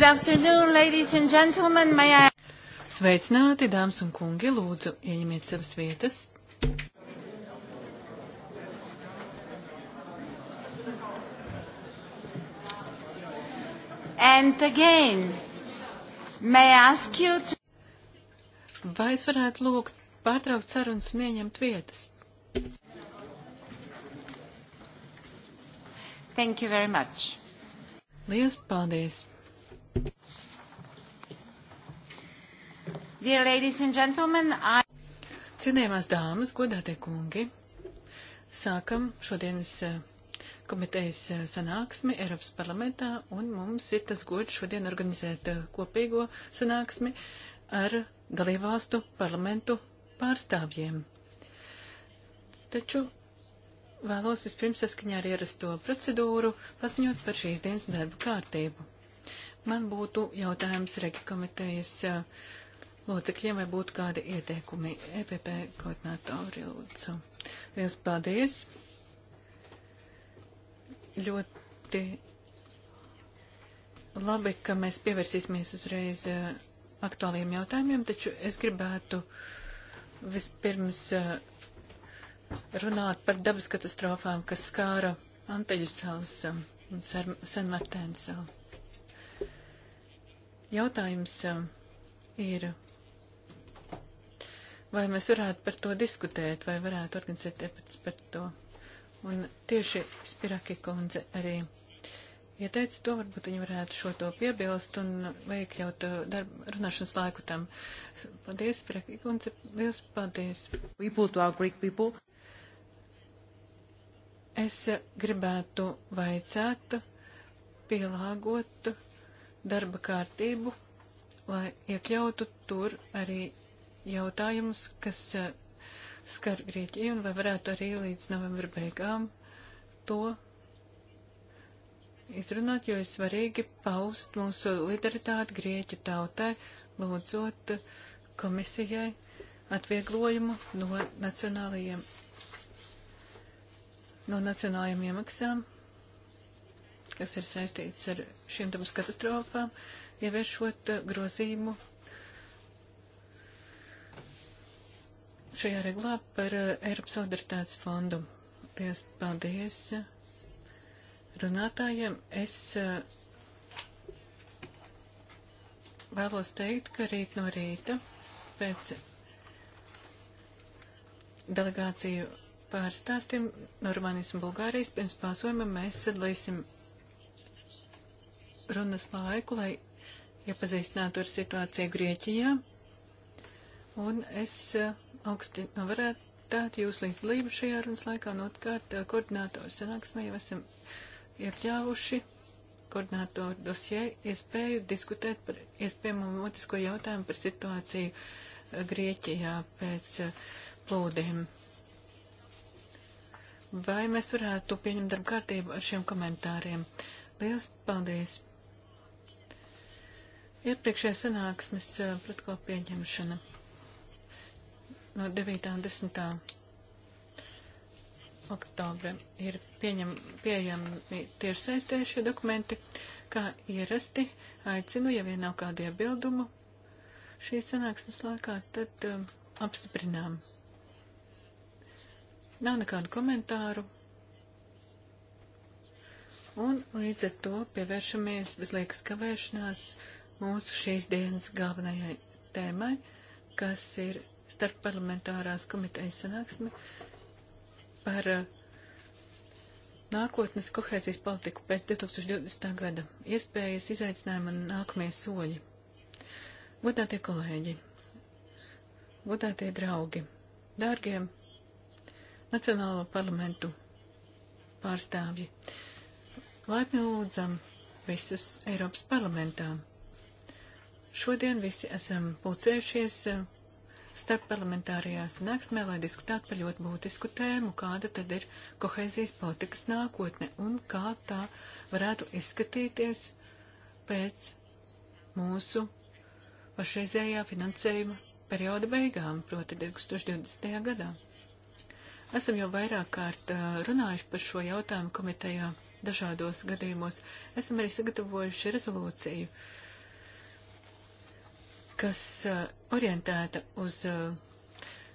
Good afternoon, ladies and gentlemen. May I... Sveicināti, dāmas un kungi, lūdzu, ieņemiet savas vietas. And again, may I ask you to... Vai es varētu lūgt pārtraukt sarunas un ieņemt vietas? Thank you very much. Lielas paldies! Dear ladies and gentlemen, I... Cienījamās dāmas, godātie kungi, sākam šodienas eh, komitejas eh, sanāksmi Eiropas parlamentā, un mums ir tas gods šodien organizēt eh, kopīgo sanāksmi ar dalībvalstu parlamentu pārstāvjiem. Taču vēlos vispirms saskaņā ar ierasto procedūru paziņot par šīs dienas darba kārtību. Man būtu jautājums Regi komitejas locekļiem, vai būtu kādi ieteikumi EPP koordinātori lūdzu. Liels paldies! Ļoti labi, ka mēs pievērsīsimies uzreiz aktuāliem jautājumiem, taču es gribētu vispirms runāt par dabas katastrofām, kas skāra Anteļu salas un San Martēnu salu. Jautājums ir, vai mēs varētu par to diskutēt, vai varētu organizēt debats par to. Un tieši Spiraki kundze arī ieteica ja to, varbūt viņi varētu šo to piebilst un iekļaut darba runāšanas laiku tam. Paldies, Spiraki kundze, liels paldies. People to our Greek people. Es gribētu vaicāt, pielāgot darba kārtību, lai iekļautu tur arī jautājumus, kas eh, skar Grieķiju, un vai varētu arī līdz novembra beigām to izrunāt, jo ir svarīgi paust mūsu lidaritāti Grieķu tautai, lūdzot komisijai atvieglojumu no nacionālajiem, no nacionālajiem iemaksām kas ir saistīts ar šiem dabas katastrofām, ieviešot eh, grozījumu šajā regulā par eh, Eiropas solidaritātes fondu. Liels paldies eh, runātājiem. Es vēlos teikt, ka rīt no rīta pēc delegāciju pārstāstiem no Rumānijas un Bulgārijas pirms balsojuma mēs sadalīsim runas laiku, lai iepazīstinātu ar situāciju Grieķijā. Un es eh, augsti novērtētu nu, jūs līdzdalību šajā runas laikā, un otrkārt eh, koordinātoru sanāksmē jau esam iekļāvuši koordinātoru dosjē iespēju diskutēt par iespējamo motisko jautājumu par situāciju eh, Grieķijā pēc plūdiem. Vai mēs varētu pieņemt darba kārtību ar šiem komentāriem? Liels paldies! Iepriekšējā sanāksmes protokola pieņemšana no 9. un 10. oktobra ir pieņem, pieejami tiešsaistē šie dokumenti, kā ierasti. Aicinu, ja vien nav kādu iebildumu šīs sanāksmes laikā, tad um, apstiprinām. Nav nekādu komentāru. Un līdz ar to pievēršamies bez liekas kavēšanās mūsu šīs dienas galvenajai tēmai, kas ir starpparlamentārās komitejas sanāksme par uh, nākotnes kohēzijas politiku pēc 2020. gada iespējas, izaicinājumi un nākamie soļi. Godātie kolēģi, godātie draugi, dārgie Nacionālo parlamentu pārstāvji, laipni lūdzam visus Eiropas parlamentām Šodien visi esam pulcējušies eh, starp parlamentārajā sanāksmē, lai diskutētu par ļoti būtisku tēmu, kāda tad ir kohēzijas politikas nākotne un kā tā varētu izskatīties pēc mūsu pašreizējā finansējuma perioda beigām, proti 2020. gadā. Esam jau vairāk kārt eh, runājuši par šo jautājumu komitejā dažādos gadījumos. Esam arī sagatavojuši rezolūciju, uh, kas uh, orientēta uz uh,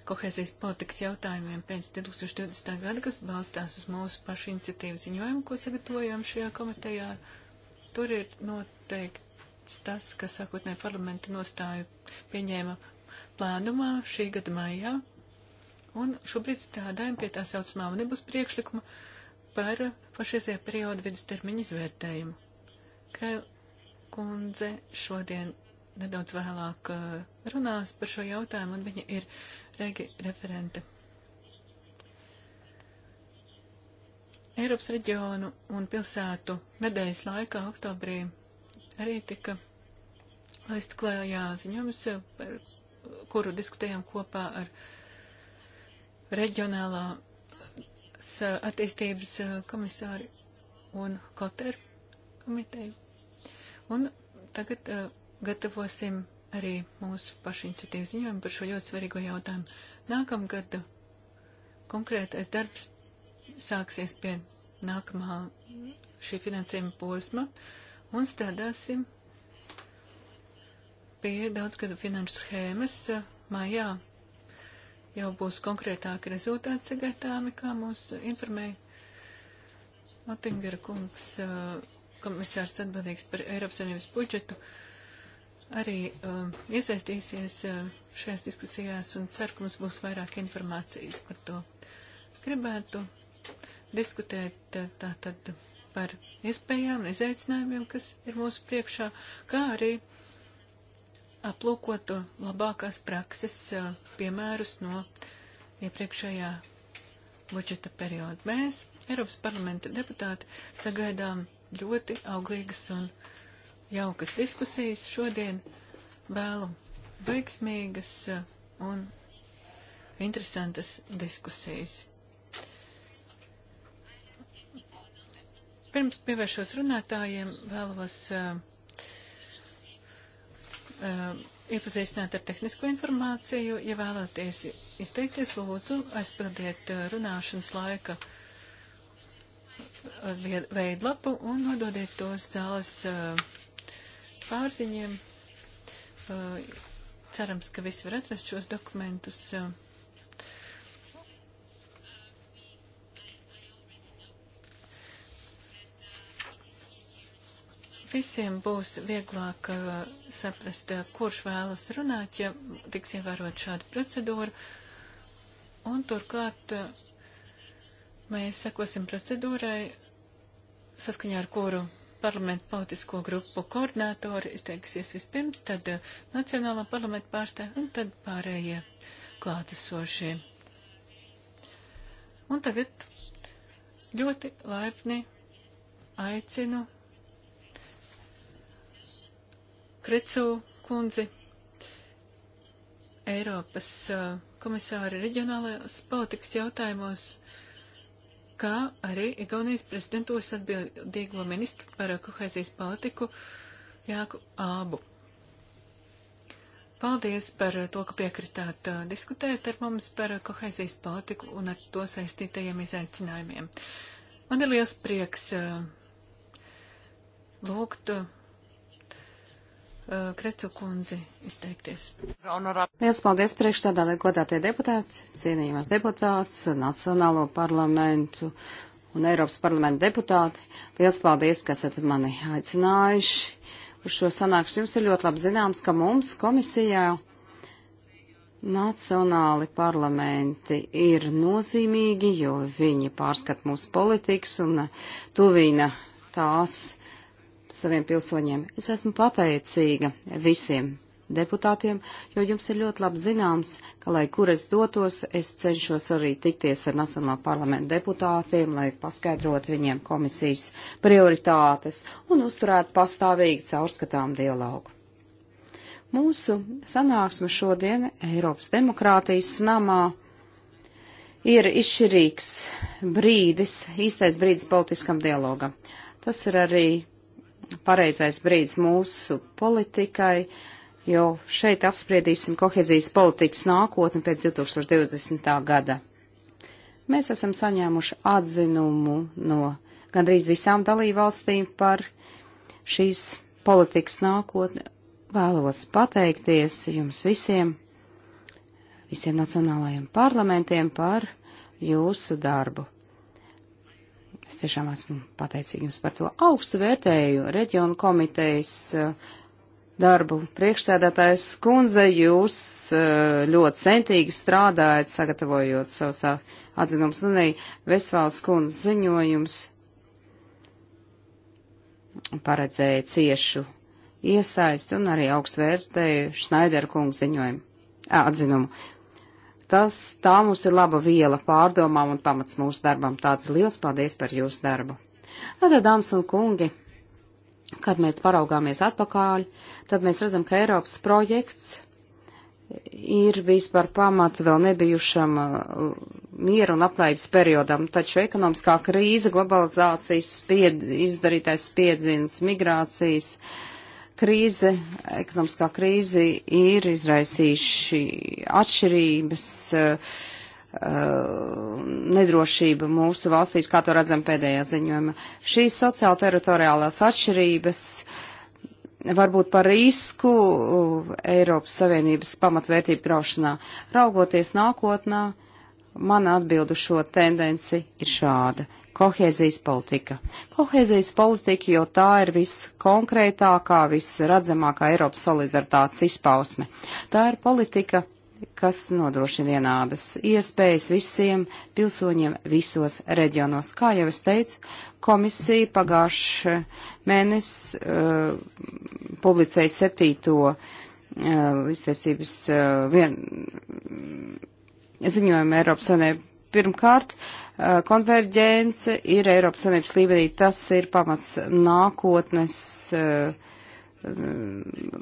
kohēzijas politikas jautājumiem pēc 2020. gada, kas balstās uz mūsu pašu iniciatīvu ziņojumu, ko sagatavojām šajā komitejā. Tur ir noteikts tas, ka sākotnē parlamenta nostāju pieņēma plānumā šī gada maijā, un šobrīd strādājam pie tā saucamā omnibus priekšlikuma par pašreizējā perioda vidustermiņa izvērtējumu. Krail kundze šodien nedaudz vēlāk eh, runās par šo jautājumu, un viņa ir regi referente. Eiropas reģionu un pilsētu nedēļas laikā oktobrī arī tika laist klējā ziņojums, par kuru diskutējām kopā ar reģionālā attīstības eh, komisāri un Koteru komiteju. Un tagad uh, gatavosim arī mūsu pašu iniciatīvu ziņojumu par šo ļoti svarīgo jautājumu. Nākamgad konkrētais darbs sāksies pie nākamā šī finansējuma posma un strādāsim pie daudzgada finanšu schēmas. Mājā jau būs konkrētāki rezultāti sagaidāmi, kā mūs informēja Matingera kungs, komisārs atbildīgs par Eiropas Savienības budžetu. Uh, arī uh, iesaistīsies uh, šajās diskusijās un ceru, ka mums būs vairāk informācijas par to. Gribētu diskutēt uh, tātad par iespējām un izaicinājumiem, kas ir mūsu priekšā, kā arī aplūkot labākās prakses uh, piemērus no iepriekšējā budžeta perioda. Mēs, Eiropas parlamenta deputāti, sagaidām ļoti auglīgas un jaukas diskusijas šodien. Vēlu veiksmīgas eh, un interesantas diskusijas. Pirms pievēršos runātājiem, vēlos uh, uh, iepazīstināt ar tehnisko informāciju. Ja vēlaties izteikties, lūdzu, aizpildiet runāšanas laika veidlapu un nododiet tos zāles uh, pārziņiem. Uh, cerams, ka visi var atrast šos dokumentus. Uh. Visiem būs vieglāk uh, saprast, kurš vēlas runāt, ja tiks ievērot šādu procedūru. Un turklāt mēs sekosim procedūrai, saskaņā ar kuru parlamentu politisko grupu koordinātori izteiksies vispirms, tad eh, Nacionālā parlamenta pārstāvja un tad pārējie klātesošie. Un tagad ļoti laipni aicinu Krecu kundzi, Eiropas eh, komisāri reģionālajās politikas jautājumos kā arī Igaunijas prezidentos atbildīgo ministru par kohēzijas politiku Jāku Ābu. Paldies par to, ka piekritāt diskutēt ar mums par kohēzijas politiku un ar to saistītajiem izaicinājumiem. Man ir liels prieks lūgt Eh, Krecu kundzi izteikties. Liels paldies priekšstādātāji, godātie deputāti, cienījumās deputāts, Nacionālo parlamentu un Eiropas parlamentu deputāti. Liels paldies, ka esat mani aicinājuši uz šo sanākšu. Jums ir ļoti labi zināms, ka mums komisijā nacionāli parlamenti ir nozīmīgi, jo viņi pārskat mūsu politikas un tuvina tās saviem pilsoņiem. Es esmu pateicīga visiem deputātiem, jo jums ir ļoti labi zināms, ka, lai kur es dotos, es cenšos arī tikties ar Nacionālā parlamenta deputātiem, lai paskaidrotu viņiem komisijas prioritātes un uzturētu pastāvīgi caurskatām dialogu. Mūsu sanāksme šodien Eiropas demokrātijas namā ir izšķirīgs brīdis, īstais brīdis politiskam dialogam. Tas ir arī pareizais brīdis mūsu politikai, jo šeit apspriedīsim kohezijas politikas nākotni pēc 2020. gada. Mēs esam saņēmuši atzinumu no gandrīz visām dalībvalstīm par šīs politikas nākotni. Vēlos pateikties jums visiem, visiem nacionālajiem parlamentiem par jūsu darbu. Es tiešām esmu pateicīgi jums par to augstu vērtēju reģionu komitejas eh, darbu. Priekšsēdētājs kundze, jūs eh, ļoti centīgi strādājat, sagatavojot savus eh, atzinumus, un arī Vesvāls kundze ziņojums paredzēja ciešu iesaistu un arī augstu vērtēju Šnaideru kungu ziņojumu atzinumu tas, tā mums ir laba viela pārdomām un pamats mūsu darbam. Tātad liels paldies par jūsu darbu. Tātad, dāmas un kungi, kad mēs paraugāmies atpakaļ, tad mēs redzam, ka Eiropas projekts ir vispār pamatu vēl nebijušam uh, miera un aplējības periodam, taču ekonomiskā krīze, globalizācijas spied, izdarītais spiedziens, migrācijas, uh, krīze, ekonomiskā krīze ir izraisījuši atšķirības, eh, eh, nedrošība mūsu valstīs, kā to redzam pēdējā ziņojumā. Šīs sociāla teritoriālās atšķirības varbūt par risku eh, Eiropas Savienības pamatvērtību graušanā. Raugoties nākotnā, mana atbildu šo tendenci ir šāda kohēzijas politika. Kohēzijas politika, jo tā ir viskonkrētākā, visredzamākā Eiropas solidaritātes izpausme. Tā ir politika, kas nodrošina vienādas iespējas visiem pilsoņiem visos reģionos. Kā jau es teicu, komisija pagājuši mēnesi uh, publicēja septīto uh, iztiesības uh, vien, ziņojumu Eiropas Savienības Pirmkārt, konverģence ir Eiropas Savienības līmenī. Tas ir pamats nākotnes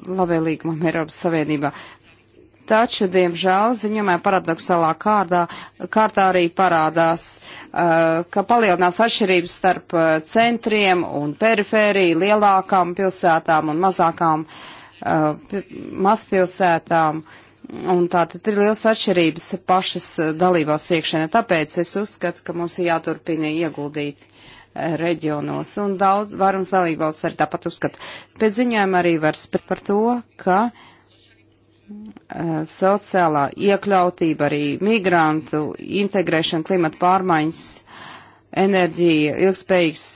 labvēlīgumam Eiropas Savienībā. Taču, diemžēl, ziņojumā paradoxālā kārdā, kārtā arī parādās, ka palielinās atšķirības starp centriem un perifēriju, lielākām pilsētām un mazākām mazpilsētām. Uh, Un tā tad ir liels atšķirības pašas eh, dalībās iekšēnē. Tāpēc es uzskatu, ka mums ir jāturpina ieguldīt eh, reģionos. Un daudz varums dalībās arī tāpat uzskata. Pēc ziņām arī var spēt par to, ka eh, sociālā iekļautība, arī migrantu integrēšana, klimata pārmaiņas, enerģija, ilgspējīgs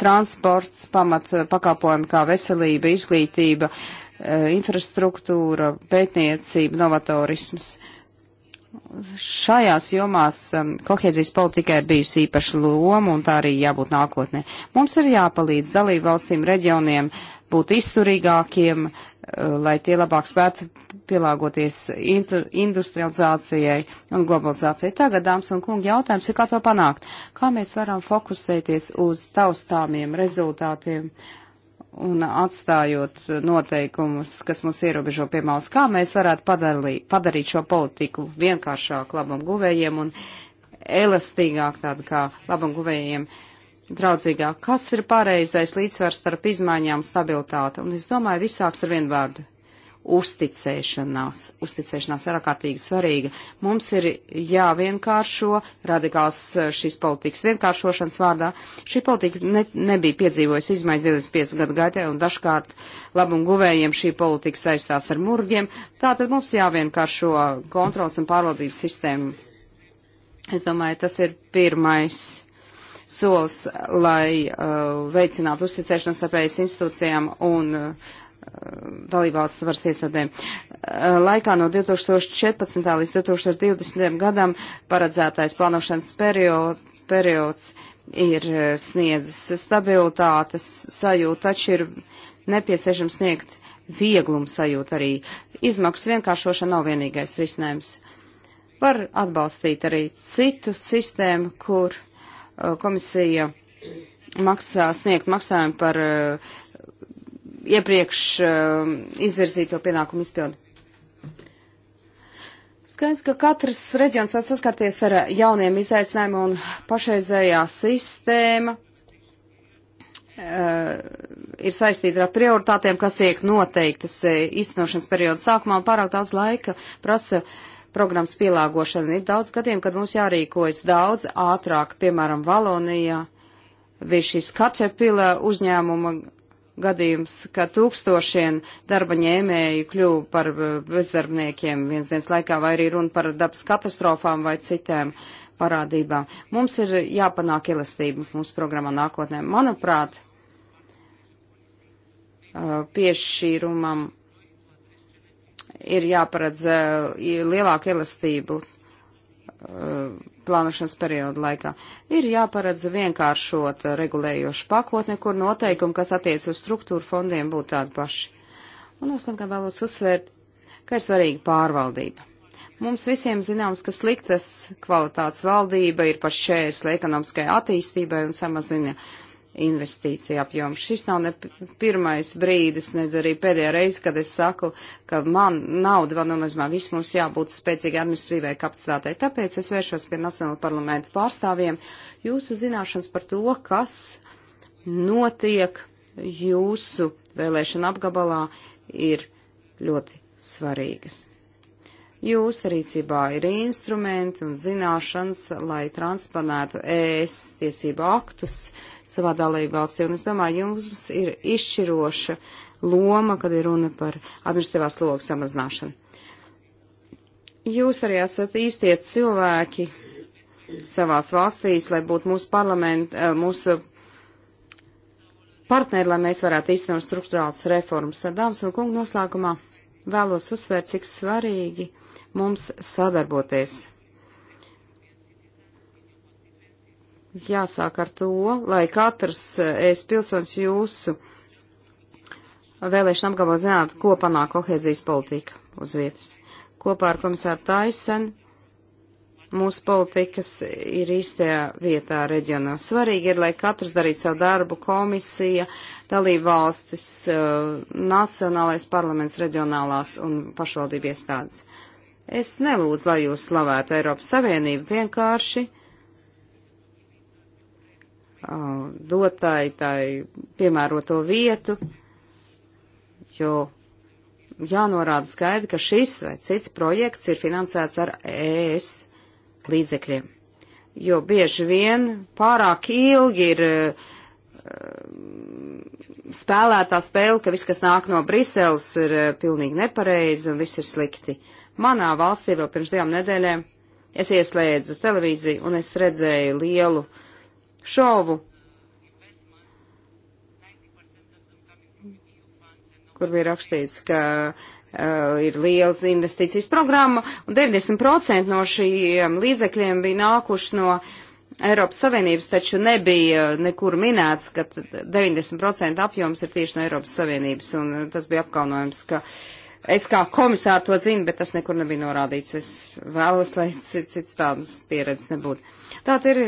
transports, pamat pakalpojumi kā veselība, izglītība, uh, Eh, infrastruktūra, pētniecība, novatorisms. Šajās jomās um, kohēzijas politikai ir bijusi īpaša loma un tā arī jābūt nākotnē. Mums ir jāpalīdz dalību valstīm, reģioniem būt izturīgākiem, uh, lai tie labāk spētu pielāgoties industrializācijai un globalizācijai. Tagad, dāmas un kungi, jautājums ir, kā to panākt? Kā mēs varam fokusēties uz taustāmiem rezultātiem? Uh, un atstājot noteikumus, kas mums ierobežo pie malas, kā mēs varētu padalī, padarīt šo politiku vienkāršāku labam guvējiem un elastīgāk tādu kā labam guvējiem draudzīgāk. Kas ir pareizais līdzsvars starp izmaiņām stabilitāte? Un es domāju, visāks ar vienu vārdu uzticēšanās. Uzticēšanās ir ārkārtīgi svarīga. Mums ir jāvienkāršo radikāls eh, šīs politikas vienkāršošanas vārdā. Šī politika ne, nebija piedzīvojusi izmaiņas 25 gadu gaitē un dažkārt labumu guvējiem šī politika saistās ar murgiem. Tātad mums jāvienkāršo kontrols un pārvaldības sistēmu. Es domāju, tas ir pirmais solis, lai uh, veicinātu uzticēšanos starp institūcijām un uh, dalībvalsts varas iestādēm. Eh, laikā no 2014. līdz 2020. gadam paredzētais plānošanas periods, periods ir eh, sniedzis stabilitātes sajūtu, taču ir nepieciešams sniegt vieglumu sajūtu arī. Izmaksu vienkāršošana nav vienīgais risinājums. Var atbalstīt arī citu sistēmu, kur eh, komisija maksā, sniegt maksājumu par uh, iepriekš uh, izvirzīto pienākumu izpildi. Skaidrs, ka katrs reģions var saskarties ar uh, jauniem izaicinājumiem un pašreizējā sistēma uh, ir saistīta ar prioritātēm, kas tiek noteiktas uh, īstenošanas perioda sākumā, un pārāk daudz laika prasa programmas pielāgošana. Ir daudz gadiem, kad mums jārīkojas daudz ātrāk, piemēram, Valonijā, bija šis Caterpillar uzņēmuma gadījums, ka tūkstošiem darba ņēmēju kļuva par uh, bezdarbniekiem viens dienas laikā, vai arī runa par dabas katastrofām vai citām parādībām. Mums ir jāpanāk elastība mūsu programmā nākotnē. Manuprāt, uh, piešķīrumam ir jāparedz uh, lielāku elastību Eh, plānošanas perioda laikā. Ir jāparedz vienkāršot regulējošu pakotni, kur noteikumi, kas attiec uz struktūru fondiem, būtu tādi paši. Un noslēgumā vēlos uzsvērt, ka ir svarīga pārvaldība. Mums visiem zināms, ka sliktas kvalitātes valdība ir pašķērsle ekonomiskai attīstībai un samazina uh, investīcija apjomu. Šis nav ne pirmais brīdis, nedz arī pēdējā reize, kad es saku, ka man nauda vēl nenozīmē, viss mums jābūt spēcīgai administrīvai kapacitātei. Tāpēc es vēršos pie Nacionāla parlamenta pārstāvjiem. Jūsu zināšanas par to, kas notiek jūsu vēlēšana apgabalā, ir ļoti svarīgas. Jūsu rīcībā ir instrumenti un zināšanas, lai transponētu ES tiesību aktus savā dalību valstī. Un es domāju, jums ir izšķiroša loma, kad ir runa par administratīvās logas samazināšanu. Jūs arī esat īstie cilvēki savās valstīs, lai būtu mūsu parlamenta, eh, mūsu partneri, lai mēs varētu īstenot struktūrāls reformas. Tad, dāmas un kungi, noslēgumā vēlos uzsvērt, cik svarīgi mums sadarboties jāsāk ar to, lai katrs eh, es pilsons jūsu vēlēšana apgabalā zinātu, ko panāk kohēzijas politika uz vietas. Kopā ar komisāru Taisenu mūsu politikas ir īstajā vietā reģionā. Svarīgi ir, lai katrs darītu savu darbu, komisija, dalība valstis, eh, nacionālais parlaments, reģionālās un pašvaldību iestādes. Es nelūdzu, lai jūs slavētu Eiropas Savienību vienkārši Uh, dotai, tai piemēroto vietu, jo jānorāda skaidri, ka šis vai cits projekts ir finansēts ar ES līdzekļiem. Jo bieži vien pārāk ilgi ir uh, spēlētā spēle, ka viss, kas nāk no Briseles, ir uh, pilnīgi nepareizi un viss ir slikti. Manā valstī vēl pirms divām nedēļām es ieslēdzu televīziju un es redzēju lielu uh, šovu, kur bija rakstīts, ka uh, ir liels investīcijas programma, un 90% no šiem līdzekļiem bija nākuši no Eiropas Savienības, taču nebija nekur minēts, ka 90% apjoms ir tieši no Eiropas Savienības, un uh, tas bija apkaunojums, ka uh, Es kā komisāri to zinu, bet tas nekur nebija norādīts. Es vēlos, lai cits, cits tādas pieredzes nebūtu. Tā ir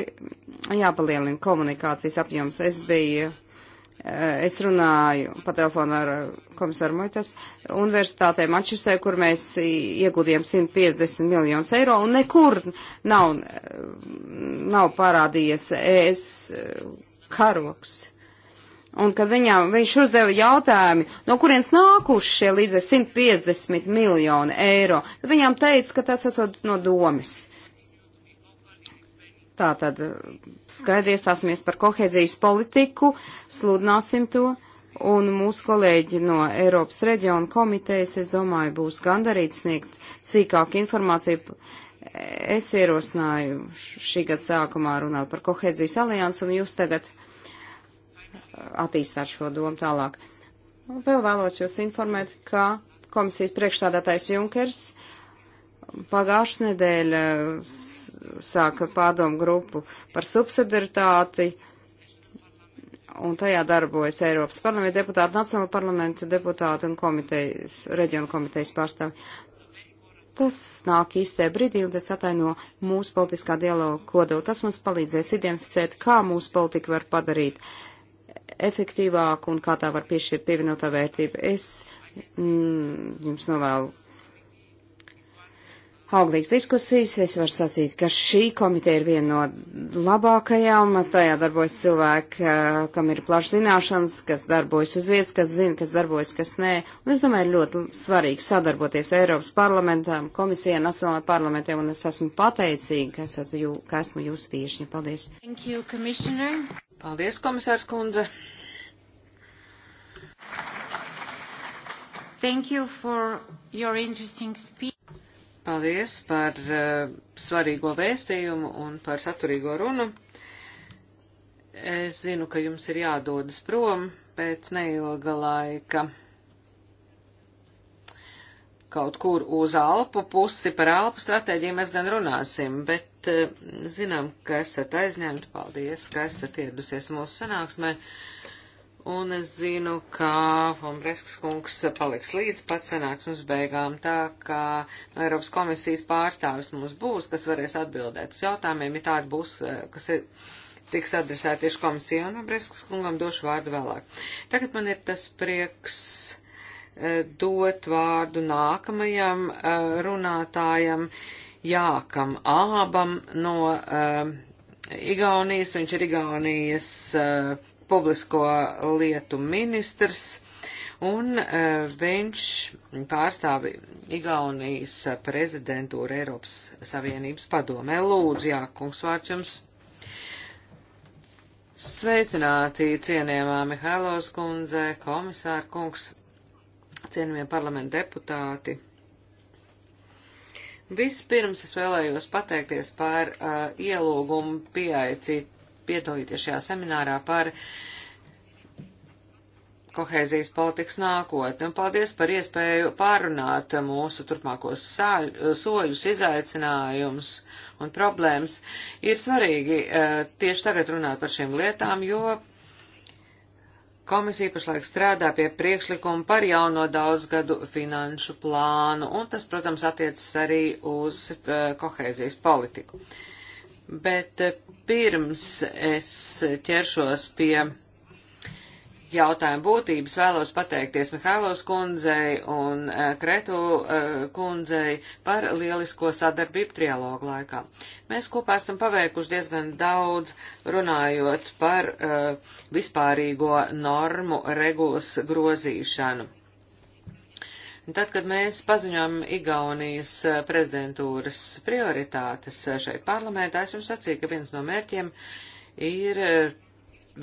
jāpalielina komunikācijas apjoms. Es biju, eh, es runāju pa telefonu ar komisāru Moitas universitātē Mančestē, kur mēs ieguldījām 150 miljonus eiro un nekur nav, eh, nav parādījies es karoks Un kad viņam, viņš uzdeva jautājumu, no kurienes nākuši šie līdzekļi 150 miljoni eiro, tad viņam teica, ka tas esot no domas. Tātad skaidri iestāsimies par kohēzijas politiku, sludināsim to, un mūsu kolēģi no Eiropas reģiona komitejas, es domāju, būs gandarīti sniegt sīkāku informāciju es ierosināju šī gada sākumā runāt par kohēzijas aliansu, un jūs tagad attīstāt šo domu tālāk. Un vēl vēlos jūs informēt, ka komisijas priekšstādātais Junkers pagājušas nedēļa sāka pārdomu grupu par subsidaritāti, un tajā darbojas Eiropas parlamenta deputāti, Nacionāla parlamenta deputāti un komitejas, reģionu komitejas pārstāvi. Tas nāk īstē brīdī, un tas ataino mūsu politiskā dialoga kodu. Tas mums palīdzēs identificēt, kā mūsu politika var padarīt uh, efektīvāka un kā tā var piešķirt pievienotā vērtība. Es mm, jums novēlu auglīgas diskusijas. Es varu sacīt, ka šī komiteja ir viena no labākajām. Tajā darbojas cilvēki, kam ir plašs zināšanas, kas darbojas uz vietas, kas zina, kas darbojas, kas nē. Un es domāju, ir ļoti svarīgi sadarboties Eiropas parlamentam, komisijai, nacionālajiem parlamentiem, un es esmu pateicīga, ka, jū, ka esmu jūsu viešņi. Paldies. Thank you, Paldies, komisārs kundze. Thank you for your interesting speech. Paldies par uh, svarīgo vēstījumu un par saturīgo runu. Es zinu, ka jums ir jādodas prom pēc neilga laika kaut kur uz Alpu pusi par Alpu stratēģiju mēs gan runāsim, bet uh, zinām, ka esat aizņemti. Paldies, ka esat ieradusies mūsu sanāksmē. Uh, Un es zinu, ka Fombreskas kungs paliks līdz pat sanāksmes beigām, tā kā no Eiropas komisijas pārstāvis mums būs, kas varēs atbildēt uz jautājumiem, ja tādi būs, eh, kas ir, tiks adresēti tieši komisijai, un Fombreskas kungam došu vārdu vēlāk. Tagad man ir tas prieks eh, dot vārdu nākamajam eh, runātājam Jākam Ābam no Igaunijas, viņš ir Igaunijas publisko lietu ministrs, un eh, viņš pārstāvi Igaunijas prezidentūru Eiropas Savienības padomē. Lūdzu, jā, kungs vārds jums. Sveicināti, cienījamā Mihailovs kundze, komisāra kungs, cienījamie parlamenta deputāti. Vispirms es vēlējos pateikties par uh, ielūgumu pieaicīt piedalīties šajā seminārā par kohēzijas politikas nākotni, un paldies par iespēju pārunāt mūsu turpmākos sāļu, soļus, izaicinājumus un problēmas. Ir svarīgi eh, tieši tagad runāt par šīm lietām, jo Komisija pašlaik strādā pie priekšlikuma par jauno daudzgadu finanšu plānu, un tas, protams, attiecas arī uz uh, kohēzijas politiku. Uh, Bet eh, pirms es ķeršos pie jautājuma būtības vēlos pateikties Mihālos kundzei un eh, Kretu eh, kundzei par lielisko sadarbību trialogu laikā. Mēs kopā esam paveikuši diezgan daudz runājot par uh, vispārīgo normu regulas grozīšanu. Tad, kad mēs paziņojam Igaunijas eh, prezidentūras prioritātes eh, šeit parlamentā, es jums sacīju, ka viens no mērķiem ir eh,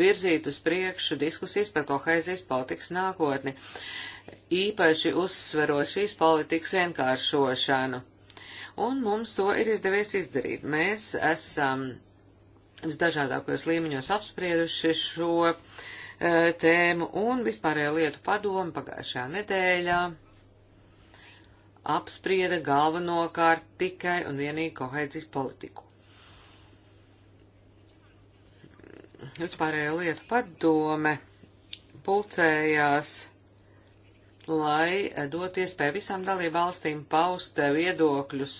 virzīt uz priekšu diskusijas par kohēzijas politikas nākotni, īpaši uzsverot šīs politikas vienkāršošanu. Un mums to ir izdevies izdarīt. Mēs esam visdažādākajos līmeņos apsprieduši šo uh, tēmu un vispārējo lietu padomu pagājušajā nedēļā apsprieda galvenokārt tikai un vienīgi kohēdzijas politiku. Vispārējo lietu padome pulcējās, lai dot iespēju visām dalību valstīm paust viedokļus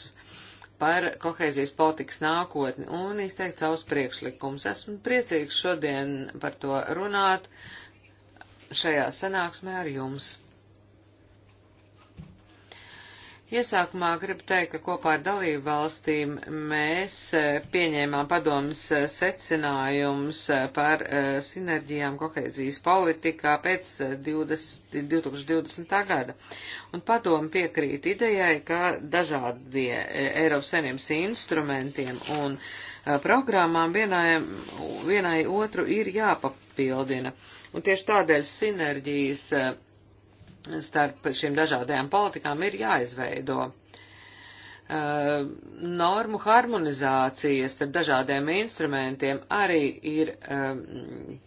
par kohēzijas politikas nākotni un izteikt savus priekšlikumus. Esmu priecīgs šodien par to runāt šajā sanāksmē ar jums. Iesākumā gribu teikt, ka kopā ar dalību valstīm mēs eh, pieņēmām padomus eh, secinājums eh, par sinerģijām kohēzijas politikā pēc 20, 2020. gada. Un padomu piekrīt idejai, ka dažādie Eiropas saimnības instrumentiem un programmām vienai, vienai otru ir jāpapildina. Un tieši tādēļ sinerģijas starp šīm dažādajām politikām ir jāizveido. Uh, normu harmonizācijas starp dažādiem instrumentiem arī ir uh,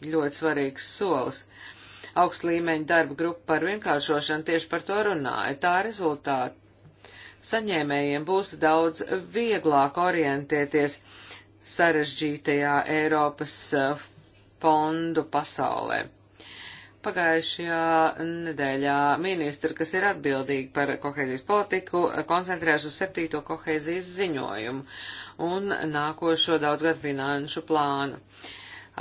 ļoti svarīgs solis. Augst līmeņa darba grupa par vienkāršošanu tieši par to runāja. Tā rezultāti saņēmējiem būs daudz vieglāk orientēties sarežģītajā Eiropas eh, fondu pasaulē. Pagājušajā nedēļā ministri, kas ir atbildīgi par kohēzijas politiku, koncentrējās uz septīto kohēzijas ziņojumu un nākošo daudzgadu finanšu plānu.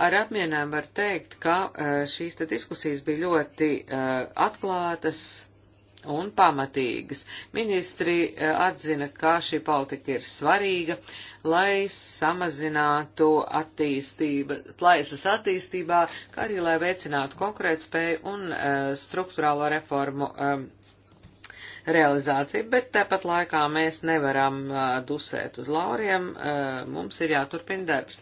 Ar apmienēm var teikt, ka eh, šīs te diskusijas bija ļoti eh, atklātas, un pamatīgas. Ministri eh, atzina, ka šī politika ir svarīga, lai samazinātu attīstība, plaisas attīstībā, kā arī lai veicinātu konkurētspēju un uh, struktūrālo reformu um, realizāciju, bet tāpat laikā mēs nevaram uh, dusēt uz lauriem, uh, mums ir jāturpina darbs.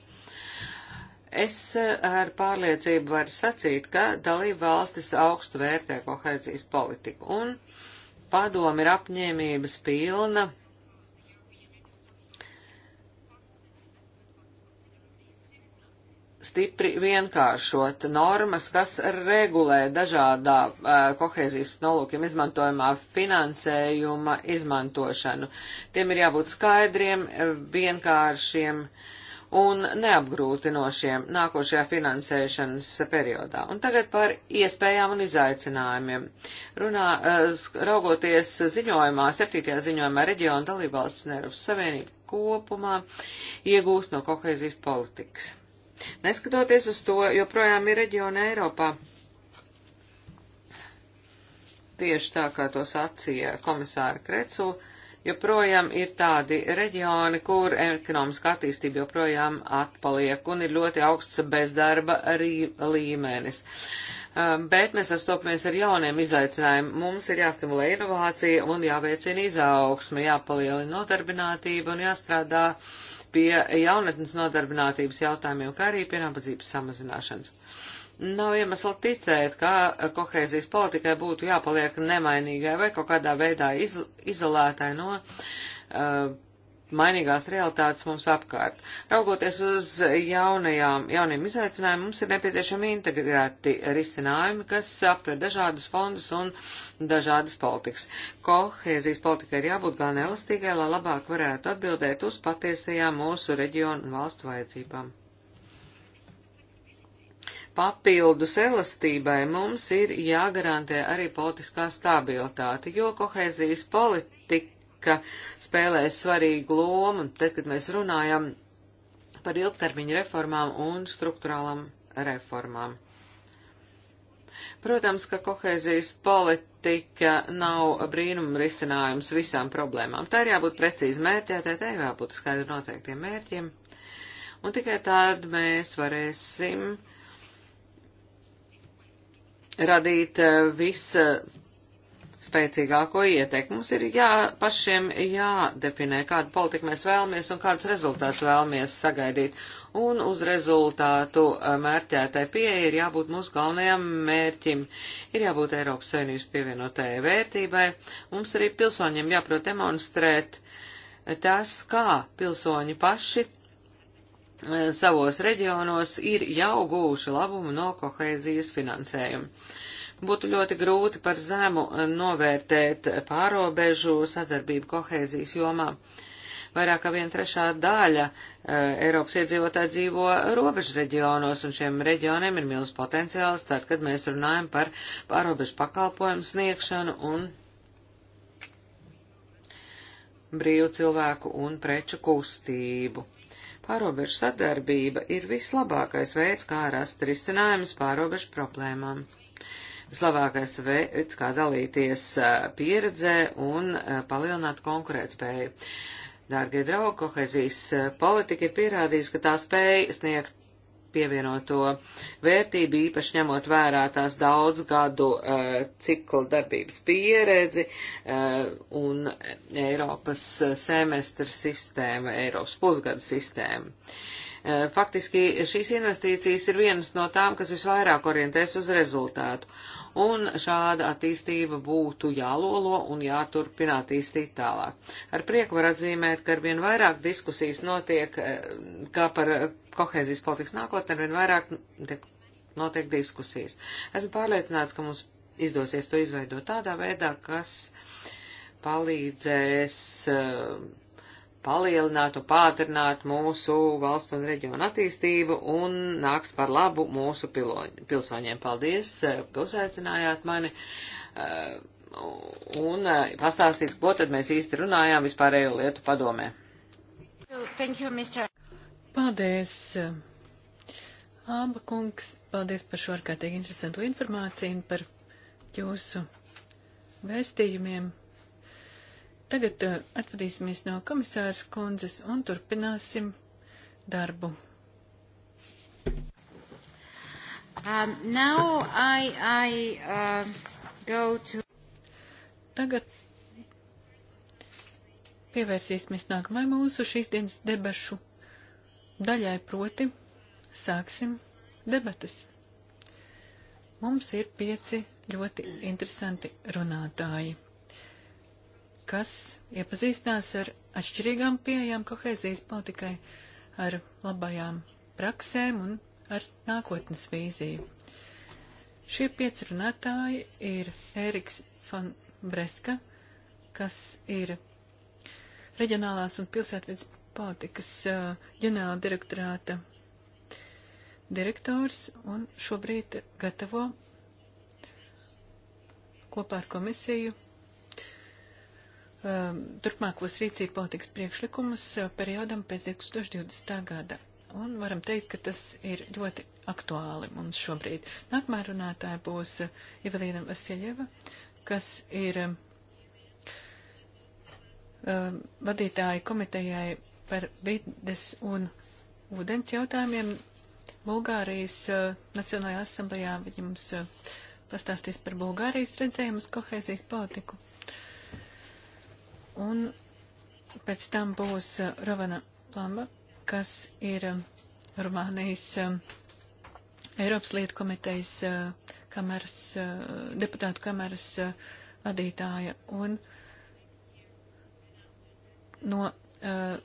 Es eh, ar pārliecību varu sacīt, ka dalība valstis augstu vērtē kohēzijas politiku un padomi ir apņēmības pilna stipri vienkāršot normas, kas regulē dažādā uh, kohēzijas nolūkiem izmantojumā finansējuma izmantošanu. Tiem ir jābūt skaidriem, eh, vienkāršiem. Uh, un neapgrūtinošiem nākošajā finansēšanas periodā. Un tagad par iespējām un izaicinājumiem. Runā, eh, raugoties ziņojumā, septītajā ziņojumā reģiona dalībvalsts un Eiropas Savienība kopumā iegūst no kohēzijas politikas. Neskatoties uz to, joprojām ir reģiona Eiropā. Tieši tā, kā to sacīja komisāra Krecu, uh, joprojām ir tādi reģioni, kur ekonomiska attīstība joprojām atpaliek un ir ļoti augsts bezdarba līmenis. Um, bet mēs sastopamies ar jauniem izaicinājumiem. Mums ir jāstimulē inovācija un jāveicina izaugsme, jāpalielina nodarbinātība un jāstrādā pie jaunatnes nodarbinātības jautājumiem, kā arī pie nabadzības samazināšanas. Nav iemesla ticēt, ka kohēzijas politikai būtu jāpaliek nemainīgai vai kaut kādā veidā iz, izolētai no uh, mainīgās realitātes mums apkārt. Raugoties uz jaunajām, jauniem izaicinājumiem, mums ir nepieciešami integrēti risinājumi, kas aptver dažādus fondus un dažādas politikas. Kohēzijas politikai ir jābūt gan elastīgai, lai labāk varētu atbildēt uz patiesajām mūsu reģionu un valstu vajadzībām. Papildus elastībai mums ir jāgarantē arī politiskā stabilitāte, jo kohēzijas politika spēlē svarīgu lomu, tad, kad mēs runājam par ilgtermiņu reformām un struktūrālam reformām. Protams, ka kohēzijas politika nav brīnuma risinājums visām problēmām. Tā ir jābūt precīzi mērķētai, tā ir jābūt skaidri noteiktiem mērķiem. Un tikai tād mēs varēsim radīt eh, visa spēcīgāko ietekmi. Mums ir jā, pašiem jādefinē, kādu politiku mēs vēlamies un kādus rezultātus vēlamies sagaidīt. Un uz rezultātu eh, mērķētai pieeja ir jābūt mūsu galvenajam mērķim. Ir jābūt Eiropas Savienības pievienotajai vērtībai. Mums arī pilsoņiem jāprot demonstrēt tas, kā pilsoņi paši E, savos reģionos ir jau gūši labumu no kohēzijas finansējuma. Būtu ļoti grūti par zemu novērtēt pārobežu sadarbību kohēzijas jomā. Vairāk kā viena trešā daļa e, Eiropas iedzīvotāji dzīvo robežu reģionos, un šiem reģioniem ir milz potenciāls, tad, kad mēs runājam par pārobežu pakalpojumu sniegšanu un brīvu cilvēku un preču kustību. Pārobežu sadarbība ir vislabākais veids, kā rast risinājumus pārobežu problēmām. Vislabākais veids, kā dalīties pieredzē un palielināt konkurētspēju. Dārgie draugi, kohezijas politika ir pierādījusi, ka tā spēja sniegt pievienoto vērtību, īpaši ņemot vērā tās daudz gadu uh, cikla darbības pieredzi uh, un Eiropas eh, semestra sistēma, Eiropas pusgada sistēma. Uh, faktiski šīs investīcijas ir vienas no tām, kas visvairāk orientēs uz rezultātu. Uh, un šāda attīstība būtu jālolo un jāturpina attīstīt tālāk. Ar prieku var atzīmēt, ka arvien vairāk diskusijas notiek, eh, kā par eh, kohēzijas politikas nākotni, arvien vairāk notiek diskusijas. Esmu pārliecināts, ka mums izdosies to izveidot tādā veidā, kas palīdzēs uh, palielinātu, pātrinātu mūsu valstu un reģionu attīstību un nāks par labu mūsu piloņi, pilsoņiem. Paldies, ka uzaicinājāt mani eh, un eh, pastāstīt, ko tad mēs īsti runājām vispārējo lietu padomē. Thank you, Mr. Paldies, Aba kungs, paldies par šo ārkārtīgi interesantu informāciju un par jūsu vēstījumiem. Tagad uh, eh, atvadīsimies no komisāras kundzes un turpināsim darbu. Um, now I, I uh, go to. Tagad pievērsīsimies nākamai mūsu šīs dienas debašu daļai, proti sāksim debatas. Mums ir pieci ļoti interesanti runātāji kas iepazīstinās ar atšķirīgām pieejām kohēzijas politikai, ar labajām praksēm un ar nākotnes vīziju. Šie pieci runātāji ir Ēriks Fan Breska, kas ir reģionālās un pilsētvidas politikas uh, ģenerāla direktorāta direktors un šobrīd gatavo kopā ar komisiju Um, turpmākos rīcību politikas priekšlikumus uh, periodam pēc 2020. gada. Un varam teikt, ka tas ir ļoti aktuāli mums šobrīd. Nākamā runātāja būs Ivelīna uh, Vasileva, kas ir um, um, vadītāja komitejai par vides un ūdens jautājumiem Bulgārijas uh, Nacionālajā asamblējā. Viņa mums uh, pastāstīs par Bulgārijas redzējumus kohēzijas politiku. Un pēc tam būs uh, Rovana Plamba, kas ir um, Rumānijas um, Eiropas lietu komitejas uh, kameras, uh, deputātu kameras vadītāja. Un no uh,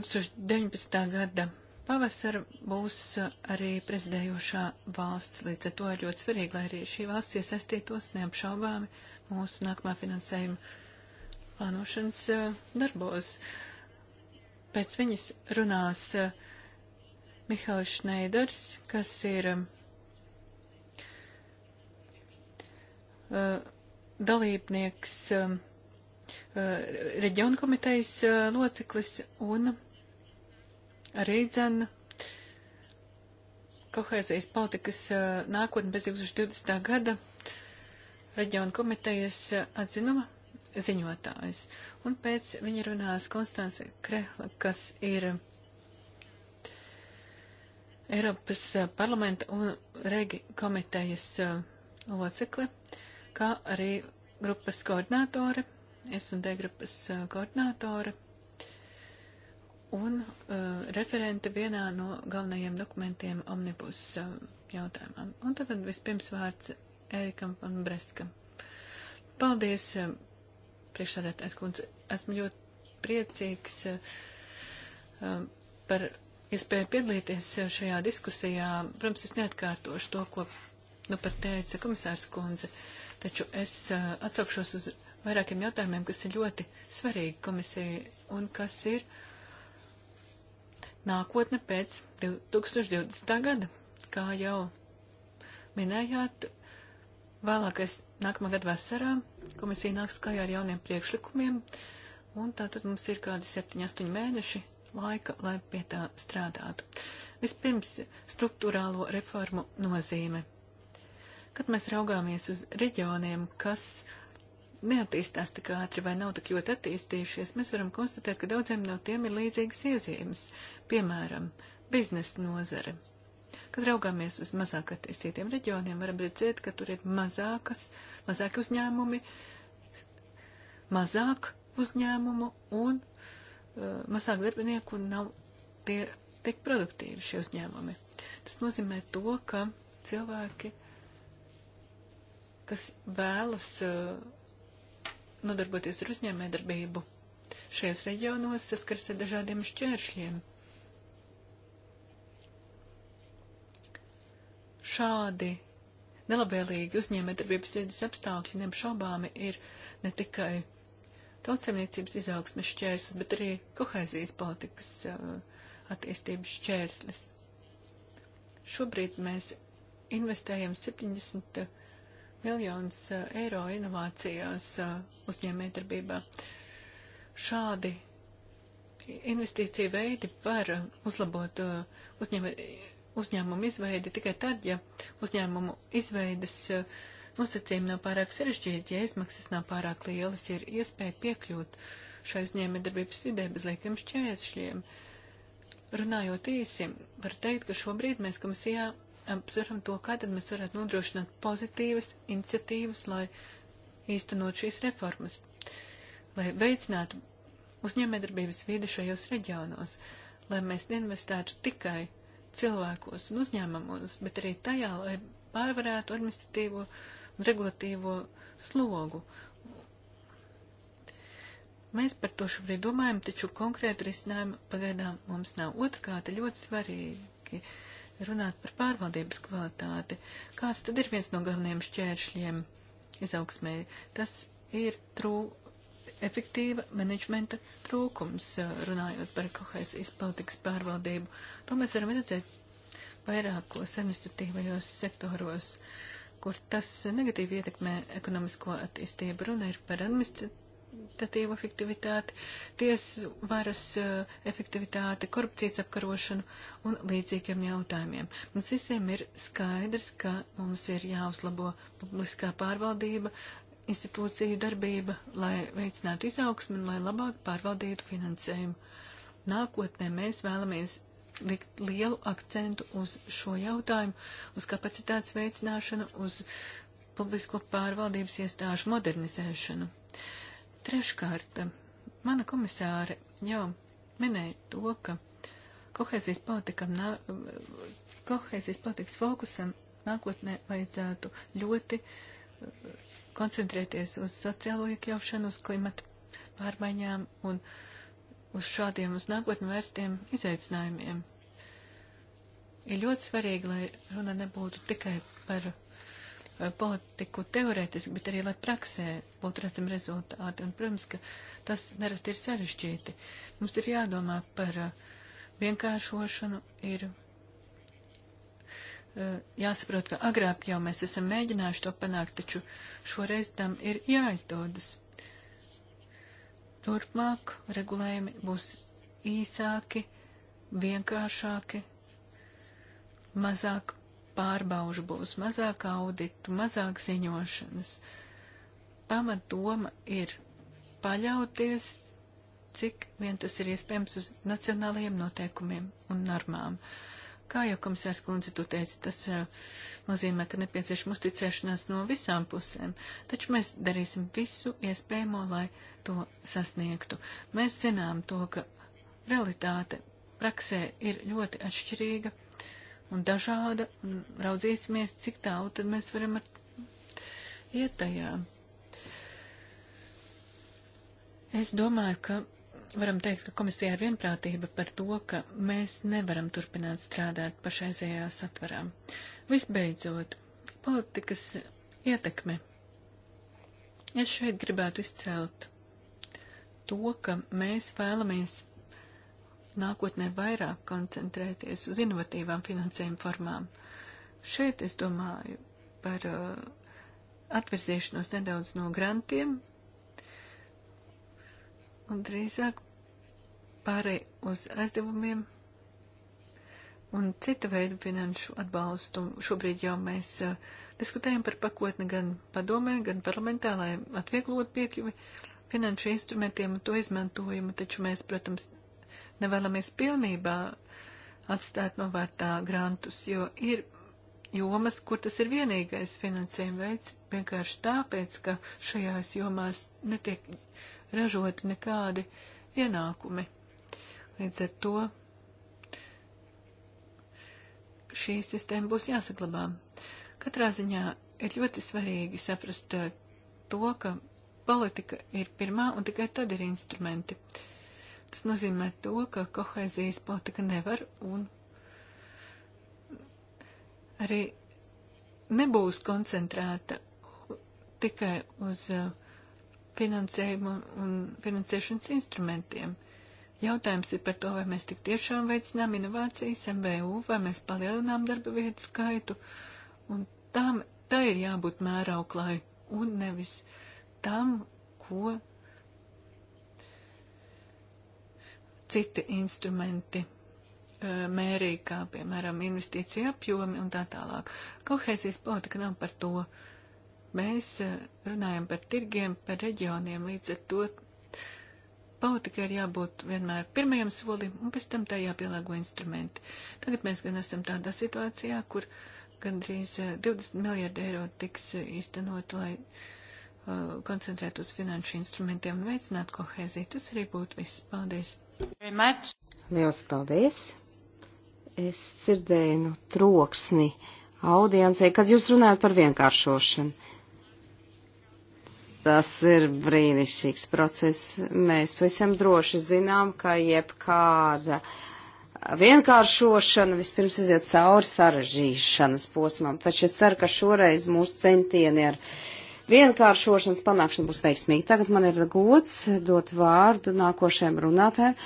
2019. gada pavasara būs arī prezidējošā valsts, līdz ar to ir ļoti svarīgi, lai arī šī valsts iesaistītos neapšaubāmi mūsu nākamā finansējuma plānošanas e, darbos. Pēc viņas runās e, Mihāls Šneiders, kas ir e, dalībnieks reģionu komitejas loceklis un arī dzena kohēzijas politikas nākotne bez 2020. gada reģionu komitejas atzinuma ziņotājs. Un pēc viņa runās Konstance Krehla, kas ir Eiropas parlamenta un regi komitejas uh, locekli, kā arī grupas koordinātore, S&D grupas uh, koordinātore un uh, referente vienā no galvenajiem dokumentiem omnibus uh, jautājumam. Un tad vispirms vārds Ērikam un Breskam. Paldies! Uh, priekšsādātājs kundze. Esmu ļoti priecīgs eh, um, par iespēju piedalīties šajā diskusijā. Protams, es neatkārtošu to, ko nu pat teica komisārs kundze, taču es uh, atsaukšos uz vairākiem jautājumiem, kas ir ļoti svarīgi komisijai un kas ir nākotne pēc 2020. gada. Kā jau minējāt, Vēlākais nākamā gada vasarā komisija nāks klajā ar jauniem priekšlikumiem, un tātad mums ir kādi 7-8 mēneši laika, lai pie tā strādātu. Vispirms struktūrālo reformu nozīme. Kad mēs raugāmies uz reģioniem, kas neattīstās tik ātri vai nav tik ļoti attīstījušies, mēs varam konstatēt, ka daudziem no tiem ir līdzīgas iezīmes, piemēram, biznesa nozare. Kad raugāmies uz mazāk attīstītiem reģioniem, varam redzēt, ka tur ir mazākas, mazāki uzņēmumi, mazāk uzņēmumu un uh, mazāk darbinieku un nav tie tik produktīvi šie uzņēmumi. Tas nozīmē to, ka cilvēki, kas vēlas uh, nodarboties ar uzņēmējdarbību, šajos reģionos saskars ar dažādiem šķēršļiem. Šādi nelabvēlīgi uzņēmējdarbības vidas apstākļi neapšaubāmi ir ne tikai tautsemniecības izaugsmes šķērslis, bet arī kohēzijas politikas uh, attīstības šķērslis. Šobrīd mēs investējam 70 miljonus uh, eiro inovācijās uh, uzņēmējdarbībā. Šādi investīcija veidi var uzlabot uh, uzņēmē uzņēmumu izveidi tikai tad, ja uzņēmumu izveidas eh, nosacījumi nav pārāk sarežģīti, ja izmaksas nav pārāk lielas, ja ir iespēja piekļūt šai uzņēmējdarbības vidē bez liekiem šķēršļiem. Runājot īsi, var teikt, ka šobrīd mēs komisijā apsveram to, kā tad mēs varētu nodrošināt pozitīvas iniciatīvas, lai īstenot šīs reformas, lai veicinātu uzņēmējdarbības vidi šajos reģionos, lai mēs neinvestētu tikai cilvēkos un uzņēmumos, bet arī tajā, lai pārvarētu administratīvo un regulatīvo slogu. Mēs par to šobrīd domājam, taču konkrētu risinājumu pagaidām mums nav. Otrkārt, ļoti svarīgi runāt par pārvaldības kvalitāti. Kāds tad ir viens no galvenajiem šķēršļiem izaugsmē? Tas ir trūkums efektīva menedžmenta trūkums, runājot par kohēzijas politikas pārvaldību. To mēs varam redzēt vairākos administratīvajos sektoros, kur tas negatīvi ietekmē ekonomisko attīstību. Runa ir par administratīvu efektivitāti, tiesu varas efektivitāti, korupcijas apkarošanu un līdzīgiem jautājumiem. Mums visiem ir skaidrs, ka mums ir jāuzlabo publiskā pārvaldība, institūciju darbība, lai veicinātu izaugsmu un lai labāk pārvaldītu finansējumu. Nākotnē mēs vēlamies likt lielu akcentu uz šo jautājumu, uz kapacitātes veicināšanu, uz publisko pārvaldības iestāžu modernizēšanu. Treškārt, mana komisāre jau minēja to, ka kohēzijas politikam, nā, kohēzijas politikas fokusam nākotnē vajadzētu ļoti koncentrēties uz sociālo iekļaušanu, uz klimata pārmaiņām un uz šādiem uz nākotni vērstiem izaicinājumiem. Ir ļoti svarīgi, lai runa nebūtu tikai par eh, politiku teorētiski, bet arī, lai praksē būtu redzami rezultāti. Un, protams, ka tas nerad ir sarežģīti. Mums ir jādomā par eh, vienkāršošanu, ir jāsaprot, ka agrāk jau mēs esam mēģinājuši to panākt, taču šoreiz tam ir jāizdodas. Turpmāk regulējumi būs īsāki, vienkāršāki, mazāk pārbaužu būs, mazāk auditu, mazāk ziņošanas. Pamat doma ir paļauties, cik vien tas ir iespējams uz nacionālajiem noteikumiem un normām. Uh, Kā jau komisārs kundze tu teici, tas nozīmē, ka nepieciešama uzticēšanās no visām pusēm, taču mēs darīsim visu iespējamo, lai to sasniegtu. Mēs zinām to, ka realitāte praksē ir ļoti atšķirīga un dažāda, un raudzīsimies, cik tālu tad mēs varam ar... iet tajā. Es domāju, ka varam teikt, ka komisijā ir vienprātība par to, ka mēs nevaram turpināt strādāt pašreizējā satvarā. Visbeidzot, politikas ietekme. Es šeit gribētu izcelt to, ka mēs vēlamies nākotnē vairāk koncentrēties uz inovatīvām finansējuma formām. Šeit es domāju par uh, atvirzīšanos nedaudz no grantiem, un drīzāk pārēj uz aizdevumiem un cita veida finanšu atbalstu. Šobrīd jau mēs uh, diskutējam par pakotni gan padomē, gan parlamentā, lai atvieglotu piekļuvi finanšu instrumentiem un to izmantojumu, taču mēs, protams, nevēlamies pilnībā atstāt novārtā grantus, jo ir jomas, kur tas ir vienīgais finansējuma veids, vienkārši tāpēc, ka šajās jomās netiek ražoti nekādi ienākumi. Līdz ar to šī sistēma būs jāsaglabā. Katrā ziņā ir ļoti svarīgi saprast eh, to, ka politika ir pirmā un tikai tad ir instrumenti. Tas nozīmē to, ka kohēzijas politika nevar un arī nebūs koncentrēta tikai uz uh, finansējumu un finansēšanas instrumentiem. Jautājums ir par to, vai mēs tik tiešām veicinām inovācijas MBU, vai mēs palielinām darba vietu skaitu, un tam, tā ir jābūt mērauklai, un nevis tam, ko citi instrumenti e, mērī, kā piemēram investīcija apjomi un tā tālāk. Kohēzijas politika nav par to. Uh, Mēs e, runājam par tirgiem, par reģioniem, līdz ar to politikai ir jābūt vienmēr pirmajam solim un pēc tam tā jāpielāgo instrumenti. Tagad mēs gan esam tādā situācijā, kur gandrīz 20 e, miljārdi eiro tiks e, īstenot, lai uh, koncentrētu uz finanšu instrumentiem un veicinātu kohēziju. Tas arī būtu viss. Paldies! Liels paldies! Es dzirdēju nu, troksni audiencei, kad jūs runājat par vienkāršošanu. Tas ir brīnišķīgs process. Mēs pavisam droši zinām, ka jebkāda vienkāršošana vispirms iziet cauri sarežģīšanas posmam. Taču es ceru, ka šoreiz mūsu centieni ar vienkāršošanas panākšanu būs veiksmīgi. Tagad man ir gods dot vārdu nākošajam runātājam.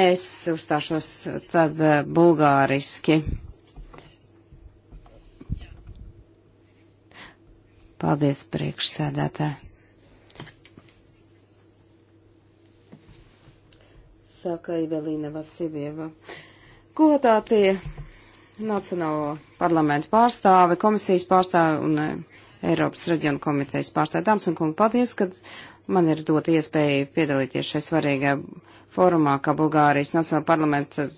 Es uzstāšos tad eh, bulgāriski. Paldies, priekšsēdētāji. saka Ivelīna Vasilieva. Godātie Nacionālo parlamentu pārstāve, komisijas pārstāve un e, Eiropas reģionu komitejas pārstāve, dāmas un kungi, paldies, ka man ir dot iespēju piedalīties šai svarīgajā fórumā, kā Bulgārijas Nacionāla parlamenta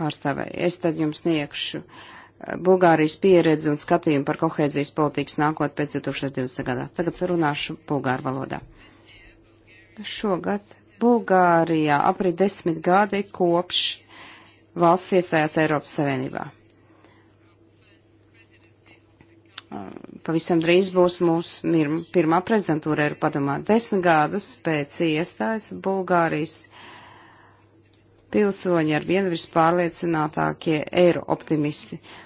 pārstāvē. Es tad jums sniegšu e, Bulgārijas pieredzi un skatījumu par kohēzijas politikas nākotnē pēc 2020. gadā. Tagad runāšu bulgāru valodā. Šogad Bulgārijā aprit desmit gadi kopš valsts iestājās Eiropas Savienībā. Uh, pavisam drīz būs mūsu pirmā prezidentūra Eiropa padomā. Desmit gadus pēc iestājas Bulgārijas pilsoņi ar vienu vispārliecinātākie eiro optimisti. Uh,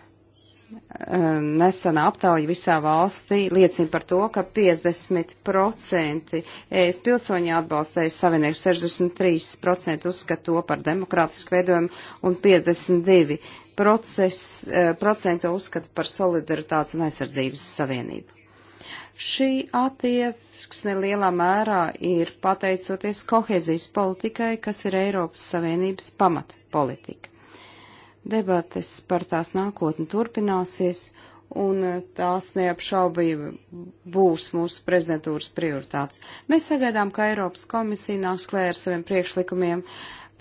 Um, Nesana aptauja visā valstī liecina par to, ka 50% ES pilsoņi atbalstēja savinieku, 63% uzskata to par demokrātisku veidojumu un 52% eh, to uzskata par solidaritātes un aizsardzības savienību. Šī attieksme lielā mērā ir pateicoties kohēzijas politikai, kas ir Eiropas Savienības pamata politika. Debates par tās nākotni turpināsies, un eh, tās neapšaubīgi būs mūsu prezidentūras prioritātes. Mēs sagaidām, ka Eiropas komisija nāks klēr ar saviem priekšlikumiem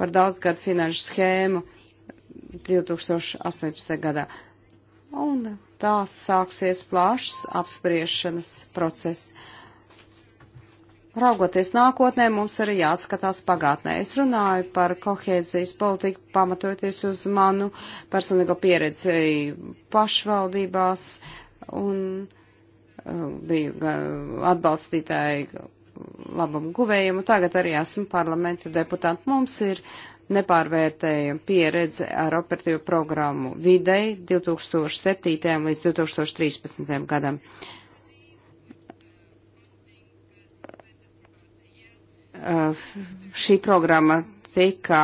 par daudzgadu finanšu schēmu 2018. gadā. Un tās sāksies plašs apspriešanas process Raugoties nākotnē, mums arī jāskatās pagātnē. Es runāju par kohēzijas politiku, pamatoties uz manu personīgo pieredzi pašvaldībās un uh, biju atbalstītāji labam guvējam, un tagad arī esmu parlamenta deputāti. Mums ir nepārvērtējama pieredze ar operatīvu programmu videi 2007. līdz 2013. gadam. šī programma tika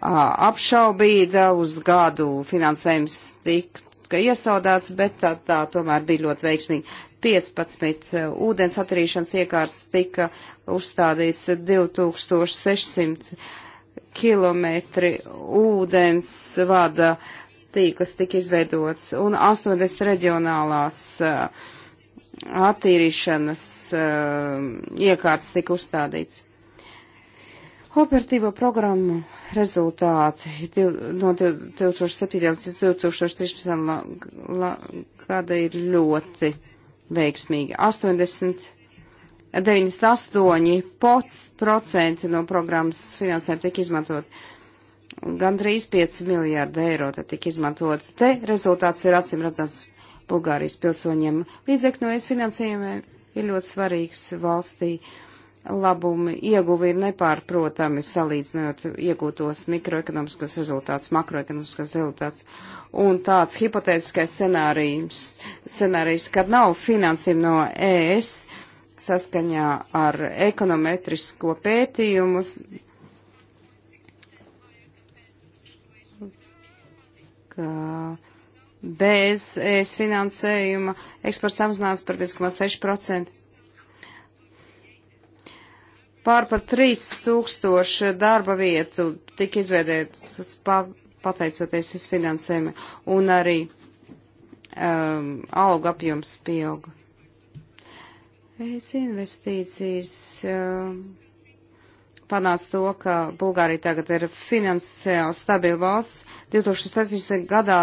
apšaubīta, uz gadu finansējums tika iesaldēts, bet tā, tā tomēr bija ļoti veiksmīgi. 15 ūdens atrīšanas iekārs tika uzstādīts 2600 km ūdens vada tīkls tika izveidots un 80 reģionālās uh, attīrīšanas uh, iekārtas tika uzstādīts. Operatīvo programmu rezultāti div, no 2007. līdz 2013. La, gada ir ļoti veiksmīgi. 80, 98% no programmas finansēm tika izmantot. Gandrīz 5 miljārdi eiro tika izmantot. Te rezultāts ir acīm redzams Bulgārijas pilsoņiem. Līdzekļu no es finansējumiem ir ļoti svarīgs valstī. Labumi ieguvi ir nepārprotami salīdzinot iegūtos mikroekonomiskos rezultātus, makroekonomiskos rezultātus. Un tāds hipotētiskais scenārijs, scenārijs, kad nav finansējuma no ES saskaņā ar ekonometrisko pētījumus, ka bez es finansējuma eksports samazinās par 2,6%. Pār par 3000 darba vietu tika izveidētas pa, pateicoties es finansējumu, un arī um, auga apjoms pieauga. Es investīcijas um, panāca to, ka Bulgārija tagad ir finansiāli stabila valsts. 2017. gadā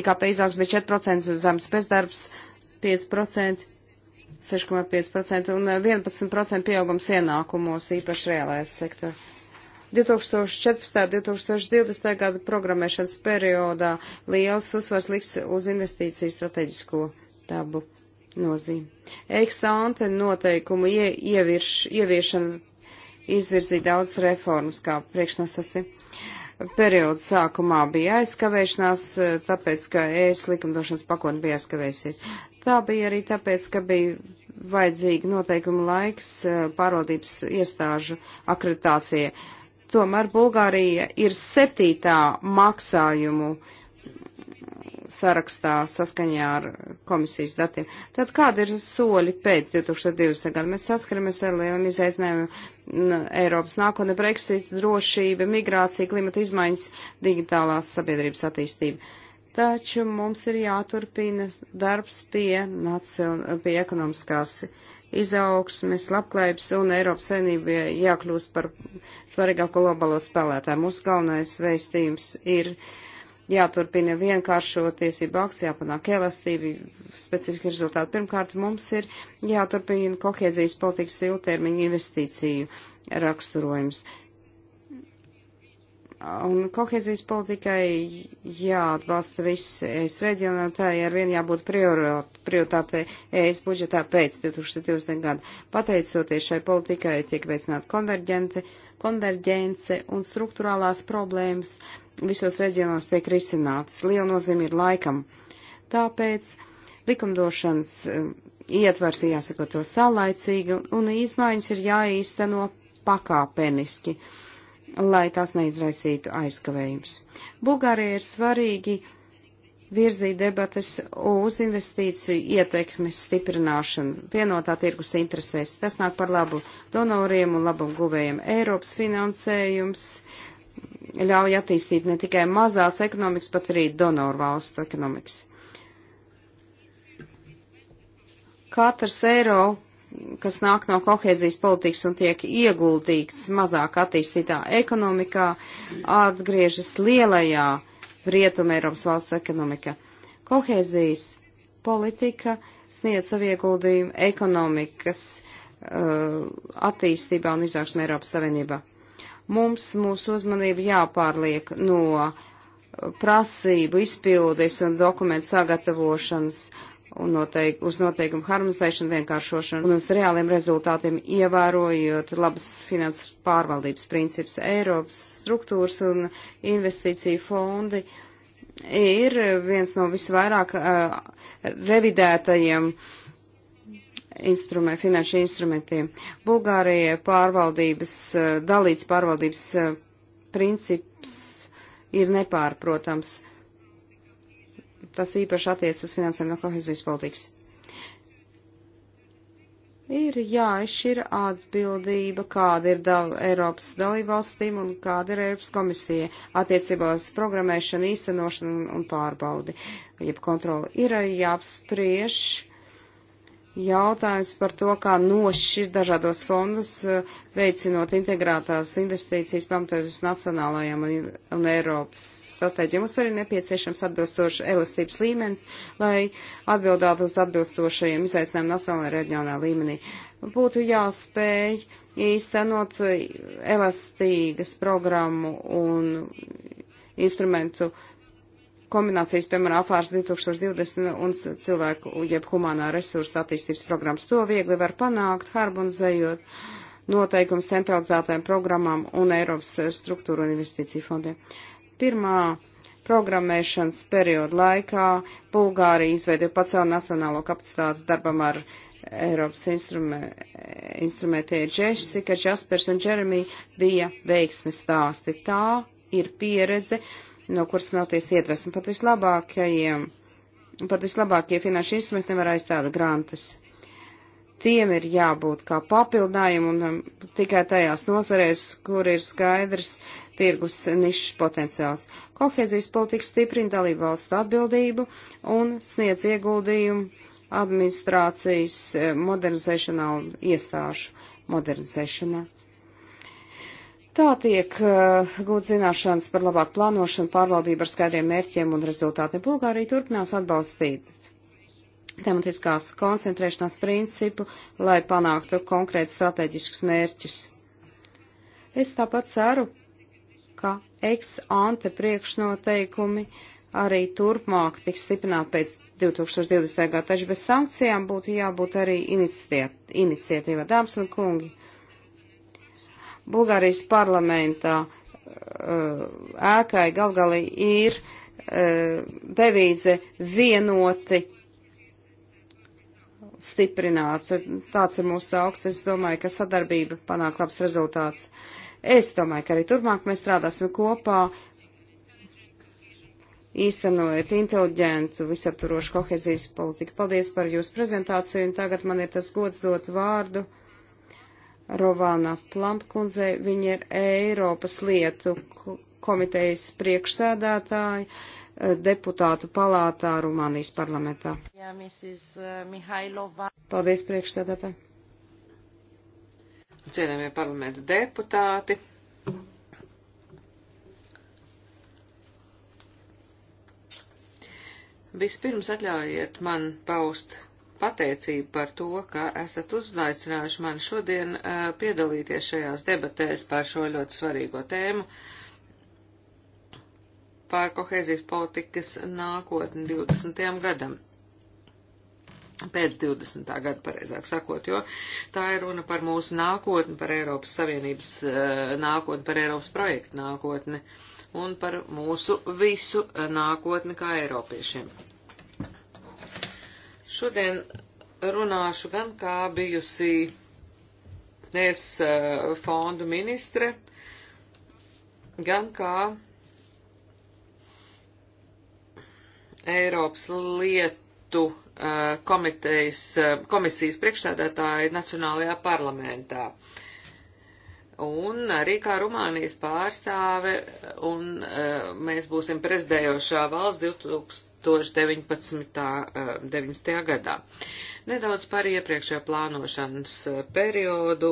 IKP izaugs bija 4% zemes bezdarbs, 5%, 6,5% un 11% eh, pieaugums ienākumos, īpaši reālajā sektorā. 2014. un 2020. gada programmēšanas periodā liels uzsvars liks uz investīciju strateģisko dabu nozīmi. Eksante noteikumu ie, ievirš, ieviešana izvirzīja daudz reformas, kā priekšnesasi. Perioda sākumā bija aizkavēšanās, tāpēc, ka ēs likumdošanas pakotne bija aizkavējusies. Tā bija arī tāpēc, ka bija vajadzīga noteikuma laiks eh, pārvaldības iestāžu akreditācija. Tomēr Bulgārija ir septītā maksājumu uh, sarakstā saskaņā ar komisijas datiem. Tad kāda ir soļi pēc 2020. gada? Mēs saskaramies ar lieliem izaicinājumiem Eiropas nākotne, Brexit, drošība, migrācija, klimata izmaiņas, digitālās sabiedrības attīstība. Taču mums ir jāturpina darbs pie, nacion, pie ekonomiskās izaugsmes, labklājības un Eiropas saimnība jākļūst par svarīgāko globālo spēlētāju. Mūsu galvenais veistījums ir jāturpina vienkāršo tiesību akts, jāpanāk elastība, specifiski rezultāti. Pirmkārt, mums ir jāturpina kohēzijas politikas ilgtermiņa investīciju raksturojums. Un kohēzijas politikai jāatbalsta viss ES reģionā, tā ir vien jābūt prioritātei ES budžetā pēc 2020. gada. Pateicoties šai politikai, tiek veicināta konverģence un struktūrālās problēmas. Uh, visos reģionos tiek risinātas. Liela nozīme ir laikam. Tāpēc likumdošanas um, ietvars ir jāsakoto saulaicīgi un izmaiņas ir jāīsteno pakāpeniski, lai tās neizraisītu aizkavējums. Bulgārija ir svarīgi virzīt debates uz investīciju ietekmes stiprināšanu vienotā tirgus interesēs. Tas nāk par labu donoriem un labu guvējiem. Eiropas finansējums ļauj attīstīt ne tikai mazās ekonomikas, bet arī donoru valstu ekonomikas. Katrs eiro, kas nāk no kohēzijas politikas un tiek ieguldīts mazāk attīstītā ekonomikā, atgriežas lielajā Rietuma Eiropas valsts ekonomikā. Kohēzijas politika sniedz savu ieguldījumu ekonomikas uh, attīstībā un izaugsmē Eiropas Savienībā. Mums mūsu uzmanība jāpārliek no uh, prasību izpildes un dokumentu sagatavošanas un noteik, uz noteikumu harmonizēšanu, vienkāršošanu un uz reāliem rezultātiem ievērojot labas finanses pārvaldības principus Eiropas struktūras un investīciju fondi ir viens no visvairāk uh, revidētajiem uh, instrument, finanšu instrumentiem. Bulgārija pārvaldības, eh, dalīts pārvaldības eh, princips ir nepārprotams. Tas īpaši attiec uz finansēm no kohezijas politikas. Ir jāizšķir atbildība, kāda ir dal Eiropas dalībvalstīm un kāda ir Eiropas komisija attiecībā uz programmēšanu, īstenošanu un pārbaudi, jeb kontroli. Ir jāapspriež jautājums par to, kā nošķirt dažādos fondus, eh, veicinot integrētās investīcijas pamatot uz nacionālajām un, un Eiropas stratēģiem. Mums arī nepieciešams atbilstošs elastības līmenis, lai atbildētu uz atbilstošajiem izaicinājumiem nacionālajā reģionā līmenī. Būtu jāspēj īstenot elastīgas programmu un instrumentu uh, kombinācijas, piemēram, apārs 2020 un cilvēku, jeb humanā resursa attīstības programmas. To viegli var panākt, harmonizējot noteikumu centralizētajām programmām un Eiropas struktūra un investīciju fondiem. Pirmā programmēšanas perioda laikā Bulgārija izveidoja pacēlu nacionālo kapacitāti darbam ar Eiropas instrume, instrumentē Džesika, Jaspers un Džeremija bija veiksmes stāsti. Tā ir pieredze, no kuras smelties iedvesmu. Pat vislabākajiem, pat vislabākie finanšu instrumenti nevar aizstāt grantus. Tiem ir jābūt kā papildinājumam un um, tikai tajās nozarēs, kur ir skaidrs tirgus nišas potenciāls. Kohēzijas politika stiprina dalību valstu atbildību un sniedz ieguldījumu administrācijas eh, modernizēšanā un iestāžu modernizēšanā. Tā tiek uh, eh, gūt zināšanas par labāku plānošanu, pārvaldību ar skaidriem mērķiem un rezultātiem. Bulgārija turpinās atbalstīt tematiskās koncentrēšanās principu, lai panāktu konkrēti strateģiskus mērķus. Es tāpat ceru, ka ex-ante priekšnoteikumi arī turpmāk tiks stiprināti pēc 2020. gada, taču bez sankcijām būtu jābūt arī iniciatīva. Dāmas un kungi! Bulgārijas parlamentā eh, ēkai galgalī ir eh, devīze vienoti stiprināt. Tāds ir mūsu augs. Es domāju, ka sadarbība panāk labs rezultāts. Es domāju, ka arī turpmāk mēs strādāsim kopā, īstenojot inteliģentu, visaptvarošu kohezijas politiku. Paldies par jūsu prezentāciju, un tagad man ir tas gods dot vārdu. Rovāna Plampkundzei. Viņa ir Eiropas lietu komitejas priekšsēdētāja eh, deputātu palātā Rumānijas parlamentā. Jā, eh, Mihailova. Paldies, priekšsēdētāji. Cienējamie parlamenta deputāti. Vispirms atļaujiet man paust pateicību par to, ka esat uzaicinājuši mani šodien uh, piedalīties šajās debatēs par šo ļoti svarīgo tēmu par kohēzijas politikas nākotni 20. gadam. Pēc 20. gada, pareizāk sakot, jo tā ir runa par mūsu nākotni, par Eiropas Savienības uh, nākotni, par Eiropas projektu nākotni un par mūsu visu nākotni kā Eiropiešiem. Šodien runāšu gan kā bijusi es eh, fondu ministre, gan kā Eiropas lietu eh, komitejas, eh, komisijas priekšsēdētāji Nacionālajā parlamentā. Uh, Un arī kā Rumānijas pārstāve, un uh, mēs būsim prezidējošā valsts 2019. Uh, 19. gadā. Nedaudz par iepriekšējo plānošanas e, periodu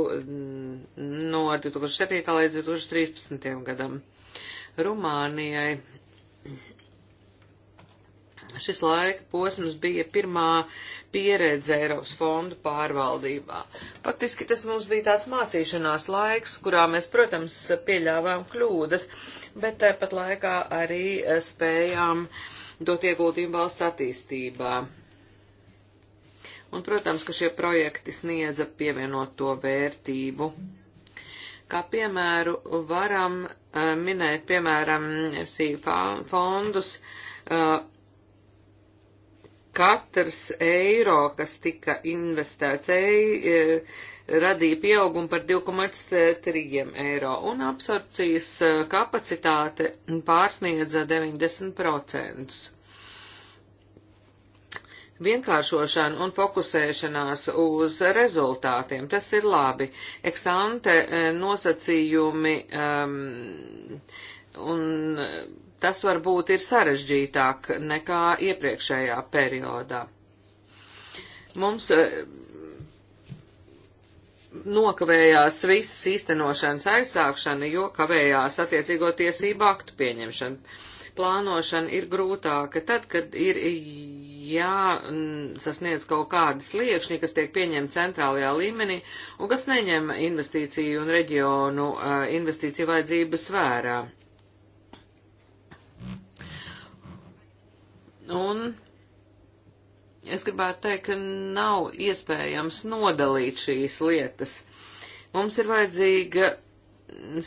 no 2007. līdz 2013. gadam. Rumānijai Šis laika posms bija pirmā pieredze Eiropas fondu pārvaldībā. Faktiski tas mums bija tāds mācīšanās laiks, kurā mēs, protams, pieļāvām kļūdas, bet tāpat laikā arī spējām dot ieguldījumu valsts attīstībā. Un, protams, ka šie projekti sniedza pievienoto vērtību. Kā piemēru varam eh, minēt, piemēram, FC fondus, Uh, katrs eiro, kas tika investēts, ei, e, radīja pieaugumu par 2,3 eiro, un absorpcijas e, kapacitāte pārsniedza 90%. Vienkāršošana un fokusēšanās uz rezultātiem, tas ir labi. Eksante e, nosacījumi um, un tas varbūt ir sarežģītāk nekā iepriekšējā periodā. Mums e, nokavējās visas īstenošanas aizsākšana, jo kavējās attiecīgo tiesību aktu pieņemšana. Plānošana ir grūtāka tad, kad ir jāsasniedz kaut kādas liekšņi, kas tiek pieņemti centrālajā līmenī un kas neņem investīciju un reģionu e, investīciju vajadzības vērā. Un es gribētu teikt, ka nav iespējams nodalīt šīs lietas. Mums ir vajadzīga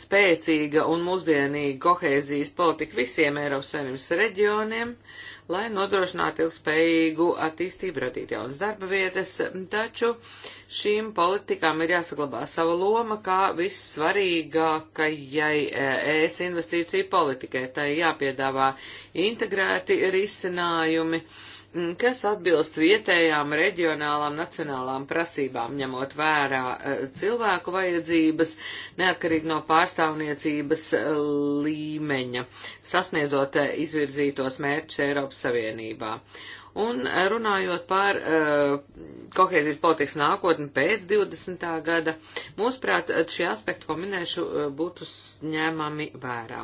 spēcīga un mūsdienīga kohēzijas politika visiem Eiropas Savienības reģioniem. Uh, lai nodrošinātu ilgspējīgu attīstību, radītu jaunas darba vietas, taču šīm politikām ir jāsaglabā sava loma kā vissvarīgākajai ES eh, investīciju politikai. Tai jāpiedāvā integrēti risinājumi. Uh, Mm, kas atbilst vietējām, reģionālām, nacionālām prasībām, ņemot vērā eh, cilvēku vajadzības, neatkarīgi no pārstāvniecības eh, līmeņa, sasniedzot eh, izvirzītos mērķus Eiropas Savienībā. Un runājot par uh, kohēzijas politikas nākotni pēc 20. gada, mūsuprāt, šie aspekti, ko minēšu, būtu ņēmami vērā.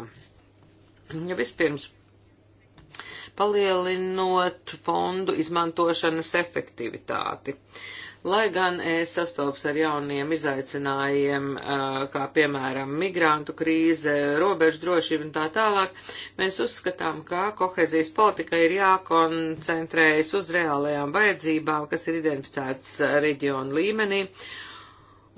Ja vispirms palielinot fondu izmantošanas efektivitāti. Lai gan es sastops ar jauniem izaicinājiem, kā piemēram migrantu krīze, robežu drošība un tā tālāk, mēs uzskatām, ka kohezijas politika ir jākoncentrējas uz reālajām vajadzībām, kas ir identificētas reģionu līmenī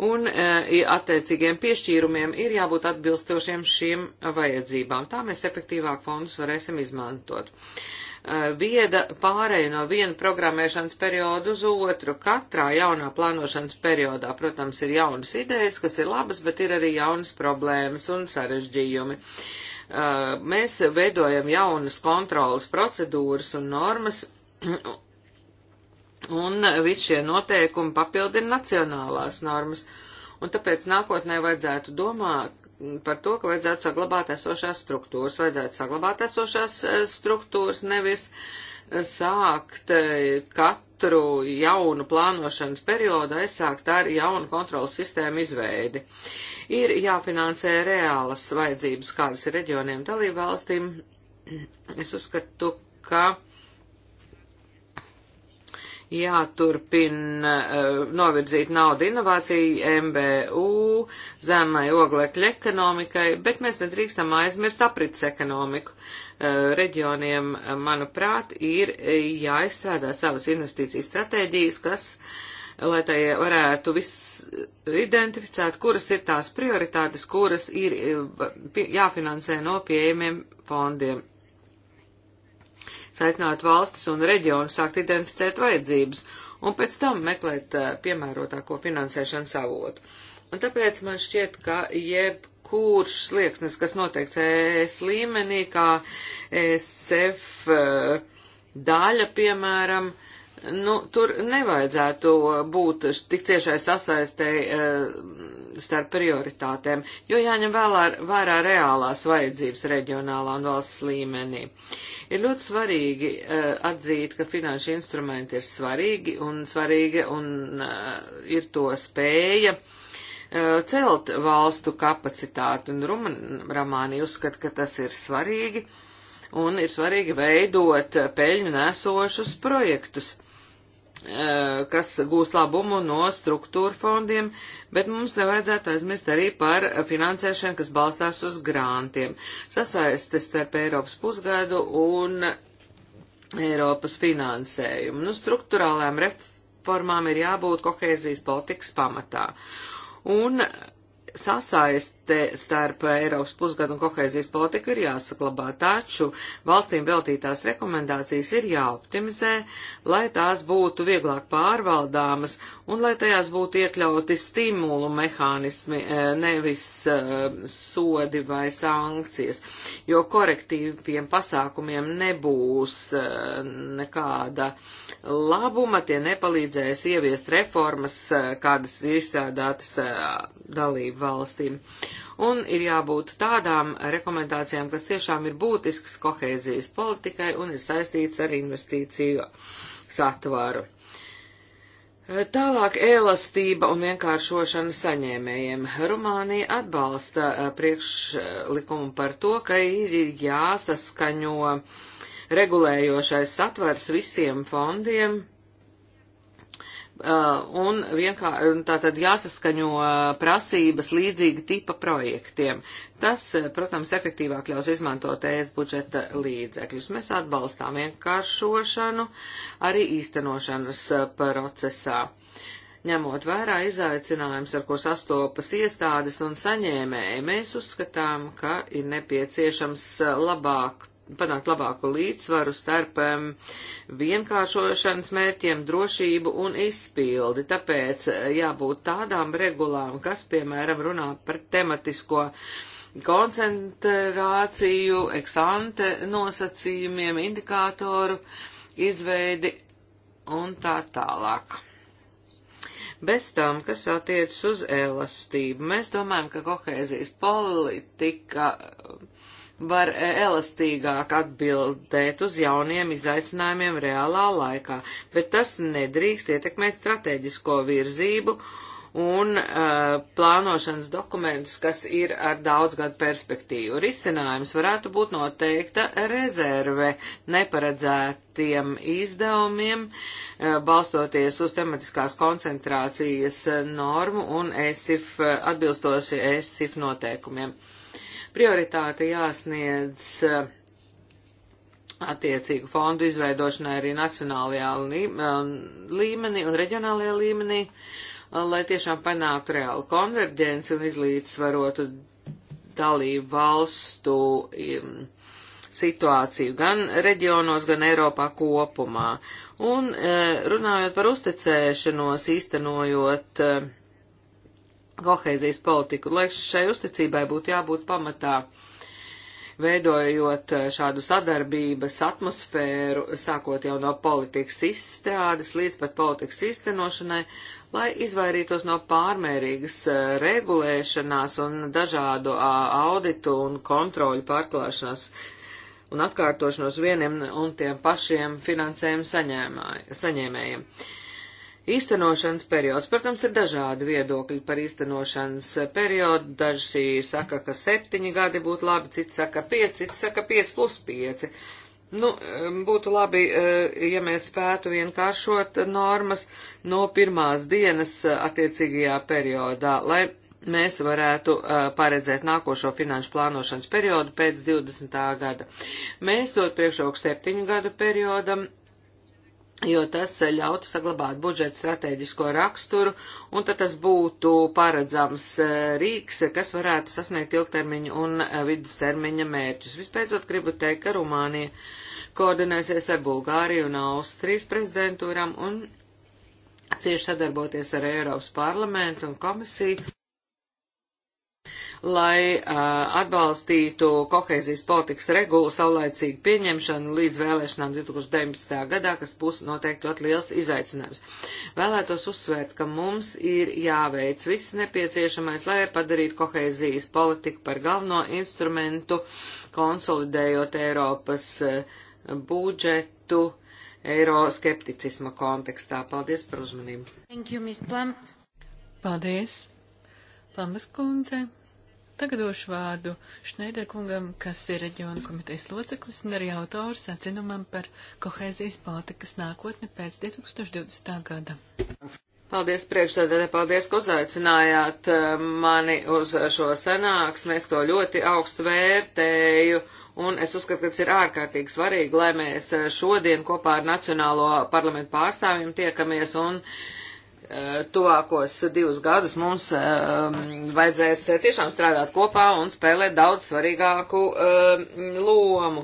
un eh, attiecīgiem piešķīrumiem ir jābūt atbilstošiem šīm vajadzībām. Tā mēs efektīvāk fondus varēsim izmantot. Eh, vieda pārēja no viena programmēšanas perioda uz otru. Katrā jaunā plānošanas periodā, protams, ir jaunas idejas, kas ir labas, bet ir arī jaunas problēmas un sarežģījumi. Eh, mēs veidojam jaunas kontrolas procedūras un normas Un visi šie noteikumi papildina nacionālās normas. Un tāpēc nākotnē vajadzētu domāt par to, ka vajadzētu saglabāt esošās struktūras. Vajadzētu saglabāt esošās eh, struktūras, nevis eh, sākt eh, katru jaunu plānošanas periodu aizsākt ar jaunu kontrolas sistēmu izveidi. Ir jāfinansē reālas vajadzības, kādas ir reģioniem dalībvalstīm. Es uzskatu, ka jāturpina eh, novirzīt naudu inovāciju MBU, zemai oglekļa ekonomikai, bet mēs nedrīkstam aizmirst aprits ekonomiku. Eh, reģioniem, eh, manuprāt, ir jāizstrādā savas investīcijas stratēģijas, kas lai tai varētu viss identificēt, kuras ir tās prioritātes, kuras ir jāfinansē no pieejamiem fondiem saicināt valstis un reģionu sākt identificēt vajadzības un pēc tam meklēt eh, piemērotāko finansēšanas avotu. Un tāpēc man šķiet, ka jebkurš slieksnis, kas noteikts ES līmenī, kā ESF eh, daļa, piemēram, uh, Nu, tur nevajadzētu būt tik tiešai sasaistei e, starp prioritātēm, jo jāņem vēlā, vērā reālās vajadzības reģionālā un valsts līmenī. Ir ļoti svarīgi e, atzīt, ka finanšu instrumenti ir svarīgi un svarīgi un e, ir to spēja e, celt valstu kapacitāti, un Rumānija uzskata, ka tas ir svarīgi, un ir svarīgi veidot peļņu nesošus projektus. Eh, kas gūs labumu no struktūra fondiem, bet mums nevajadzētu aizmirst arī par finansēšanu, kas balstās uz grāntiem. Sasaiste starp Eiropas pusgadu un Eiropas finansējumu. Nu, struktūrālām reformām ir jābūt kohēzijas politikas pamatā. Un Sasaiste starp Eiropas pusgadu un kohēzijas politiku ir jāsaklabā, taču valstīm veltītās rekomendācijas ir jāoptimizē, lai tās būtu vieglāk pārvaldāmas un lai tajās būtu iekļauti stimulu mehānismi, e, nevis e, sodi vai sankcijas, jo korektīviem pasākumiem nebūs e, nekāda labuma, tie nepalīdzēs ieviest reformas, kādas ir izstrādātas dalību valstīm. Un ir jābūt tādām rekomendācijām, kas tiešām ir būtisks kohēzijas politikai un ir saistīts ar investīciju satvaru. Tālāk ēlastība un vienkāršošana saņēmējiem. Rumānija atbalsta eh, priekšlikumu par to, ka ir jāsaskaņo regulējošais satvers visiem fondiem Uh, un vienkārši tātad jāsaskaņo uh, prasības līdzīga tipa projektiem. Tas, uh, protams, efektīvāk ļaus izmantot ES budžeta līdzekļus. Mēs atbalstām vienkāršošanu arī īstenošanas procesā. Ņemot vērā izaicinājums, ar ko sastopas iestādes un saņēmēji, mēs uzskatām, ka ir nepieciešams labāk panākt labāku līdzsvaru starp um, vienkāršošanas mērķiem, drošību un izpildi. Tāpēc eh, jābūt tādām regulām, kas, piemēram, runā par tematisko koncentrāciju, eksante nosacījumiem, indikātoru izveidi un tā tālāk. Bez tam, kas attiecas uz elastību, mēs domājam, ka kohēzijas politika var elastīgāk atbildēt uz jauniem izaicinājumiem reālā laikā, bet tas nedrīkst ietekmēt strateģisko virzību un uh, plānošanas dokumentus, kas ir ar daudzgadu perspektīvu. Risinājums varētu būt noteikta rezerve neparedzētiem izdevumiem, uh, balstoties uz tematiskās koncentrācijas normu un ESIF, uh, atbilstoši ESIF noteikumiem. Uh, prioritāte jāsniedz eh, attiecīgu fondu izveidošanai arī nacionālajā eh, līmenī un reģionālajā līmenī, eh, lai tiešām panāktu reālu konverģenci un izlīdzsvarotu dalību valstu situāciju gan reģionos, gan Eiropā kopumā. Un runājot par uzticēšanos, īstenojot uh, kohēzijas politiku, lai šai uzticībai būtu jābūt pamatā, veidojot eh, šādu sadarbības atmosfēru, sākot jau no politikas izstrādes līdz pat politikas iztenošanai, lai izvairītos no pārmērīgas eh, regulēšanās un dažādu auditu un kontroļu pārklāšanās un atkārtošanos vieniem un tiem pašiem finansējumu saņēmējiem. Īstenošanas periods. Protams, ir dažādi viedokļi par īstenošanas periodu. Daži saka, ka septiņi gadi būtu labi, citi saka pieci, citi saka pieci plus pieci. Nu, būtu labi, e, ja mēs spētu vienkāršot normas no pirmās dienas e, attiecīgajā periodā, lai mēs varētu uh, paredzēt nākošo finanšu plānošanas periodu pēc 20. gada. Mēs dot priekšroku septiņu gadu periodam, jo tas ļautu saglabāt budžeta strateģisko raksturu, un tad tas būtu paredzams eh, rīks, kas varētu sasniegt ilgtermiņu un eh, vidustermiņa mērķus. Vispēcot, gribu teikt, ka Rumānija koordinēsies ar Bulgāriju un Austrijas prezidentūram un cieši sadarboties ar Eiropas parlamentu un komisiju lai uh, atbalstītu kohēzijas politikas regulu saulaicīgu pieņemšanu līdz vēlēšanām 2019. gadā, kas būs noteikti ļoti liels izaicinājums. Vēlētos uzsvērt, ka mums ir jāveic viss nepieciešamais, lai padarītu kohēzijas politiku par galveno instrumentu, konsolidējot Eiropas uh, budžetu eiroskepticisma kontekstā. Paldies par uzmanību. Thank you, Ms. Plump. Paldies. Pamas kundze. Tagad došu vārdu Šneiderkungam, kas ir reģiona komitejas loceklis un arī autors atzinumam par kohēzijas politikas nākotni pēc 2020. gada. Paldies priekšsēdētāji, paldies, ka uzaicinājāt eh, mani uz šo sanāksmi. Es to ļoti augstu vērtēju un es uzskatu, ka tas ir ārkārtīgi svarīgi, lai mēs eh, šodien kopā ar Nacionālo parlamentu pārstāvjiem tiekamies un uh, Eh, tuvākos divus gadus mums um, vajadzēs eh, tiešām strādāt kopā un spēlēt daudz svarīgāku um, lomu.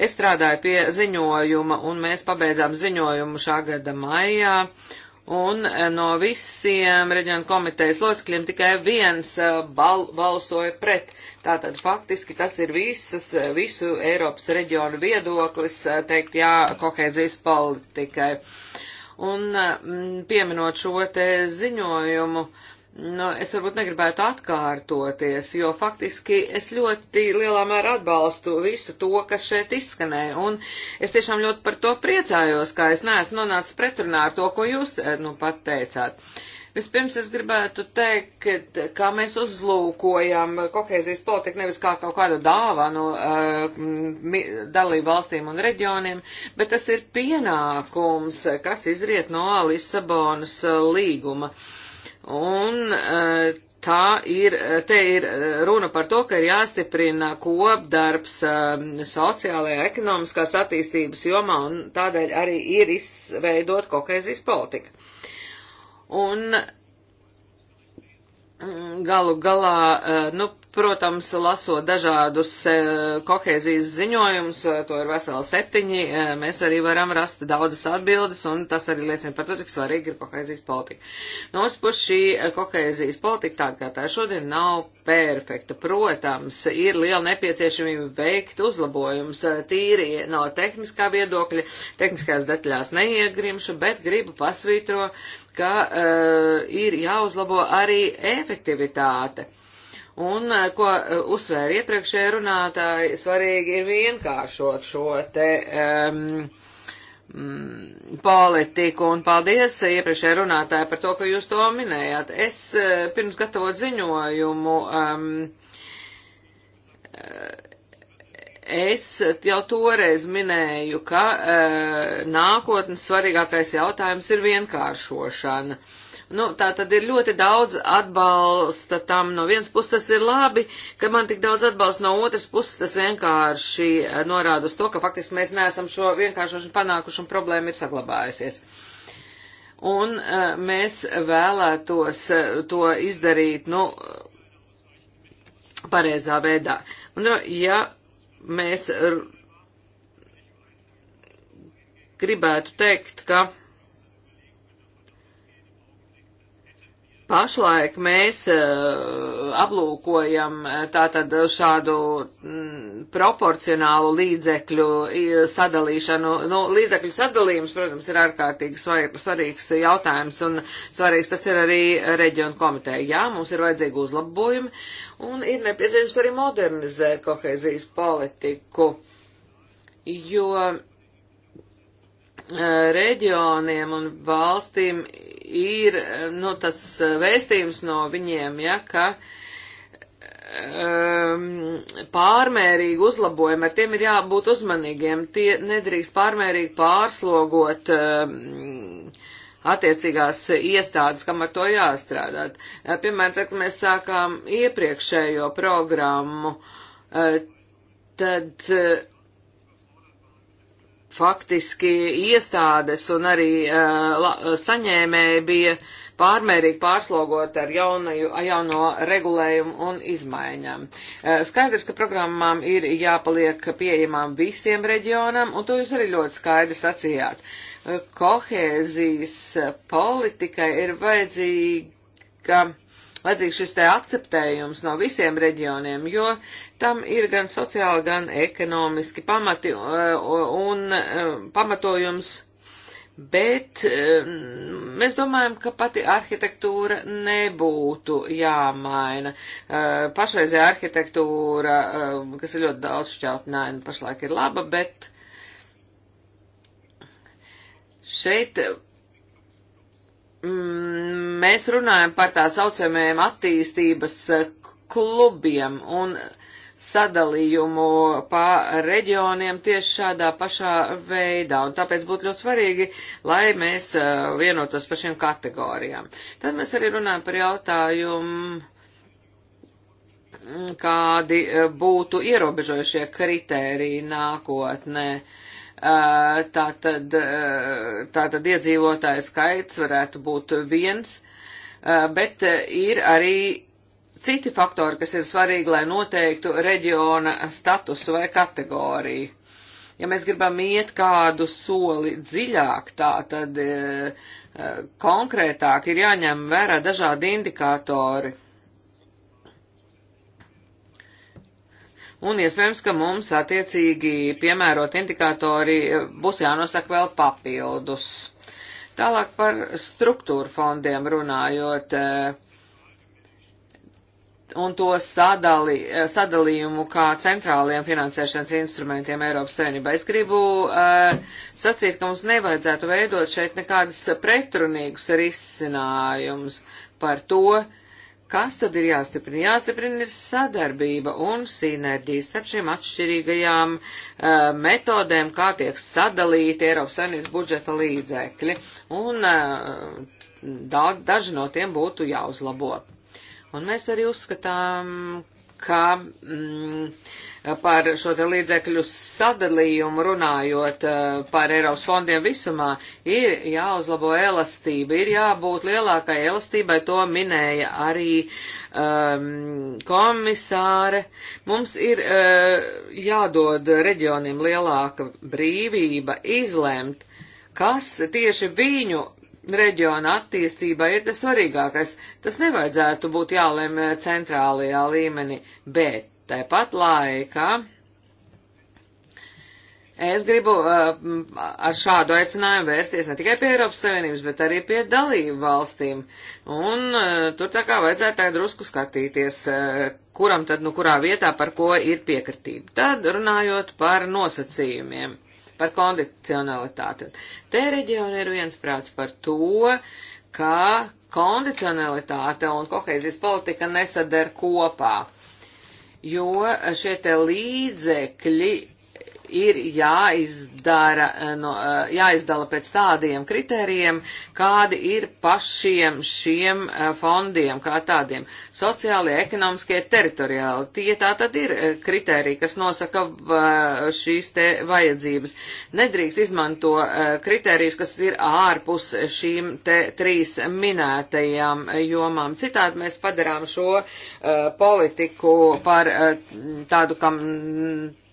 Es strādāju pie ziņojuma un mēs pabeidzām ziņojumu šā gada maijā. Un no visiem reģionu komitejas locekļiem tikai viens bal balsoja pret. Tātad faktiski tas ir visas, visu Eiropas reģionu viedoklis, teikt jā, kohēzijas politikai. Uh, Un eh, pieminot šo te ziņojumu, nu, es varbūt negribētu atkārtoties, jo faktiski es ļoti lielā mērā atbalstu visu to, kas šeit izskanēja. Un es tiešām ļoti par to priecājos, kā es neesmu nonācis pretrunā ar to, ko jūs eh, nu pat teicāt. Uh, Vispirms es gribētu teikt, ka kā mēs uzlūkojam kohēzijas politiku nevis kā kaut kādu dāvanu uh, dalību valstīm un reģioniem, bet tas ir pienākums, kas izriet no Lisabonas uh, līguma. Un uh, tā ir, te ir uh, runa par to, ka ir jāstiprina kopdarbs uh, sociālajā, ekonomiskās attīstības jomā un tādēļ arī ir izveidot kohēzijas politiku. Un mm, galu galā, eh, nu, protams, lasot dažādus eh, kohēzijas ziņojumus, eh, to ir veseli septiņi, mēs arī varam rast daudzas atbildes, un tas arī liecina par to, cik svarīgi ir kohēzijas politika. No otras puses, šī kohēzijas politika tāda, kā tā šodien nav perfekta. Protams, ir liela nepieciešamība veikt uzlabojums tīri no tehniskā viedokļa, tehniskās detaļās neiegrimšu, bet gribu pasvītro, uh, ka uh, ir jāuzlabo arī efektivitāte. Un, uh, ko uh, uzsvēra iepriekšējā runātāja, svarīgi ir vienkāršot šo te um, um politiku, un paldies iepriekšējā runātāja par to, ka jūs to minējāt. Es uh, pirms gatavot ziņojumu um, uh, Es jau toreiz minēju, ka e, nākotnes svarīgākais jautājums ir vienkāršošana. Nu, tā tad ir ļoti daudz atbalsta tam. No vienas puses tas ir labi, ka man tik daudz atbalsta, no otras puses tas vienkārši eh, norāda uz to, ka faktiski mēs neesam šo vienkāršošanu panākuši un problēma ir saglabājusies. Un e, mēs vēlētos to izdarīt, nu, pareizā veidā. Un, ja mēs e, gribētu teikt, ka pašlaik mēs e, aplūkojam e, tātad šādu proporcionālu līdzekļu sadalīšanu. Nu, līdzekļu sadalījums, protams, ir ārkārtīgi svarīgs jautājums un svarīgs tas ir arī reģionu komiteja. Jā, mums ir vajadzīgi uzlabojumi Un ir nepieciešams arī modernizēt kohēzijas politiku, jo eh, reģioniem un valstīm ir eh, nu, tas eh, vēstījums no viņiem, ja, ka um, pārmērīgi uzlabojumi, ar tiem ir jābūt uzmanīgiem, tie nedrīkst pārmērīgi pārslogot um, attiecīgās iestādes, kam ar to jāstrādā. Eh, piemēram, tad, kad mēs sākām iepriekšējo programmu, eh, tad eh, faktiski iestādes un arī saņēmēji bija pārmērīgi pārslogot ar jaunaju, jauno regulējumu un izmaiņām. Skaidrs, ka programmām ir jāpaliek pieejamām visiem reģionam, un to jūs arī ļoti skaidri sacījāt. Uh, kohēzijas politikai ir vajadzīga, vajadzīgs šis te akceptējums no visiem reģioniem, jo tam ir gan sociāli, gan ekonomiski pamati un, un e, pamatojums. Bet e, mēs domājam, ka pati arhitektūra nebūtu jāmaina. E, pašreizējā arhitektūra, kas ir ļoti daudz šķautināina, pašlaik ir laba, bet Šeit mm, mēs runājam par tā saucamajiem attīstības klubiem un sadalījumu pa reģioniem tieši šādā pašā veidā, un tāpēc būtu ļoti svarīgi, lai mēs eh, vienotos par šiem kategorijām. Tad mēs arī runājam par jautājumu, mm, kādi eh, būtu ierobežojušie kritēriji nākotnē. Ne Eh, tātad, eh, tātad iedzīvotāju skaits varētu būt viens, eh, bet ir arī citi faktori, kas ir svarīgi, lai noteiktu reģiona statusu vai kategoriju. Ja mēs gribam iet kādu soli dziļāk, tā tad konkrētāk ir jāņem vērā dažādi indikātori, Un iespējams, ka mums attiecīgi piemērot indikatori eh, būs jānosaka vēl papildus. Tālāk par struktūru fondiem runājot eh, un to sadali, eh, sadalījumu kā centrāliem finansēšanas instrumentiem Eiropas Savienībā. Es gribu uh, sacīt, ka mums nevajadzētu veidot šeit nekādas pretrunīgus risinājumus par to, uh, Kas tad ir jāstiprina? Jāstiprina ir sadarbība un sinerģija starp šiem atšķirīgajām uh, metodēm, kā tiek sadalīti Eiropas Savienības budžeta līdzekļi, un uh, da, daži no tiem būtu jāuzlabo. Un mēs arī uzskatām, ka. Mm, par šo te līdzekļu sadalījumu runājot eh, par Eiropas fondiem visumā, ir jāuzlabo elastība, ir jābūt lielākai elastībai, to minēja arī um, komisāre. Mums ir uh, jādod reģionim lielāka brīvība izlemt, kas tieši viņu reģiona attīstībai ir tas svarīgākais. Tas nevajadzētu būt jālēm eh, centrālajā līmenī, bet Tāpat laikā es gribu uh, ar šādu aicinājumu vērsties ne tikai pie Eiropas Savienības, bet arī pie dalību valstīm. Un uh, tur tā kā vajadzētu tā drusku skatīties, uh, kuram tad, nu kurā vietā par ko ir piekritība. Tad runājot par nosacījumiem, par kondicionalitāti. Te reģioni ir viensprāts par to, ka kondicionalitāte un kohēzijas politika nesadara kopā. Uh, jo šie te līdzekļi ir jāizdara, eh, no, eh, jāizdala pēc tādiem kritērijiem, kādi ir pašiem šiem eh, fondiem, kā tādiem sociālie, ekonomiskie, teritoriāli. Tie tā tad ir kritēriji, kas nosaka šīs te vajadzības. Nedrīkst izmanto kritērijus, kas ir ārpus šīm te trīs minētajām jomām. Citādi mēs padarām šo politiku par tādu, kam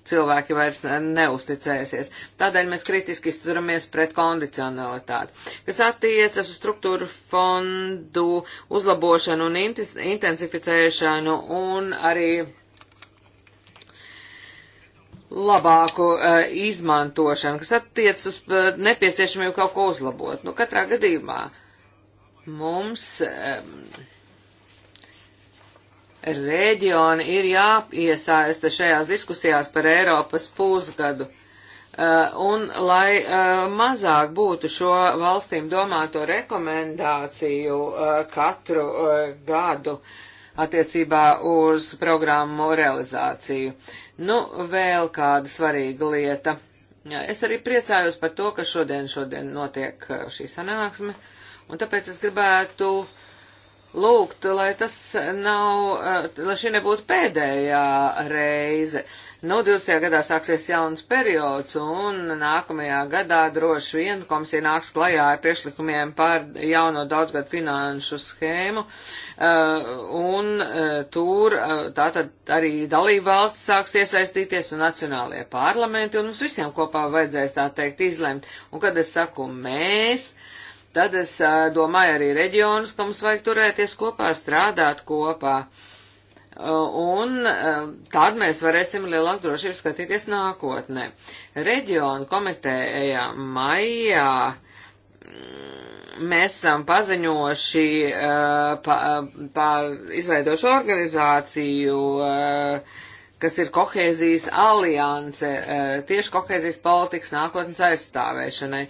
cilvēki vairs neusticēsies. Tādēļ mēs kritiski izturamies pret kondicionalitāti. Kas attiecas uz struktūru fondu uzlabošanu un intensificēšanu un arī labāku uh, izmantošanu, kas attiec uz uh, nepieciešamību kaut ko uzlabot. Nu, katrā gadījumā mums um, reģioni ir jāiesaista šajās diskusijās par Eiropas pusgadu. Uh, un lai uh, mazāk būtu šo valstīm domāto rekomendāciju uh, katru gadu attiecībā uz programmu realizāciju. Nu, vēl kāda svarīga lieta. Es arī priecājos par to, ka šodien, šodien notiek šī sanāksme, un tāpēc es gribētu uh, lūgt, lai tas nav, eh, lai šī nebūtu pēdējā reize. Nu, 20. gadā sāksies jauns periods, un nākamajā gadā droši vien komisija nāks klajā ar priešlikumiem par jauno daudzgadu finanšu schēmu, eh, un eh, tur tātad arī dalība valsts sāks iesaistīties un nacionālajie parlamenti, un mums visiem kopā vajadzēs tā teikt izlemt. Un kad es saku mēs, uh, Tad es domāju arī reģionus, ka mums vajag turēties kopā, strādāt kopā. Un tad mēs varēsim lielāk drošību skatīties nākotnē. Reģionu komitējā maijā mm, mēs esam paziņojuši par pa izveidošu organizāciju. Uh, kas ir kohēzijas alianse eh, tieši kohēzijas politikas nākotnes aizstāvēšanai.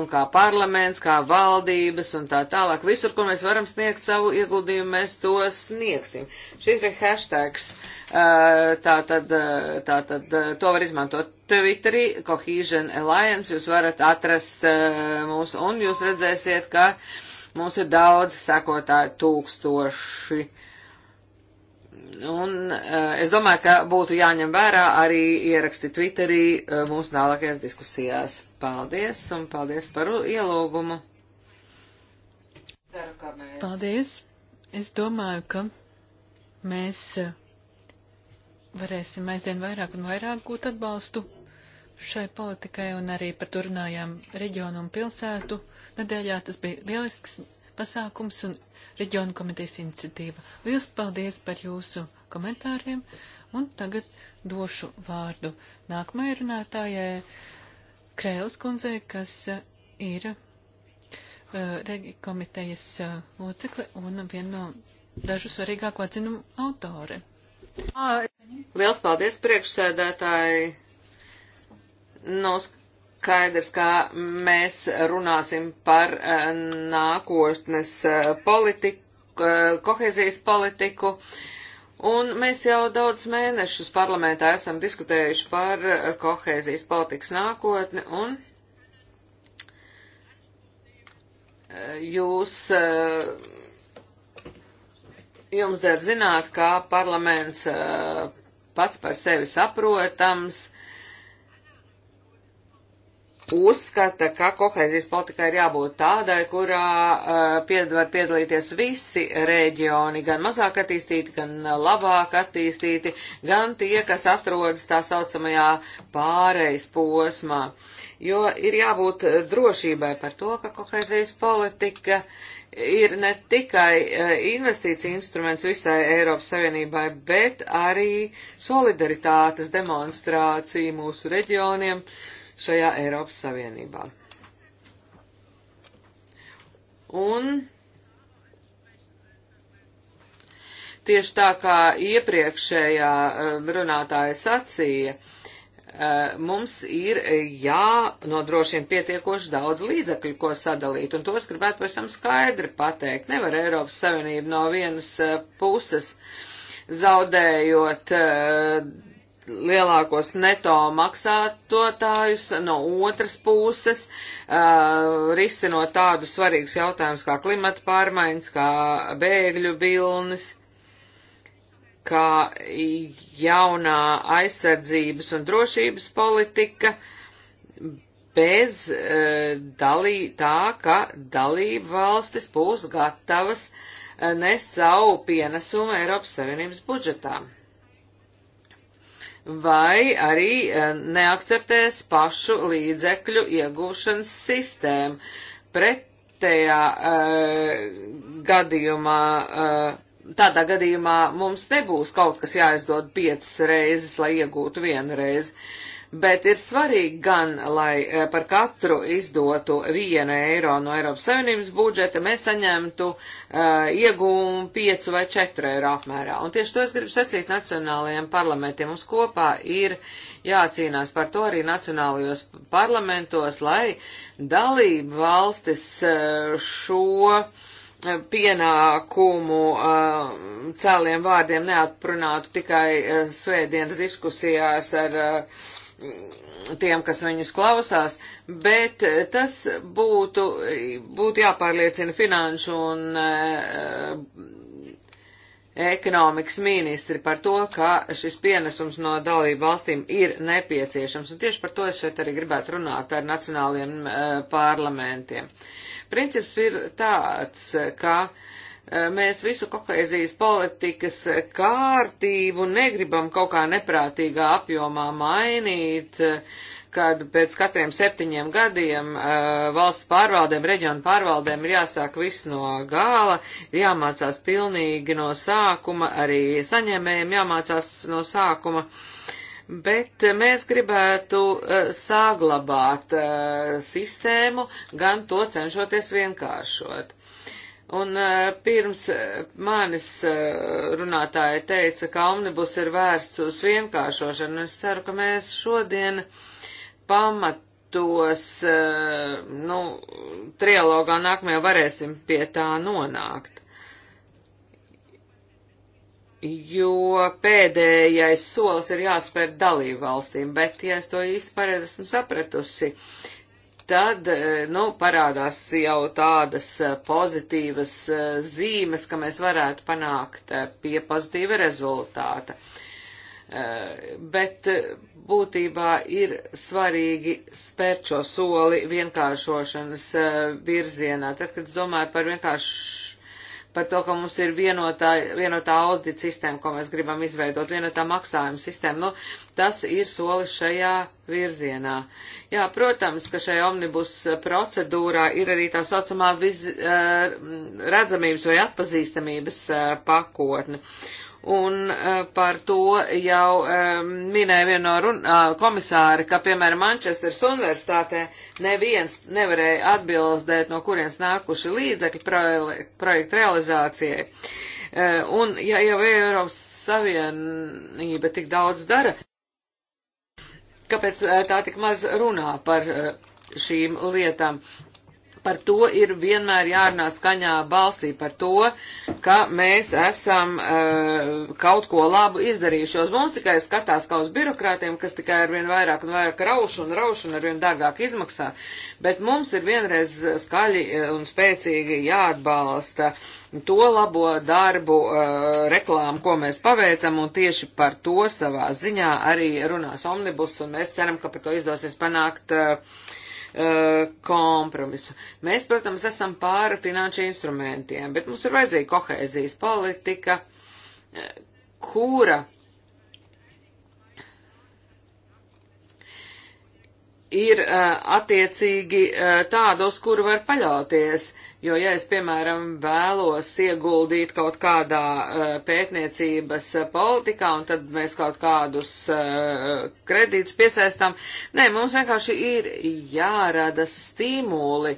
Un kā parlaments, kā valdības un tā tālāk, visur, kur mēs varam sniegt savu ieguldījumu, mēs to sniegsim. Šis ir hashtags, eh, tā tad, eh, tā tad to var izmantot Twitterī, Cohesion Alliance, jūs varat atrast mūsu un jūs redzēsiet, ka mums ir daudz sekotāju tūkstoši Un eh, es domāju, ka būtu jāņem vērā arī ieraksti Twitterī eh, mūsu nālākajās diskusijās. Paldies un paldies par ielūgumu. Ceru, ka mēs. Paldies. Es domāju, ka mēs eh, varēsim aizvien vairāk un vairāk gūt atbalstu šai politikai un arī par turnājām reģionu un pilsētu. Nedēļā tas bija lielisks pasākums un reģionu komitejas iniciatīva. Liels paldies par jūsu komentāriem, un tagad došu vārdu nākamajai runātājai Krēls kundzei, kas uh, ir uh, regi komitejas uh, locekle un viena no dažu svarīgāko atzinumu autore. Liels paldies priekšsēdētāji! Nav skaidrs, ka mēs runāsim par eh, nākotnes eh, politiku, eh, kohezijas politiku. Un mēs jau daudz mēnešus parlamentā esam diskutējuši par kohēzijas politikas nākotni, un jūs, jums dēļ zināt, kā parlaments pats par sevi saprotams, uzskata, ka kohēzijas politikai ir jābūt tādai, kurā uh, pied, var piedalīties visi reģioni, gan mazāk attīstīti, gan labāk attīstīti, gan tie, kas atrodas tā saucamajā pārejas posmā. Jo ir jābūt drošībai par to, ka kohēzijas politika ir ne tikai uh, investīcija instruments visai Eiropas Savienībai, bet arī solidaritātes demonstrācija mūsu reģioniem. Uh, šajā Eiropas Savienībā. Un tieši tā kā iepriekšējā um, runātāja sacīja, uh, mums ir jānodrošina pietiekoši daudz līdzekļu, ko sadalīt, un tos gribētu pavisam skaidri pateikt. Nevar Eiropas Savienība no vienas uh, puses zaudējot uh, lielākos neto maksātotājus, no otras puses uh, risinot tādus svarīgus jautājumus kā klimata pārmaiņas, kā bēgļu vilnis, kā jaunā aizsardzības un drošības politika bez uh, dalī, tā, ka dalība valstis būs gatavas uh, nes savu pienesumu Eiropas Savienības budžetām vai arī eh, neakceptēs pašu līdzekļu iegūšanas sistēmu. Pretējā uh, gadījumā, uh, tādā gadījumā mums nebūs kaut kas jāizdod piecas reizes, lai iegūtu vienu reizi. Uh, bet ir svarīgi gan, lai eh, par katru izdotu vienu eiro no Eiropas Savienības budžeta, mēs saņemtu uh, iegūmu piecu vai četru eiro apmērā. Un tieši to es gribu sacīt nacionālajiem parlamentiem. Mums kopā ir jācīnās par to arī nacionālajos parlamentos, lai dalību valstis uh, šo pienākumu uh, cēliem vārdiem neatprunātu tikai uh, svētdienas diskusijās ar uh, Mm, tiem, kas viņus klausās, bet eh, tas būtu, būtu jāpārliecina finanšu un e, ekonomikas ministri par to, ka šis pienesums no dalību valstīm ir nepieciešams. Un tieši par to es šeit arī gribētu runāt ar nacionāliem e, parlamentiem. Princips ir tāds, ka uh, Eh, mēs visu kohēzijas politikas kārtību negribam kaut kā neprātīgā apjomā mainīt, kad pēc katriem septiņiem gadiem eh, valsts pārvaldēm, reģionu pārvaldēm ir jāsāk viss no gala, jāmācās pilnīgi no sākuma, arī saņēmējiem jāmācās no sākuma. Bet mēs gribētu eh, saglabāt sistēmu, gan to cenšoties vienkāršot Un eh, pirms eh, manis eh, runātāja teica, ka omnibus ir vērsts uz vienkāršošanu. Es ceru, ka mēs šodien pamatos, nu, trialogā nākamajā varēsim pie tā nonākt jo pēdējais solis ir jāspēr dalību valstīm, bet, ja es to īsti pareizi esmu sapratusi, tad, e, nu, parādās jau tādas e, pozitīvas e, zīmes, ka mēs varētu panākt pie pozitīva rezultāta. Bet būtībā ir svarīgi spērt šo soli vienkāršošanas virzienā. Tad, kad es domāju par vienkāršu par to, ka mums ir vienotā, vienotā audita sistēma, ko mēs gribam izveidot, vienotā maksājuma sistēma. Nu, tas ir solis šajā virzienā. Jā, protams, ka šajā omnibus procedūrā ir arī tā saucamā viz, eh, redzamības vai atpazīstamības eh, pakotne. Un eh, par to jau eh, minēja viena no run, ah, komisāri, ka, piemēram, Manchesteras universitātē neviens nevarēja atbildēt, no kurienes nākuši līdzekļi projektu realizācijai. Eh, un, ja jau Eiropas Savienība tik daudz dara, kāpēc tā tik maz runā par šīm lietām? par to ir vienmēr jārunā skaņā balsī, par to, ka mēs esam uh, kaut ko labu izdarījuši. Uz mums tikai skatās kā uz birokrātiem, kas tikai ar vien vairāk un vairāk rauš un rauš un ar vien dārgāk izmaksā, bet mums ir vienreiz skaļi eh, un spēcīgi jāatbalsta to labo darbu, uh, reklāmu, ko mēs paveicam, un tieši par to savā ziņā arī runās omnibus, un mēs ceram, ka par to izdosies panākt uh, Eh, kompromisu. Mēs, protams, esam pāri finanšu instrumentiem, bet mums ir vajadzīga kohēzijas politika, eh, kura ir eh, attiecīgi eh, tāda, uz kuru var paļauties. Jo, ja es, piemēram, vēlos ieguldīt kaut kādā eh, pētniecības politikā, un tad mēs kaut kādus kredītus piesaistām, nē, mums vienkārši ir jārada stimuli,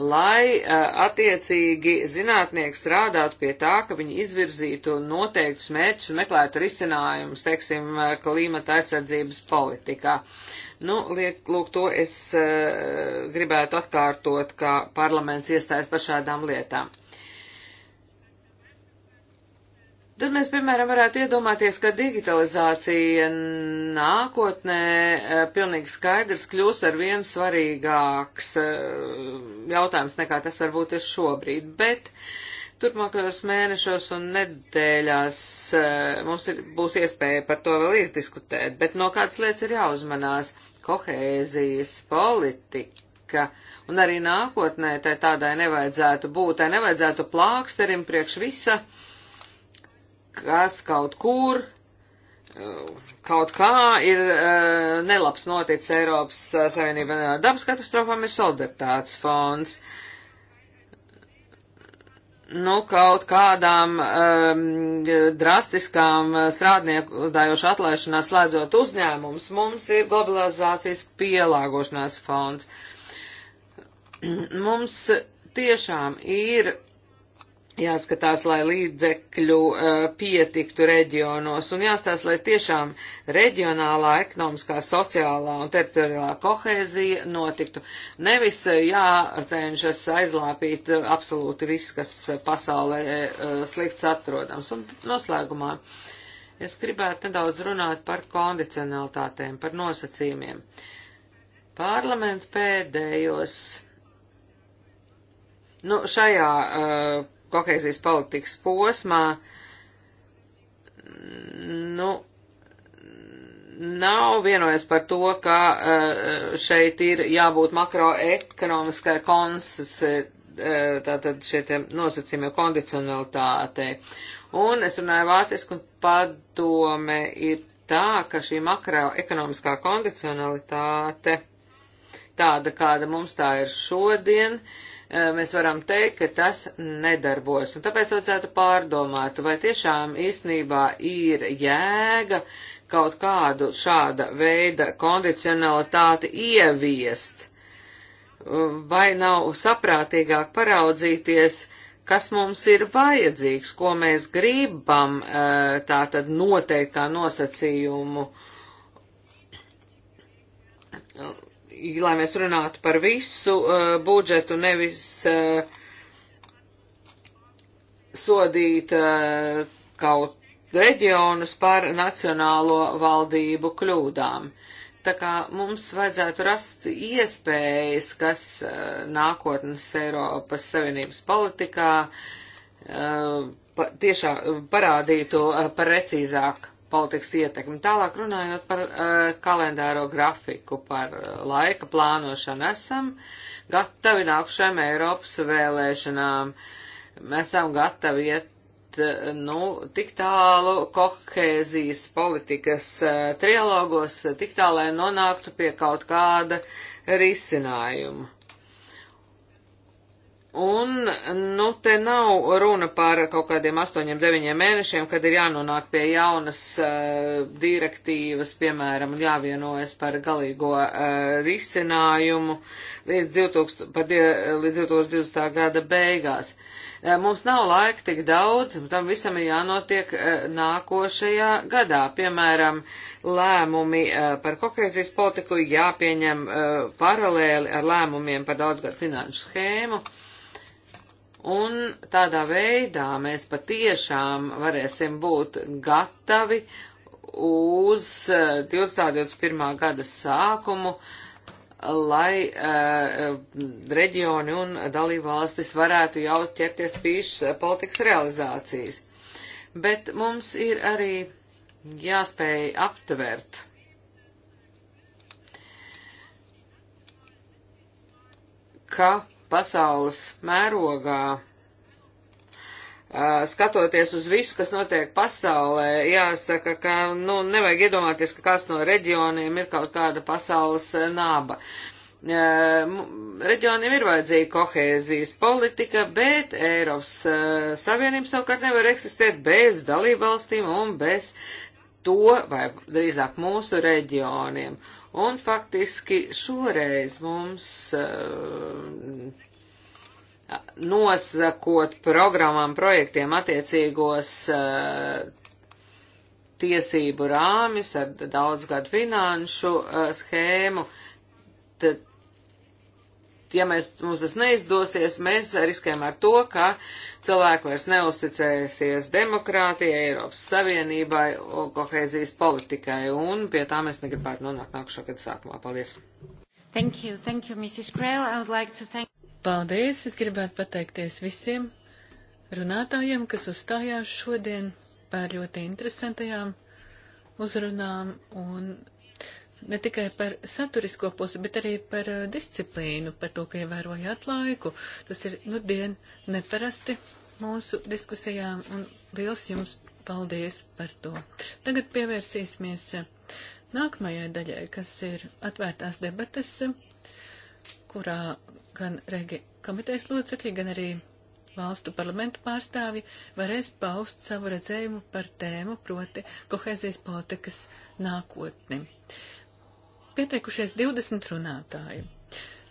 lai attiecīgi zinātnieki strādātu pie tā, ka viņi izvirzītu noteiktus mērķus un meklētu risinājumus, teiksim, klimata aizsardzības politikā. Uh, Nu, liek, lūk, to es uh, gribētu atkārtot, ka parlaments iestājas par šādām lietām. Tad mēs, piemēram, varētu iedomāties, ka digitalizācija nākotnē uh, pilnīgi skaidrs kļūs ar vien svarīgāks uh, jautājums nekā tas varbūt ir šobrīd, bet turpmākajos mēnešos un nedēļās mums ir, būs iespēja par to vēl izdiskutēt, bet no kādas lietas ir jāuzmanās. Uh, kohēzijas politika, un arī nākotnē tai tādai nevajadzētu būt, tai nevajadzētu plāksterim priekš visa, kas kaut kur, kaut kā ir eh, nelabs noticis Eiropas eh, Savienībā. Eh, dabas katastrofām ir solidaritātes fonds. Uh, nu, kaut kādām um, drastiskām eh, strādnieku dājošu atlaišanās slēdzot uzņēmums, mums ir globalizācijas pielāgošanās fonds. Mums tiešām ir jāskatās, lai līdzekļu uh, pietiktu reģionos un jāstāsta, lai tiešām reģionālā, ekonomiskā, sociālā un teritoriālā kohēzija notiktu. Nevis eh, jācenšas aizlāpīt eh, absolūti viss, kas pasaulē uh, slikts atrodams. Un noslēgumā es gribētu nedaudz runāt par kondicionalitātēm, par nosacījumiem. Parlaments pēdējos. Nu, šajā uh, kohēzijas politikas posmā, nu, nav vienojies par to, ka eh, šeit ir jābūt makroekonomiskai konsistencijai eh, tātad šie nosacījumi kondicionalitātei. Un es runāju vāciski, un padome ir tā, ka šī makroekonomiskā kondicionalitāte, tāda kāda mums tā ir šodien, uh, Eh, mēs varam teikt, ka tas nedarbos. Un tāpēc vajadzētu pārdomāt, vai tiešām īstenībā ir jēga kaut kādu šāda veida kondicionalitāti ieviest, vai nav saprātīgāk paraudzīties, kas mums ir vajadzīgs, ko mēs gribam eh, tā tad noteikt kā nosacījumu lai mēs runātu par visu uh, budžetu, nevis uh, sodīt uh, kaut reģionus par nacionālo valdību kļūdām. Tā kā mums vajadzētu rast iespējas, kas uh, nākotnes Eiropas Savienības politikā uh, pa, tiešā parādītu uh, precīzāk politikas ietekmi. Tālāk runājot par uh, kalendāro grafiku, par uh, laika plānošanu, esam gatavi nākušajām Eiropas vēlēšanām. Mēs esam gatavi iet, uh, nu, tik tālu kohēzijas politikas uh, trialogos, tik tālu, lai nonāktu pie kaut kāda risinājuma. Un, nu, te nav runa par kaut kādiem astoņiem, deviņiem mēnešiem, kad ir jānonāk pie jaunas uh, direktīvas, piemēram, jāvienojas par galīgo uh, risinājumu līdz, 2000, par, die, līdz 2020. gada beigās. Uh, mums nav laika tik daudz, un tam visam ir jānotiek uh, nākošajā gadā. Piemēram, lēmumi uh, par kohēzijas politiku jāpieņem uh, paralēli ar lēmumiem par daudzgad finanšu schēmu. Uh, Un tādā veidā mēs patiešām varēsim būt gatavi uz 2021. Eh, gada sākumu, lai uh, reģioni un dalībvalstis varētu jau ķerties pīšas eh, politikas realizācijas. Bet mums ir arī jāspēj aptvert. ka pasaules mērogā, skatoties uz visu, kas notiek pasaulē, jāsaka, ka, nu, nevajag iedomāties, ka kāds no reģioniem ir kaut kāda pasaules nāba. Reģioniem ir vajadzīga kohēzijas politika, bet Eiropas Savienība savukārt nevar eksistēt bez dalībvalstīm un bez to, vai drīzāk mūsu reģioniem. Uh, Un faktiski šoreiz mums eh, nosakot programmām, projektiem attiecīgos eh, tiesību rāmjus ar daudzgadu finanšu eh, schēmu, tad ja mēs, mums tas neizdosies, mēs riskējam ar to, ka cilvēki vairs neusticēsies demokrātijai, Eiropas Savienībai, kohēzijas politikai, un pie tā mēs negribētu nonākt nākušā gada sākumā. Paldies! Thank you, thank you, Mrs. Krell. I would like to thank. Paldies! Es gribētu pateikties visiem runātājiem, kas uzstājās šodien par ļoti interesantajām uzrunām un ne tikai par saturisko pusi, bet arī par eh, disciplīnu, par to, ka ievērojāt laiku. Tas ir nu dien neparasti mūsu diskusijām un liels jums paldies par to. Tagad pievērsīsimies eh, nākamajai daļai, kas ir atvērtās debatas, eh, kurā gan regi komitejas locekļi, gan arī valstu parlamentu pārstāvji varēs paust savu redzējumu par tēmu, proti kohēzijas politikas nākotni. Uh, pieteikušies 20 runātāji.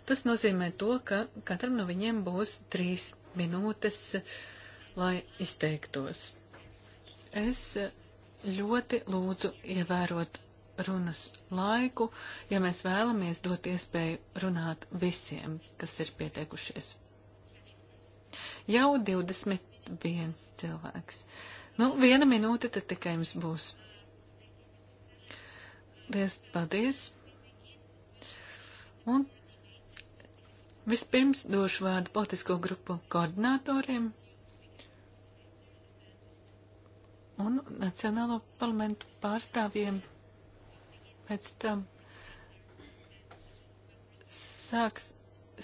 Tas nozīmē to, ka katram no viņiem būs 3 minūtes, lai izteiktos. Es ļoti lūdzu ievērot runas laiku, ja mēs vēlamies dot iespēju runāt visiem, kas ir pieteikušies. Jau 21 cilvēks. Nu, viena minūte tad tikai jums būs. Lies paldies! Un vispirms došu vārdu politisko grupu koordinatoriem un Nacionālo parlamentu pārstāvjiem. Pēc tam sāks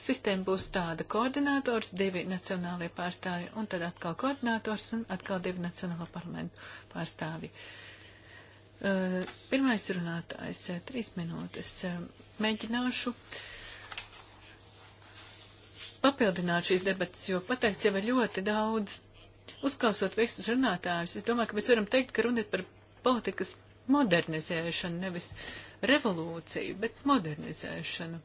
sistēma būs tāda - koordinators, divi nacionālie pārstāvji, un tad atkal koordinators un atkal divi nacionālo parlamentu pārstāvji. Uh, pirmais runātājs uh, - trīs minūtes. Uh, mēģināšu papildināt šīs debatas, jo pateikts jau ir ļoti daudz. Uzklausot visus runātājus, es domāju, ka mēs varam teikt, ka runa ir par politikas modernizēšanu, nevis revolūciju, bet modernizēšanu.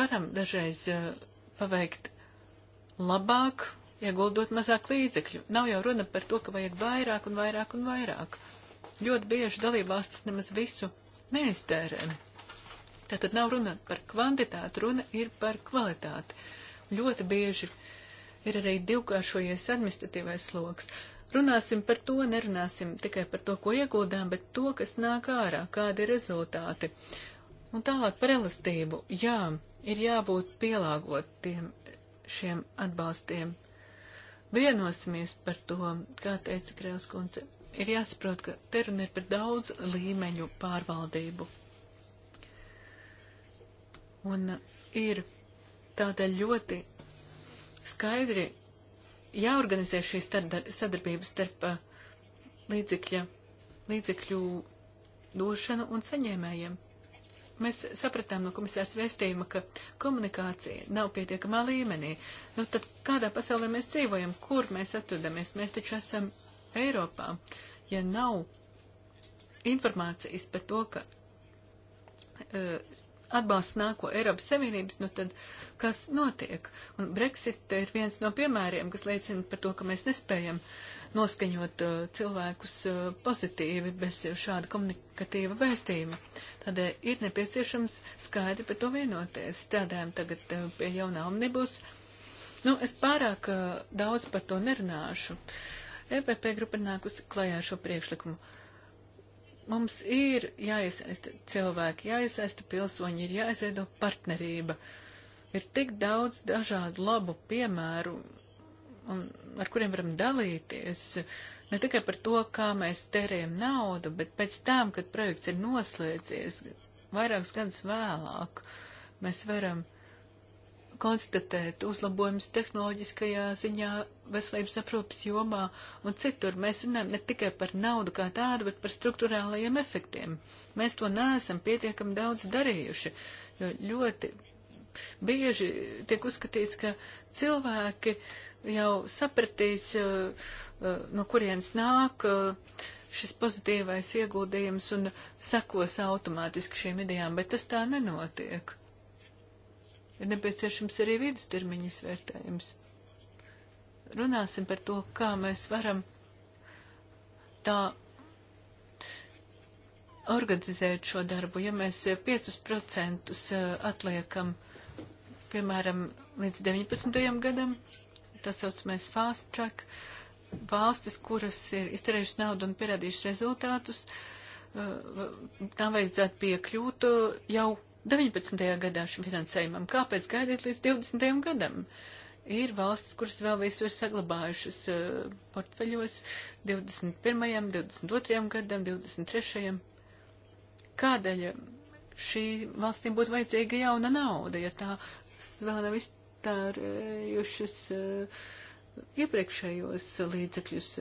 Varam dažreiz uh, paveikt labāk, ieguldot mazāk līdzekļu. Nav jau runa par to, ka vajag vairāk un vairāk un vairāk. Uh, ļoti bieži dalībvalstis nemaz visu neiztērē. Tātad nav runa par kvantitāti, runa ir par kvalitāti. Ļoti bieži ir arī divkāršojies administratīvais sloks. Runāsim par to, nerunāsim tikai par to, ko ieguldām, bet to, kas nāk ārā, kādi ir rezultāti. Un tālāk par elastību. Jā, ir jābūt pielāgotiem šiem atbalstiem. Vienosimies par to, kā teica Krēls kundze, ir jāsaprot, ka te runa ir par daudz līmeņu pārvaldību. Un ir tādēļ ļoti skaidri jāorganizē šī sadarbība starp uh, līdzekļa, līdzekļu došanu un saņēmējiem. Mēs sapratām no komisārs vēstījuma, ka komunikācija nav pietiekamā līmenī. Nu tad kādā pasaulē mēs dzīvojam, kur mēs atrodamies? Mēs taču esam Eiropā, ja nav informācijas par to, ka uh, atbalsts nāko Eiropas Savienības, nu tad kas notiek? Un Brexit ir viens no piemēriem, kas liecina par to, ka mēs nespējam noskaņot uh, cilvēkus uh, pozitīvi bez šāda komunikatīva vēstījuma. Tādēļ ir nepieciešams skaidri par to vienoties. Strādājam tagad uh, pie jaunā omnibus. Nu, es pārāk uh, daudz par to nerunāšu. Uh, EPP grupa nākus klajā ar šo priekšlikumu. Mums ir jāiesaista cilvēki, jāiesaista pilsoņi, ir jāizveido partnerība. Ir tik daudz dažādu labu piemēru, un, ar kuriem varam dalīties. Ne tikai par to, kā mēs terējam naudu, bet pēc tam, kad projekts ir noslēdzies, vairākus gadus vēlāk, mēs varam konstatēt uzlabojumus tehnoloģiskajā ziņā, veselības aprūpas jomā un citur. Mēs runājam ne tikai par naudu kā tādu, bet par struktūrālajiem efektiem. Mēs to neesam pietiekami daudz darījuši, jo ļoti bieži tiek uzskatīts, ka cilvēki jau sapratīs, uh, uh, no kurienes nāk uh, šis pozitīvais ieguldījums un sekos automātiski šīm idejām, bet tas tā nenotiek ir nepieciešams arī vidustermiņa izvērtējums. Runāsim par to, kā mēs varam tā organizēt šo darbu. Ja mēs 5% e, atliekam, piemēram, līdz 19. gadam, tas saucamais fast track, valstis, kuras ir izterējušas naudu un pierādījušas rezultātus, e, tām vajadzētu piekļūt jau 19. gadā šim finansējumam. Kāpēc gaidīt līdz 20. gadam? Ir valstis, kuras vēl visu ir saglabājušas eh, portfeļos 21., 22. gadam, 23. Kādēļ šī valstīm būtu vajadzīga jauna nauda, ja tā vēl nav iztērējušas eh, iepriekšējos līdzekļus?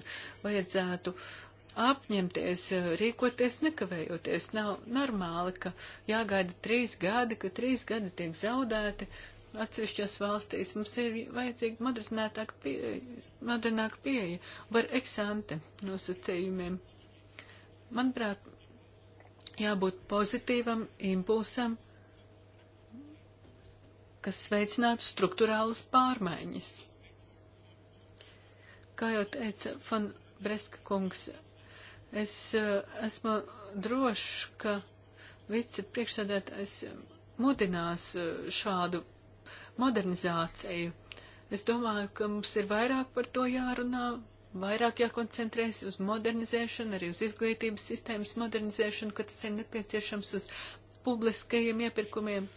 Vajadzētu uh, apņemties, eh, rīkoties nekavējoties. Nav normāli, ka jāgaida trīs gadi, ka trīs gadi tiek zaudēti. Atsevišķos valstīs mums ir vajadzīga modernāka pieeja, modernāka pieeja var eksante nosacījumiem. Manuprāt, jābūt pozitīvam impulsam, kas veicinātu struktūrālas pārmaiņas. Kā jau teica Fan Breska kungs, Es eh, esmu drošs, ka vicepriekšsēdētājs mudinās eh, šādu modernizāciju. Es domāju, ka mums ir vairāk par to jārunā, vairāk jākoncentrēs uz modernizēšanu, arī uz izglītības sistēmas modernizēšanu, ka tas ir nepieciešams uz publiskajiem iepirkumiem.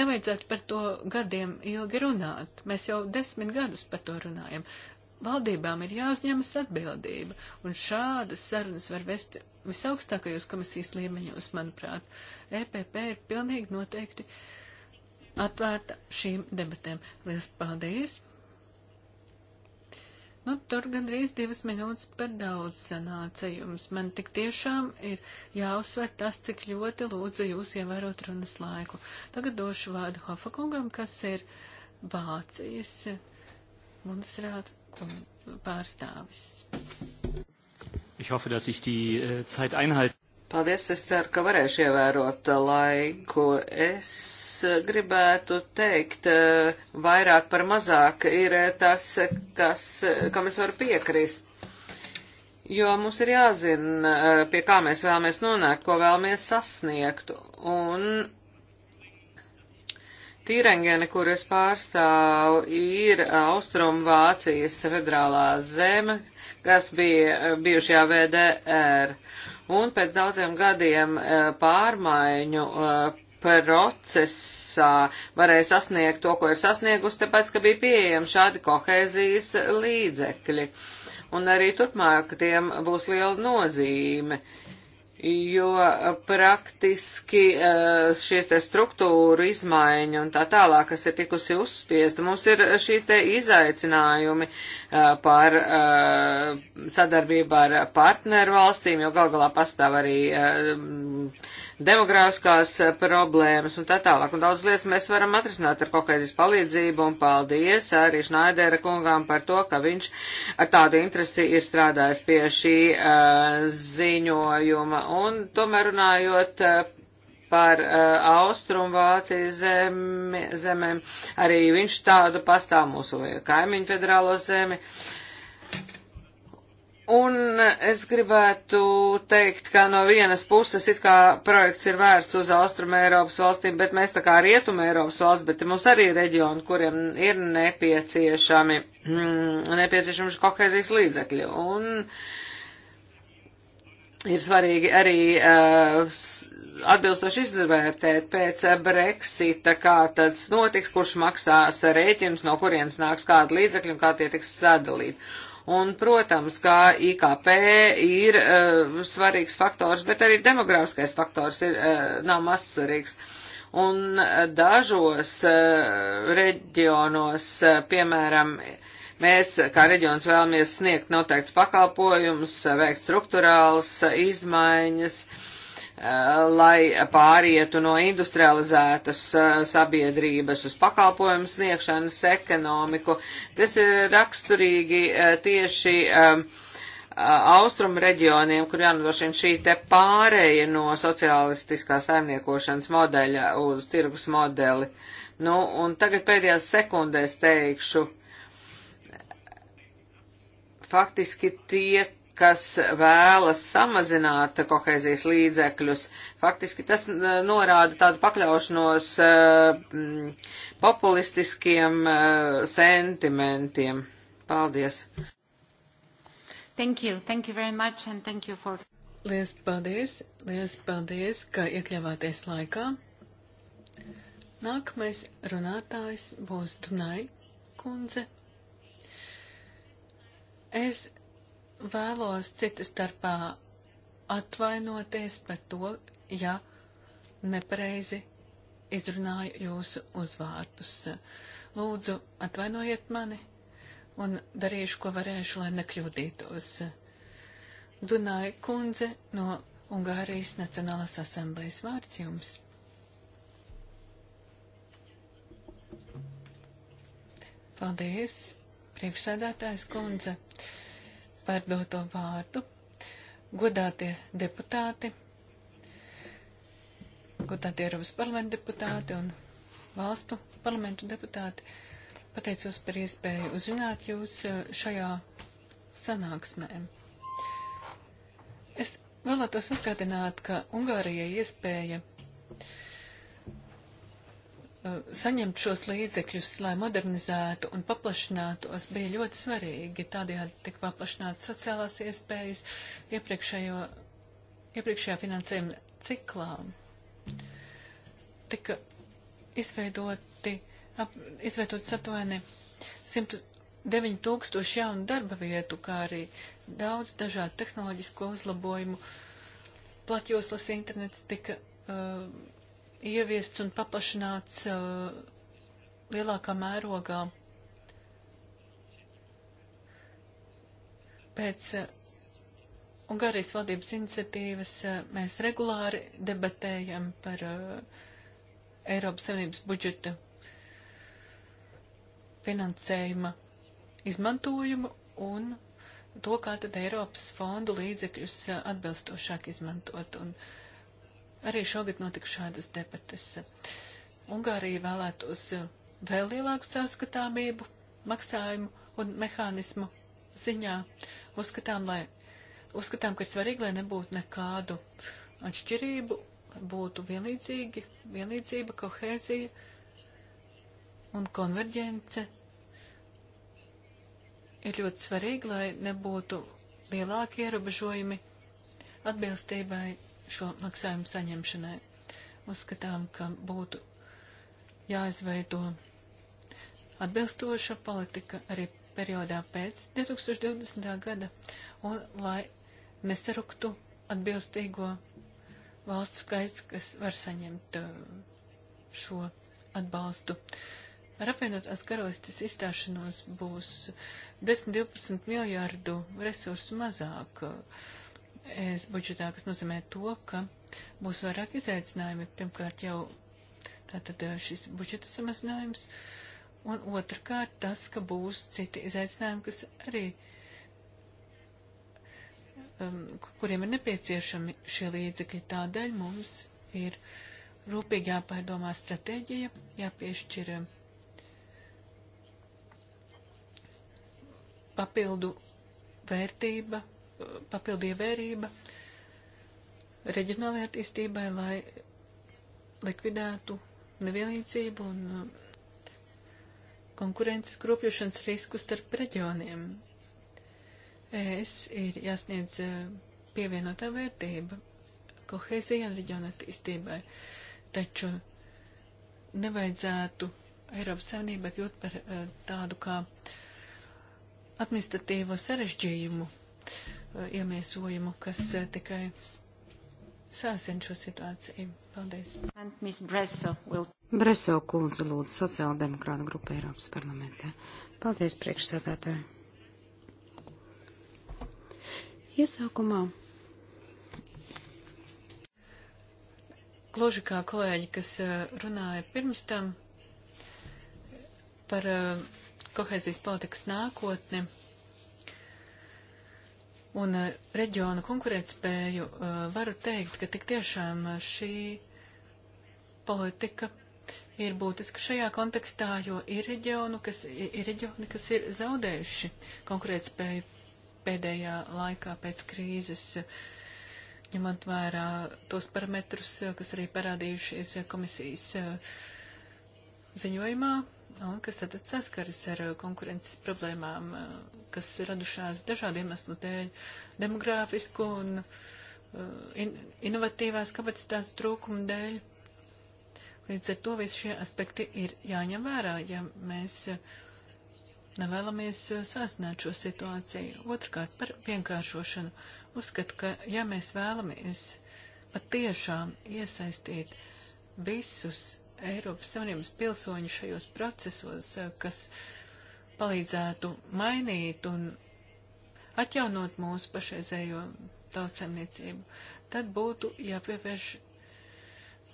Nevajadzētu par to gadiem ilgi runāt. Mēs jau desmit gadus par to runājam. Valdībām ir jāuzņemas atbildība, un šādas sarunas var vest visaugstākajos komisijas līmeņos, manuprāt. EPP ir pilnīgi noteikti atvērta šīm debatēm. Lielas paldies! Nu, tur gandrīz divas minūtes par daudz sanāca jums. Man tik tiešām ir jāuzsver tas, cik ļoti lūdzu jūs ievērot runas laiku. Tagad došu vārdu Hofakungam, kas ir Vācijas bundesrāta likuma pārstāvis. Ich hoffe, dass ich die uh, Zeit einhalte. Paldies, es ceru, ka varēšu ievērot laiku. Es gribētu teikt, äh, vairāk par mazāk ir äh, tas, kas, kam es varu piekrist. Jo mums ir jāzina, pie kā mēs vēlamies nonākt, ko vēlamies sasniegt. Un Tīrengene, kur es pārstāvu, ir Austrum Vācijas federālā zeme, kas bija eh, bijušajā VDR. Un pēc daudziem gadiem eh, pārmaiņu eh, procesā varēja sasniegt to, ko ir sasniegusi, tāpēc, ka bija pieejami šādi kohēzijas līdzekļi. Un arī turpmāk tiem būs liela nozīme. Uh, jo eh, praktiski eh, šie te struktūru izmaiņa un tā tālāk, kas ir tikusi uzspiesta, mums ir šī te izaicinājumi eh, par sadarbību ar partneru valstīm, jo gal galā pastāv arī demogrāfiskās problēmas un tā tālāk. Un daudz lietas mēs varam atrisināt ar kohēzijas palīdzību un paldies arī Šnaidēra kungām par to, ka viņš ar tādu interesi ir strādājis pie šī ziņojuma un tomēr runājot eh, par uh, Austrumvācijas zemi, zemēm, arī viņš tādu pastāv mūsu kaimiņu federālo zemi. Un es gribētu teikt, ka no vienas puses it kā projekts ir vērts uz Austrum Eiropas valstīm, bet mēs tā kā Rietum Eiropas valsts, bet mums arī ir reģioni, kuriem ir nepieciešami, mm, nepieciešams kohēzijas līdzekļi. Un uh, ir svarīgi arī uh, atbilstoši izvērtēt pēc uh, Brexita, kā tas notiks, kurš maksās rēķins, no kurienes nāks kāda līdzekļa un kā tie tiks sadalīti. Un, protams, kā IKP ir uh, svarīgs faktors, bet arī demografiskais faktors ir, uh, nav mazsvarīgs. Un uh, dažos uh, reģionos, uh, piemēram, uh, Mēs, kā reģions, vēlamies sniegt noteikts pakalpojumus, veikt struktūrāls izmaiņas, eh, lai pārietu no industrializētas eh, sabiedrības uz pakalpojumu sniegšanas ekonomiku. Tas ir raksturīgi eh, tieši austrumu reģioniem, kur jānodrošina šī te pārēja no sociālistiskā saimniekošanas modeļa uz tirgus modeli. Nu, un tagad pēdējās sekundēs teikšu, uh, faktiski tie, kas vēlas samazināt kohēzijas līdzekļus, faktiski tas norāda tādu pakļaušanos e, populistiskiem e, sentimentiem. Paldies! Thank you. Thank you very much and thank you for. Lies paldies, lies paldies, ka iekļāvāties laikā. Nākamais runātājs būs Dunai kundze. Es vēlos citas starpā atvainoties par to, ja nepareizi izrunāju jūsu uzvārdus. Lūdzu, atvainojiet mani un darīšu, ko varēšu, lai nekļūdītos. Dunāja kundze no Ungārijas Nacionālās asamblejas vārds jums. Paldies! priekšsēdētājs kundze, par doto vārdu, godātie deputāti, godātie Eiropas parlamenta deputāti un valstu parlamentu deputāti. Pateicos par iespēju uzrunāt jūs eh, šajā sanāksmē. Es vēlētos atgādināt, ka Ungārijai iespēja Uh, saņemt šos līdzekļus, lai modernizētu un paplašinātos, bija ļoti svarīgi. Tādējādi tika paplašināts sociālās iespējas iepriekšējo, iepriekšējā finansējuma ciklā. Tika izveidoti, ap, izveidoti satvaini 109 tūkstoši jaunu darba vietu, kā arī daudz dažādu tehnoloģisko uzlabojumu. Platjoslas internets tika uh, ieviests un paplašināts uh, lielākā mērogā pēc uh, Ungārijas valdības iniciatīvas uh, mēs regulāri debatējam par uh, Eiropas Savienības budžeta finansējuma izmantojumu un to, kā tad Eiropas fondu līdzekļus uh, atbilstošāk izmantot. Un, uh, Arī šogad notika šādas debates. Ungārija vēlētos vēl lielāku caurskatāmību, maksājumu un mehānismu ziņā. Uzskatām, lai, uzskatām, ka ir svarīgi, lai nebūtu nekādu atšķirību, būtu vienlīdzīgi, vienlīdzība, kohēzija un konverģence. Ir ļoti svarīgi, lai nebūtu lielāki ierobežojumi atbilstībai šo maksājumu saņemšanai. Uzskatām, ka būtu jāizveido atbilstoša politika arī periodā pēc 2020. gada, un lai nesaruktu atbilstīgo valsts skaits, kas var saņemt uh, šo atbalstu. Ar apvienotās karalistes izstāšanos būs 10-12 miljārdu resursu mazāk. Uh, es budžetā, kas nozīmē to, ka būs vairāk izaicinājumi. Pirmkārt jau tātad eh, šis budžeta samazinājums, un otrkārt tas, ka būs citi izaicinājumi, kas arī, um, kuriem ir nepieciešami šie līdzekļi. Tādēļ mums ir rūpīgi jāpārdomā stratēģija, jāpiešķir um, papildu vērtība papildu ievērība reģionālajai attīstībai, lai likvidētu nevienlīdzību un um, konkurences kropļošanas risku starp reģioniem. ES ir jāsniedz uh, pievienotā vērtība kohēzija un reģiona attīstībai, taču nevajadzētu Eiropas Savienībai kļūt par uh, tādu kā administratīvo sarežģījumu. Uh, iemiesojumu, kas eh, tikai sāsina šo situāciju. Paldies. Breso, will... Breso kundze lūdzu sociāldemokrāta grupa Eiropas parlamentē. Paldies, priekšsēdētāji. Iesākumā. Gluži kā kolēģi, kas eh, runāja pirms tam par eh, kohēzijas politikas nākotni un eh, reģiona konkurētspēju, eh, varu teikt, ka tik tiešām eh, šī politika ir būtiska šajā kontekstā, jo ir reģionu, kas ir, reģioni, kas ir zaudējuši konkurētspēju pēdējā laikā pēc krīzes, ņemot vērā tos parametrus, kas arī parādījušies komisijas ziņojumā, un kas tad saskaras ar uh, konkurences problēmām, uh, kas radušās dažādu iemeslu dēļ - demogrāfisku un uh, in, inovatīvās kapacitātes trūkumu dēļ. Līdz ar to visi šie aspekti ir jāņem vērā, ja mēs nevēlamies sāsināt šo situāciju. Otrkārt, par vienkāršošanu. Uzskatu, ka ja mēs vēlamies patiešām iesaistīt visus Eiropas Savienības pilsoņu šajos procesos, eh, kas palīdzētu mainīt un atjaunot mūsu pašreizējo tautsemniecību, tad būtu jāpievērš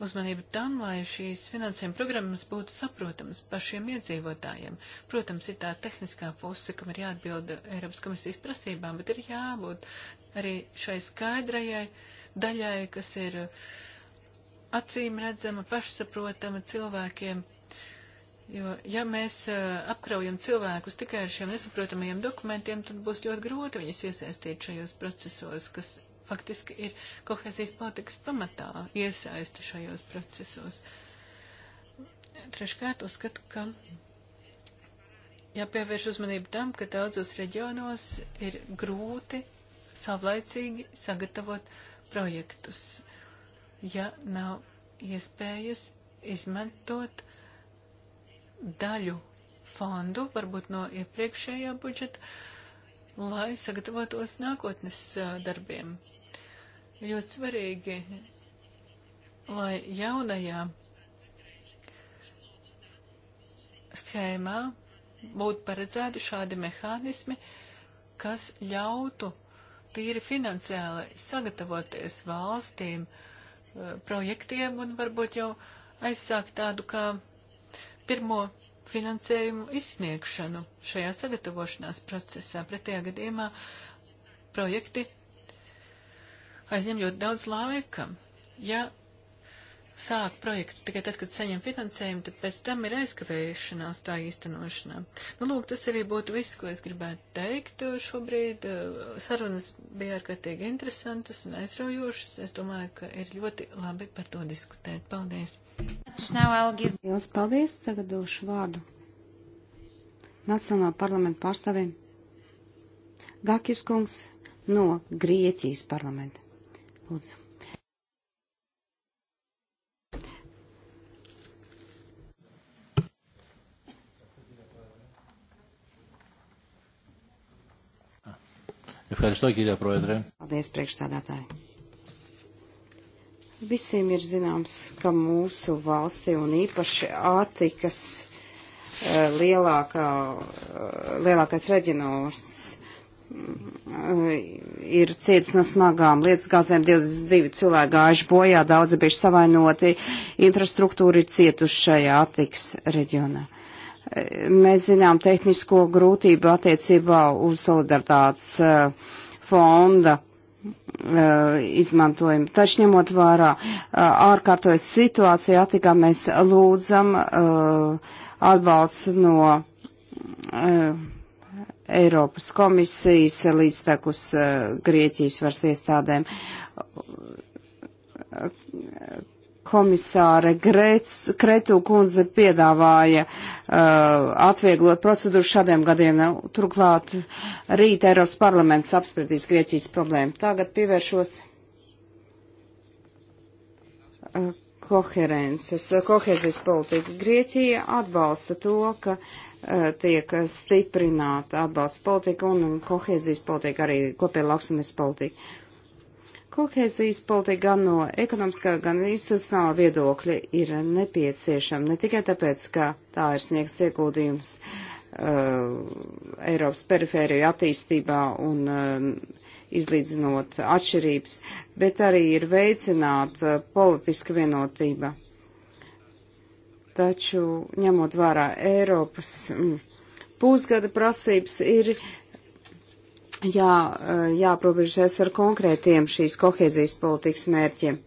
uzmanību tam, lai šīs finansējuma programmas būtu saprotamas pašiem iedzīvotājiem. Protams, ir tā tehniskā puse, kam ir jāatbild Eiropas komisijas prasībām, bet ir jābūt arī šai skaidrajai daļai, kas ir uh, acīm redzama, pašsaprotama cilvēkiem. Jo, ja mēs uh, apkraujam cilvēkus tikai ar šiem nesaprotamajiem dokumentiem, tad būs ļoti grūti viņus iesaistīt šajos procesos, kas faktiski ir kohēzijas politikas pamatā iesaisti šajos procesos. Treškārt, uzskatu, ka jāpievērš uzmanību tam, ka daudzos reģionos ir grūti savlaicīgi sagatavot projektus ja nav iespējas izmantot daļu fondu, varbūt no iepriekšējā budžeta, lai sagatavotos nākotnes darbiem. Ļoti svarīgi, lai jaunajā schēmā būtu paredzēti šādi mehānismi, kas ļautu tīri finansiāli sagatavoties valstīm, uh, Eh, projektiem un varbūt jau aizsākt tādu kā pirmo finansējumu izsniegšanu šajā sagatavošanās procesā. Pretējā gadījumā projekti aizņem ļoti daudz laika. Ja sāk projektu tikai tad, kad saņem finansējumu, tad pēc tam ir aizkavēšanās tā īstenošanā. Nu, lūk, tas arī būtu viss, ko es gribētu teikt uh, šobrīd. Uh, sarunas bija ārkārtīgi interesantas un aizraujošas. Es domāju, ka ir ļoti labi par to diskutēt. Paldies! Lielas paldies! Tagad došu vārdu Nacionālā parlamenta pārstāvim Gakis kungs no Grieķijas parlamenta. Lūdzu. Ευχαριστώ, κύριε Πρόεδρε. Paldies, priekšsādātāji. Visiem ir zināms, ka mūsu valstī un īpaši Ātikas eh, lielākā, eh, lielākais reģionāls eh, ir cietis no smagām lietas gāzēm. 22 cilvēki gājuši bojā, daudzi bijuši savainoti, infrastruktūra ir cietuši šajā Ātikas reģionā. Mēs zinām tehnisko grūtību attiecībā uz solidaritātes eh, fonda eh, izmantojumu. Taču ņemot vērā eh, ārkārtojas situāciju, attikā mēs lūdzam atbalsts no Eiropas komisijas līdztekus Grieķijas varas iestādēm komisāre Grets, Kretu kundze piedāvāja uh, atvieglot procedūru šādiem gadiem. Nu, turklāt rīt Eiropas parlaments apspratīs Grieķijas problēmu. Tagad pievēršos uh, koherences, uh, kohezijas politika. Grieķija atbalsta to, ka uh, tiek stiprināta atbalsta politika un kohezijas politika arī kopēja lauksamies politika. Uh, Kohēzijas politika gan no ekonomiskā, gan institucionālā viedokļa ir nepieciešama ne tikai tāpēc, ka tā ir sniegts ieguldījums uh, Eiropas perifēriju attīstībā un uh, izlīdzinot atšķirības, bet arī ir veicināta uh, politiska vienotība. Taču, ņemot vērā Eiropas mm, pusgada prasības, ir uh, jā, eh, jāprobežas ar konkrētiem šīs kohēzijas politikas mērķiem.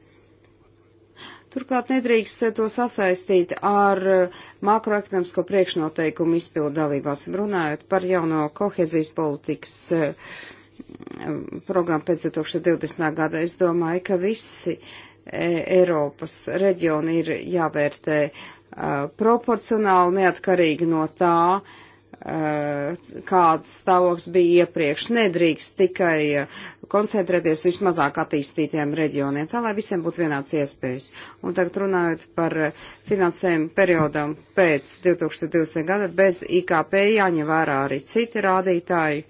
Turklāt nedrīkst to sasaistīt ar eh, makroekonomisko priekšnoteikumu izpildu dalībās, runājot par jauno kohēzijas politikas eh, programmu pēc 2020. gada. Es domāju, ka visi Eiropas reģioni ir jāvērtē proporcionāli, neatkarīgi no tā, uh, Eh, kāds stāvoklis bija iepriekš. Nedrīkst tikai eh, koncentrēties vismazāk attīstītiem reģioniem, tā lai visiem būtu vienāds iespējas. Un tagad runājot par eh, finansējumu periodam pēc 2020. gada, bez IKP jāņem vērā arī citi rādītāji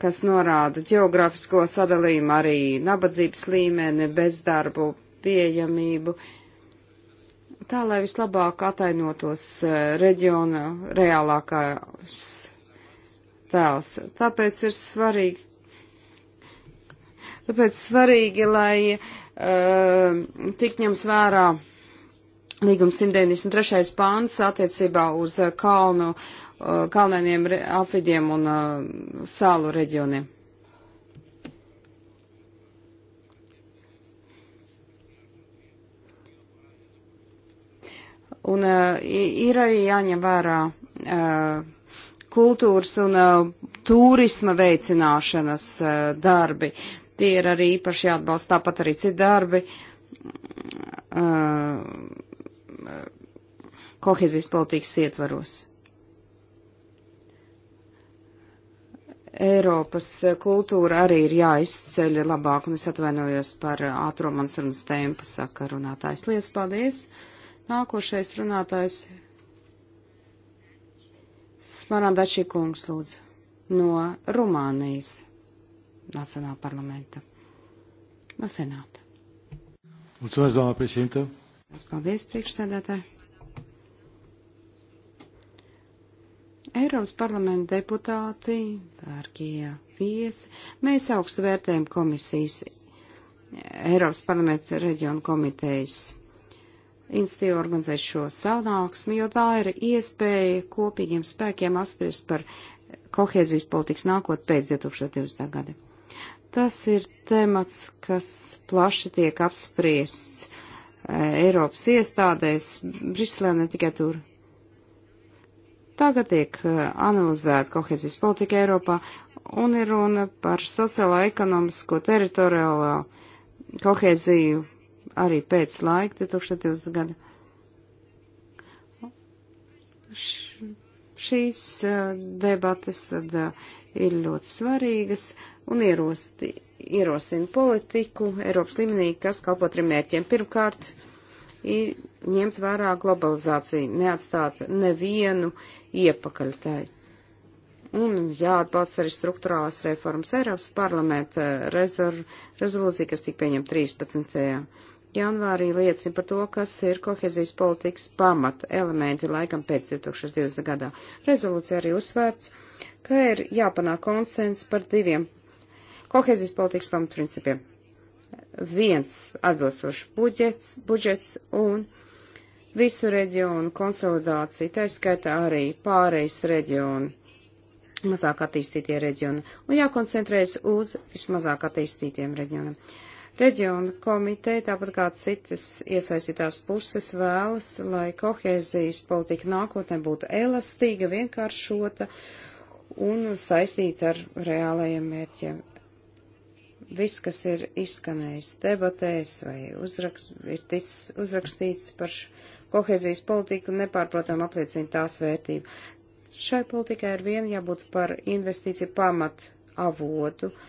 kas norāda ģeogrāfisko sadalījumu, arī nabadzības līmeni, bezdarbu, pieejamību, uh, tā, lai vislabāk atainotos eh, reģiona reālākās tēls. Tāpēc ir svarīgi, tāpēc svarīgi, lai uh, eh, tik ņems vērā līgums 193. pāns attiecībā uz kalnu, uh, kalnainiem apvidiem un uh, salu reģioniem. Un uh, ir arī jāņem vērā uh, kultūras un uh, turisma veicināšanas uh, darbi. Tie ir arī īpaši jāatbalsta, tāpat arī citi darbi. Uh, kohezijas politikas ietvaros. Eiropas kultūra arī ir jāizceļ labāk, un es atvainojos par ātro manas runas tempu, saka runātājs. Lielas paldies! Nākošais runātājs Smaradači kungs lūdzu no Rumānijas Nacionāla parlamenta. No Senāta. Mulțumesc, doamna președintă. Paldies, priekšsēdētāji. Eiropas parlamenta deputāti, dārgie viesi, mēs augstu vērtējam komisijas, Eiropas parlamenta reģionu komitejas institīva organizē šo sanāksmi, jo tā ir iespēja kopīgiem spēkiem apspriest par kohēzijas politikas nākotnē pēc 2020. gada. Tas ir temats, kas plaši tiek apspriests eh, Eiropas iestādēs, Briselē ne tikai tur. Tagad tiek eh, analizēta kohēzijas politika Eiropā un ir runa par sociālo, ekonomisko, teritoriālo kohēziju arī pēc laika 2020. gada. Š, šīs debates tad ir ļoti svarīgas un ierosti, ierosina politiku Eiropas līmenī, kas kalpo trim mērķiem. Pirmkārt, ņemt vērā globalizāciju, neatstāt nevienu iepakaļtai. Un jāatbalsta arī struktūrālās reformas Eiropas parlamenta rezolūcija, kas tika pieņemta 13 janvārī liecina par to, kas ir kohezijas politikas pamata elementi laikam pēc 2020. gadā. Rezolūcija arī uzsvērts, ka ir jāpanāk konsens par diviem kohezijas politikas pamatprincipiem. Viens atbilstošs budžets, budžets un visu reģionu konsolidācija, tā skaitā arī pārējais reģionu mazāk attīstītie reģioni un jākoncentrējas uz vismazāk attīstītiem reģioniem. Reģiona komiteja, tāpat kā citas iesaistītās puses, vēlas, lai kohēzijas politika nākotnē būtu elastīga, vienkāršota un saistīta ar reālajiem mērķiem. Viss, kas ir izskanējis debatēs vai uzrakst, ir ticis uzrakstīts par kohēzijas politiku, nepārprotam apliecina tās vērtību. Šai politikai ir vien jābūt par investīciju pamat avotu, uh,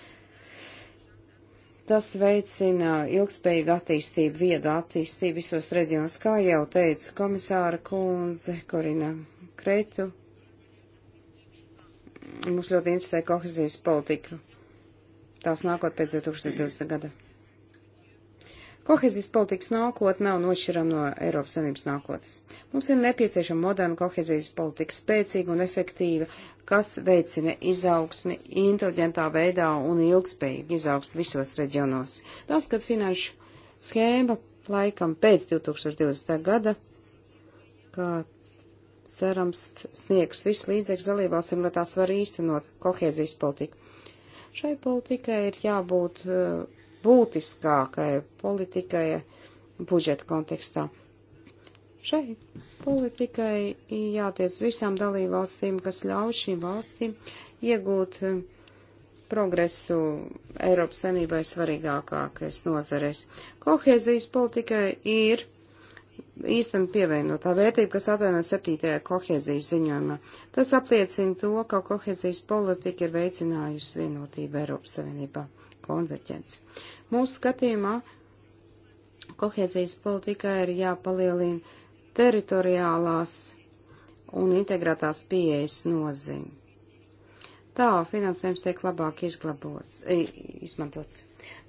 Tas veicina ilgspējīgu attīstību, viedu attīstību visos reģionos, kā jau teica komisāra kundze Korina Kretu. Mums ļoti interesē kohezijas politika. Tās nākot pēc 2020. gada. Kohezijas politikas nākotne nav nošķirama no Eiropas Savienības nākotnes. Mums ir nepieciešama moderna kohezijas politika, spēcīga un efektīva, kas veicina izaugsmi inteliģentā veidā un ilgspējīgi izaugsmi visos reģionos. Daudz, kad finanšu schēma laikam pēc 2020. gada, kā cerams, sniegs visu līdzekļu dalībvalstīm, lai tās var īstenot kohēzijas politiku. Šai politikai ir jābūt uh, visbūtiskākai politikai budžeta kontekstā. Šai politikai jātiec visām dalībvalstīm, kas ļauj šīm valstīm iegūt eh, progresu Eiropas Savienībai svarīgākākais nozarēs. Kohēzijas politikai ir īstenībā pievienotā vērtība, kas atvainojas 7. kohēzijas ziņojumā. Tas apliecina to, ka kohēzijas politika ir veicinājusi vienotību Eiropas Savienībā konverģents. Mūsu skatījumā kohēzijas politikai ir jāpalielina teritoriālās un integrētās pieejas nozīme. Tā finansējums tiek labāk izglabots, izmantots.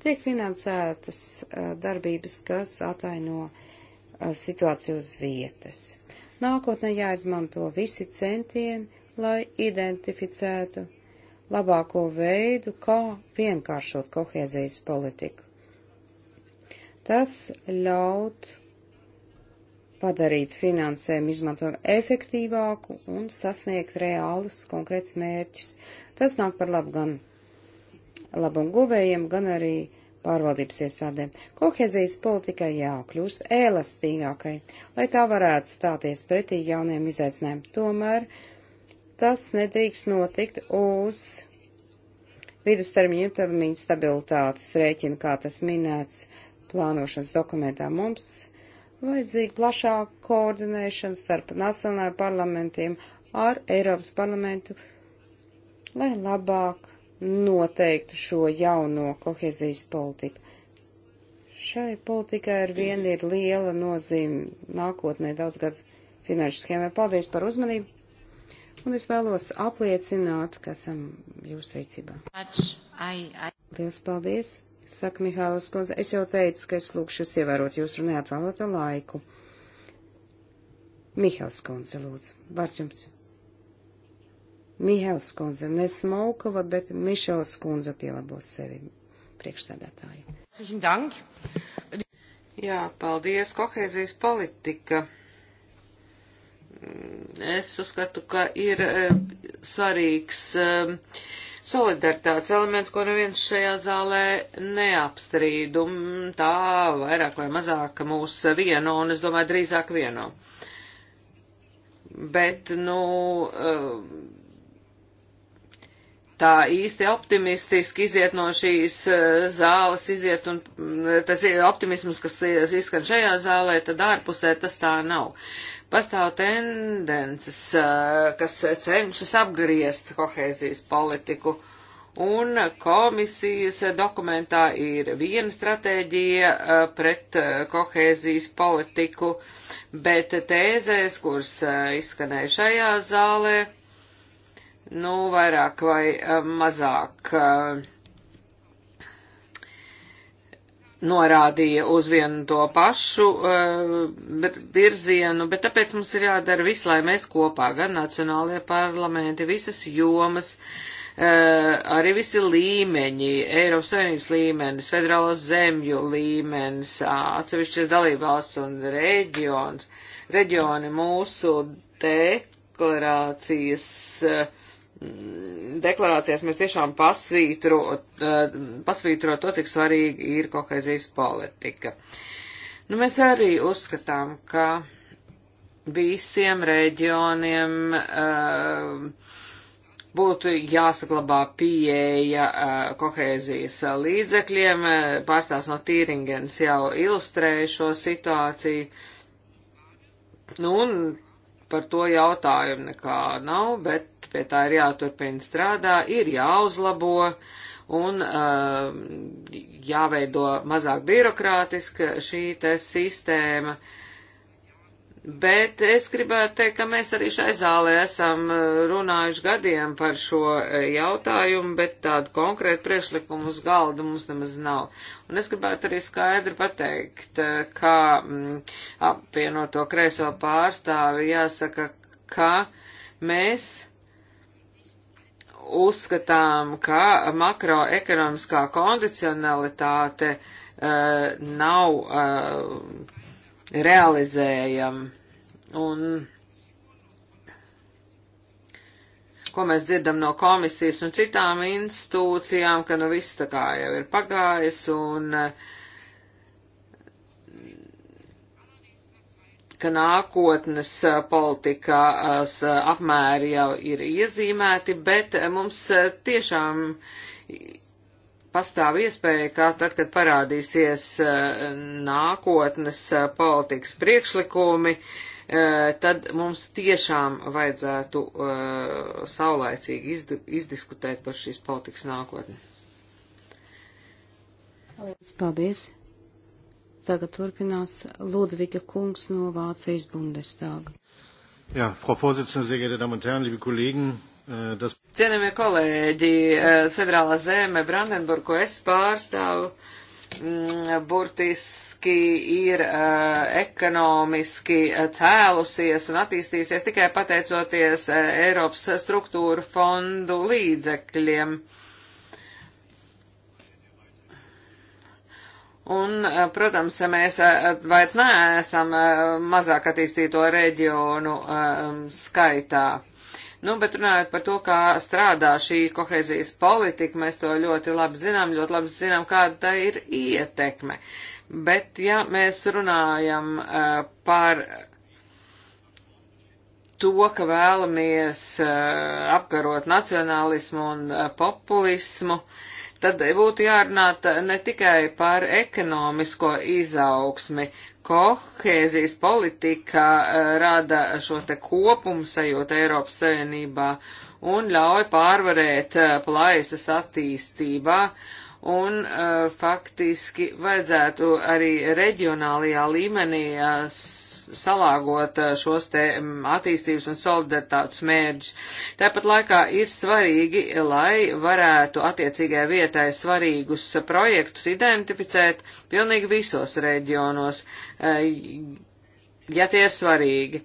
Tiek finansētas darbības, kas ataino situāciju uz vietas. Nākotnē jāizmanto visi centieni, lai identificētu labāko veidu, kā vienkāršot kohēzijas politiku. Tas ļaut padarīt finansējumu izmantojumu efektīvāku un sasniegt reālus konkrēts mērķus. Tas nāk par labu gan labumu guvējiem, gan arī pārvaldības iestādēm. Kohezijas politikai jākļūst elastīgākai, lai tā varētu stāties pretī jauniem izaicinājumiem. Tomēr Tas nedrīkst notikt uz vidustermiņa ilgtermiņa stabilitātes rēķina, kā tas minēts plānošanas dokumentā. Mums vajadzīga plašāka koordinēšana starp nacionālajiem parlamentiem ar Eiropas parlamentu, lai labāk noteiktu šo jauno kohezijas politiku. Šai politikai ar vienu ir liela nozīme nākotnē daudz gadu finanšu schēmē. Paldies par uzmanību! un es vēlos apliecināt, ka esam jūsu rīcībā. Lielas paldies, saka Mihālas kundze. Es jau teicu, ka es lūkšu jūs ievērot jūsu neatvēlēto laiku. Mihāls kundze, lūdzu, vārds jums. Mihāls kundze, ne Smaukova, bet Mišels kundze pielabos sevi priekšsēdētāju. Jā, paldies, kohēzijas politika es uzskatu, ka ir e, svarīgs e, solidaritātes elements, ko neviens šajā zālē neapstrīd, un tā vairāk vai mazāk mūs vieno, un es domāju, drīzāk vieno. Bet, nu, e, tā īsti optimistiski iziet no šīs zāles, iziet, un tas optimisms, kas izskan šajā zālē, tad ārpusē tas tā nav. Pastāv tendences, eh, kas cenšas apgriezt kohēzijas politiku, un komisijas dokumentā ir viena stratēģija eh, pret eh, kohēzijas politiku, bet tēzēs, kuras izskanēja šajā zālē, nu, vairāk vai mazāk norādīja uz vienu to pašu eh, bet, virzienu, bet tāpēc mums ir jādara viss, lai mēs kopā, gan nacionālajie parlamenti, visas jomas, eh, arī visi līmeņi, Eiropas Savienības līmenis, federālo zemju līmenis, atsevišķas dalībvalsts un reģions, reģioni mūsu deklarācijas uh, deklarācijās mēs tiešām pasvītro, eh, pasvītro to, cik svarīgi ir kohezijas politika. Nu, mēs arī uzskatām, ka visiem reģioniem uh, būtu jāsaglabā pieeja uh, kohēzijas līdzekļiem. Pārstāvs no Tīringens jau ilustrēja šo situāciju. Nu, un par to jautājumu nekā nav, bet pie tā ir jāturpina strādā, ir jāuzlabo un uh, jāveido mazāk birokrātiska šī te sistēma. Bet es gribētu teikt, ka mēs arī šai zālē esam uh, runājuši gadiem par šo uh, jautājumu, bet tādu konkrētu priekšlikumu uz galda mums nemaz nav. Un es gribētu arī skaidri pateikt, uh, ka mm, apvienoto kreiso pārstāvi jāsaka, ka mēs uzskatām, ka makroekonomiskā kondicionalitāte uh, nav uh, realizējama. Un ko mēs dzirdam no komisijas un citām institūcijām, ka nu viss tā kā jau ir pagājis un uh, ka nākotnes politikas apmēri jau ir iezīmēti, bet mums tiešām pastāv iespēja, ka tad, kad parādīsies nākotnes politikas priekšlikumi, tad mums tiešām vajadzētu saulēcīgi izdiskutēt par šīs politikas nākotni. Paldies! Paldies. Tagad turpinās Ludviga kungs no Vācijas Bundestāga. Jā, Frau Vorsitzende, sehr geehrte Damen und Herren, liebe Kollegen, äh, das... Cienījamie kolēģi, äh, federālā zeme Brandenburg, ko es pārstāvu, mm, burtiski ir äh, ekonomiski cēlusies un attīstīsies tikai pateicoties Eiropas struktūra fondu līdzekļiem. Uh, Un, eh, protams, mēs eh, vairs neesam eh, mazāk attīstīto reģionu skaitā. Nu, bet runājot par to, kā strādā šī kohezijas politika, mēs to ļoti labi zinām, ļoti labi zinām, kāda tā ir ietekme. Bet, ja mēs runājam uh, par to, ka vēlamies uh, apkarot nacionālismu un uh, populismu, uh, tad būtu jārunā eh, ne tikai par ekonomisko izaugsmi. Kohēzijas politika eh, rada šo te kopumu sajūtu Eiropas Savienībā un ļauj pārvarēt eh, plaisas attīstībā. Un uh, faktiski vajadzētu arī reģionālajā līmenī uh, salāgot eh, šos te mm, attīstības un solidaritātes mērķus. Tāpat laikā ir svarīgi, lai varētu attiecīgai vietai svarīgus projektus identificēt pilnīgi visos reģionos, eh, ja tie ir svarīgi.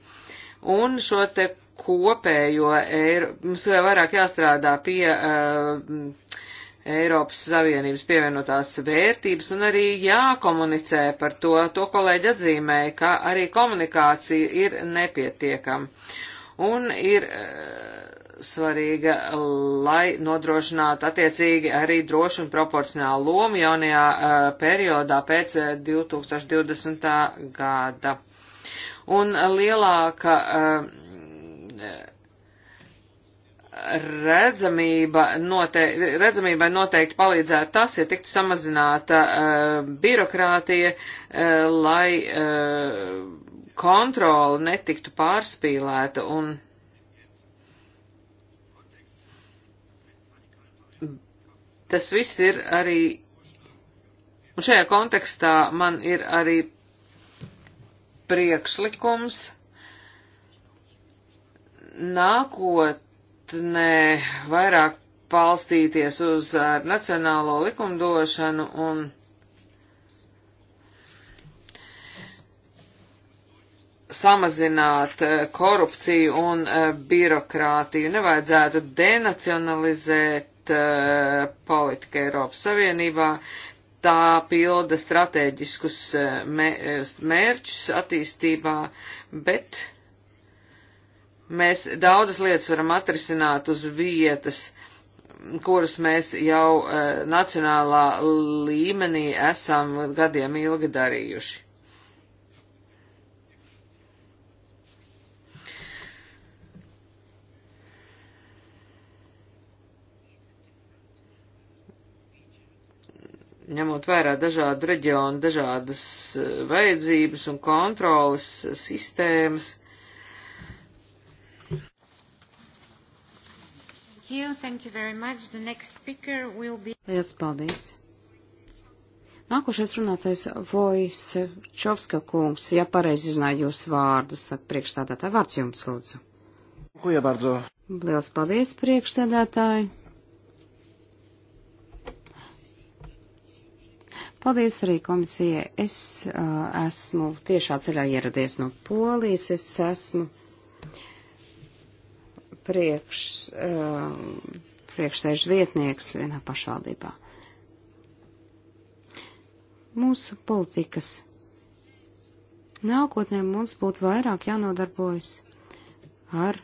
Un šo te kopējo Eiropu, mums vairāk jāstrādā pie uh, Eiropas Savienības pievienotās vērtības un arī jākomunicē par to. To kolēģi atzīmēja, ka arī komunikācija ir nepietiekama un ir eh, svarīga, lai nodrošinātu attiecīgi arī drošu un proporcionālu lomu jaunajā uh, periodā pēc 2020. Eh, gada. Un lielāka uh, redzamība noteikti, redzamībai noteikti palīdzētu tas, ja tiktu samazināta uh, birokrātija, uh, lai uh, kontroli netiktu pārspīlēta un tas viss ir arī, un šajā kontekstā man ir arī priekšlikums nākot nākotnē vairāk palstīties uz nacionālo likumdošanu un samazināt eh, korupciju un eh, birokrātiju. Nevajadzētu denacionalizēt eh, politiku Eiropas Savienībā. Tā pilda strateģiskus mērķus attīstībā, bet Mēs daudzas lietas varam atrisināt uz vietas, kuras mēs jau e, nacionālā līmenī esam gadiem ilgi darījuši. ņemot vērā dažādu reģionu, dažādas eh, vajadzības un kontrolas eh, sistēmas, you. Thank you very much. The next speaker will be... Liels paldies. Nākošais runātais Vojs Čovska kungs, ja pareizi zināju jūsu vārdu, saka priekšstādātāji. Vārds jums, lūdzu. Kuja bardzo. Liels paldies, priekšstādātāji. Paldies arī komisijai. Es uh, esmu tiešā ceļā ieradies no Polijas. Es esmu uh, priekš, um, priekšsēžu vietnieks vienā pašvaldībā. Mūsu politikas nākotnē mums būtu vairāk jānodarbojas ar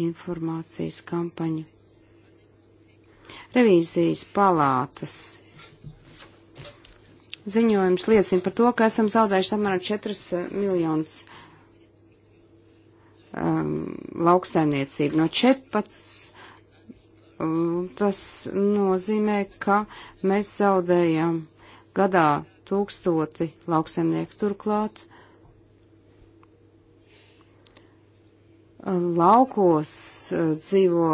informācijas kampaņu. Revīzijas palātas ziņojums liecina par to, ka esam zaudējuši apmēram 4 miljonus eiro um, lauksaimniecību. No 14 um, tas nozīmē, ka mēs zaudējam gadā tūkstoti lauksaimnieku turklāt. Laukos uh, dzīvo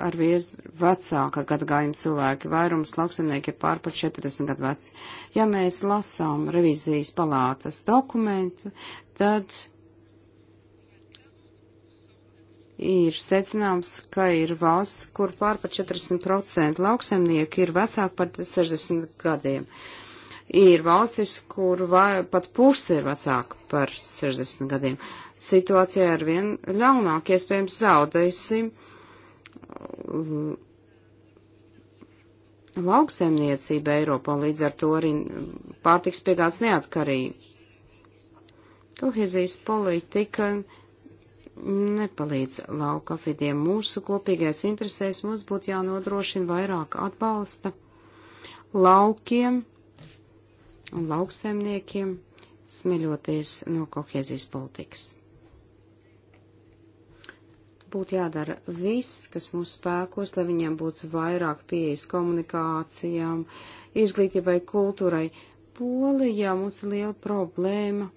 ar vies vecāka gadagājuma cilvēki, vairums lauksaimnieki ir pār par 40 gadu veci. Ja mēs lasām revizijas palātas dokumentu, tad ir secināms, ka ir valsts, kur pār par 40% lauksemnieki ir vecāki par 60 gadiem. Ir valstis, kur vai, pat puse ir vecāka par 60 gadiem. Situācija ar vien ļaunāk, iespējams, zaudēsim uh, lauksemniecība Eiropā, līdz ar to arī pārtiks piegāds neatkarība. Kohezijas politika nepalīdz lauka vidiem. Mūsu kopīgais interesēs mums būtu jānodrošina vairāk atbalsta laukiem un lauksaimniekiem, smeļoties no kohēzijas politikas. Būtu jādara viss, kas mūsu spēkos, lai viņiem būtu vairāk pieejas komunikācijām, izglītībai, kultūrai. Polijā mums ir liela problēma.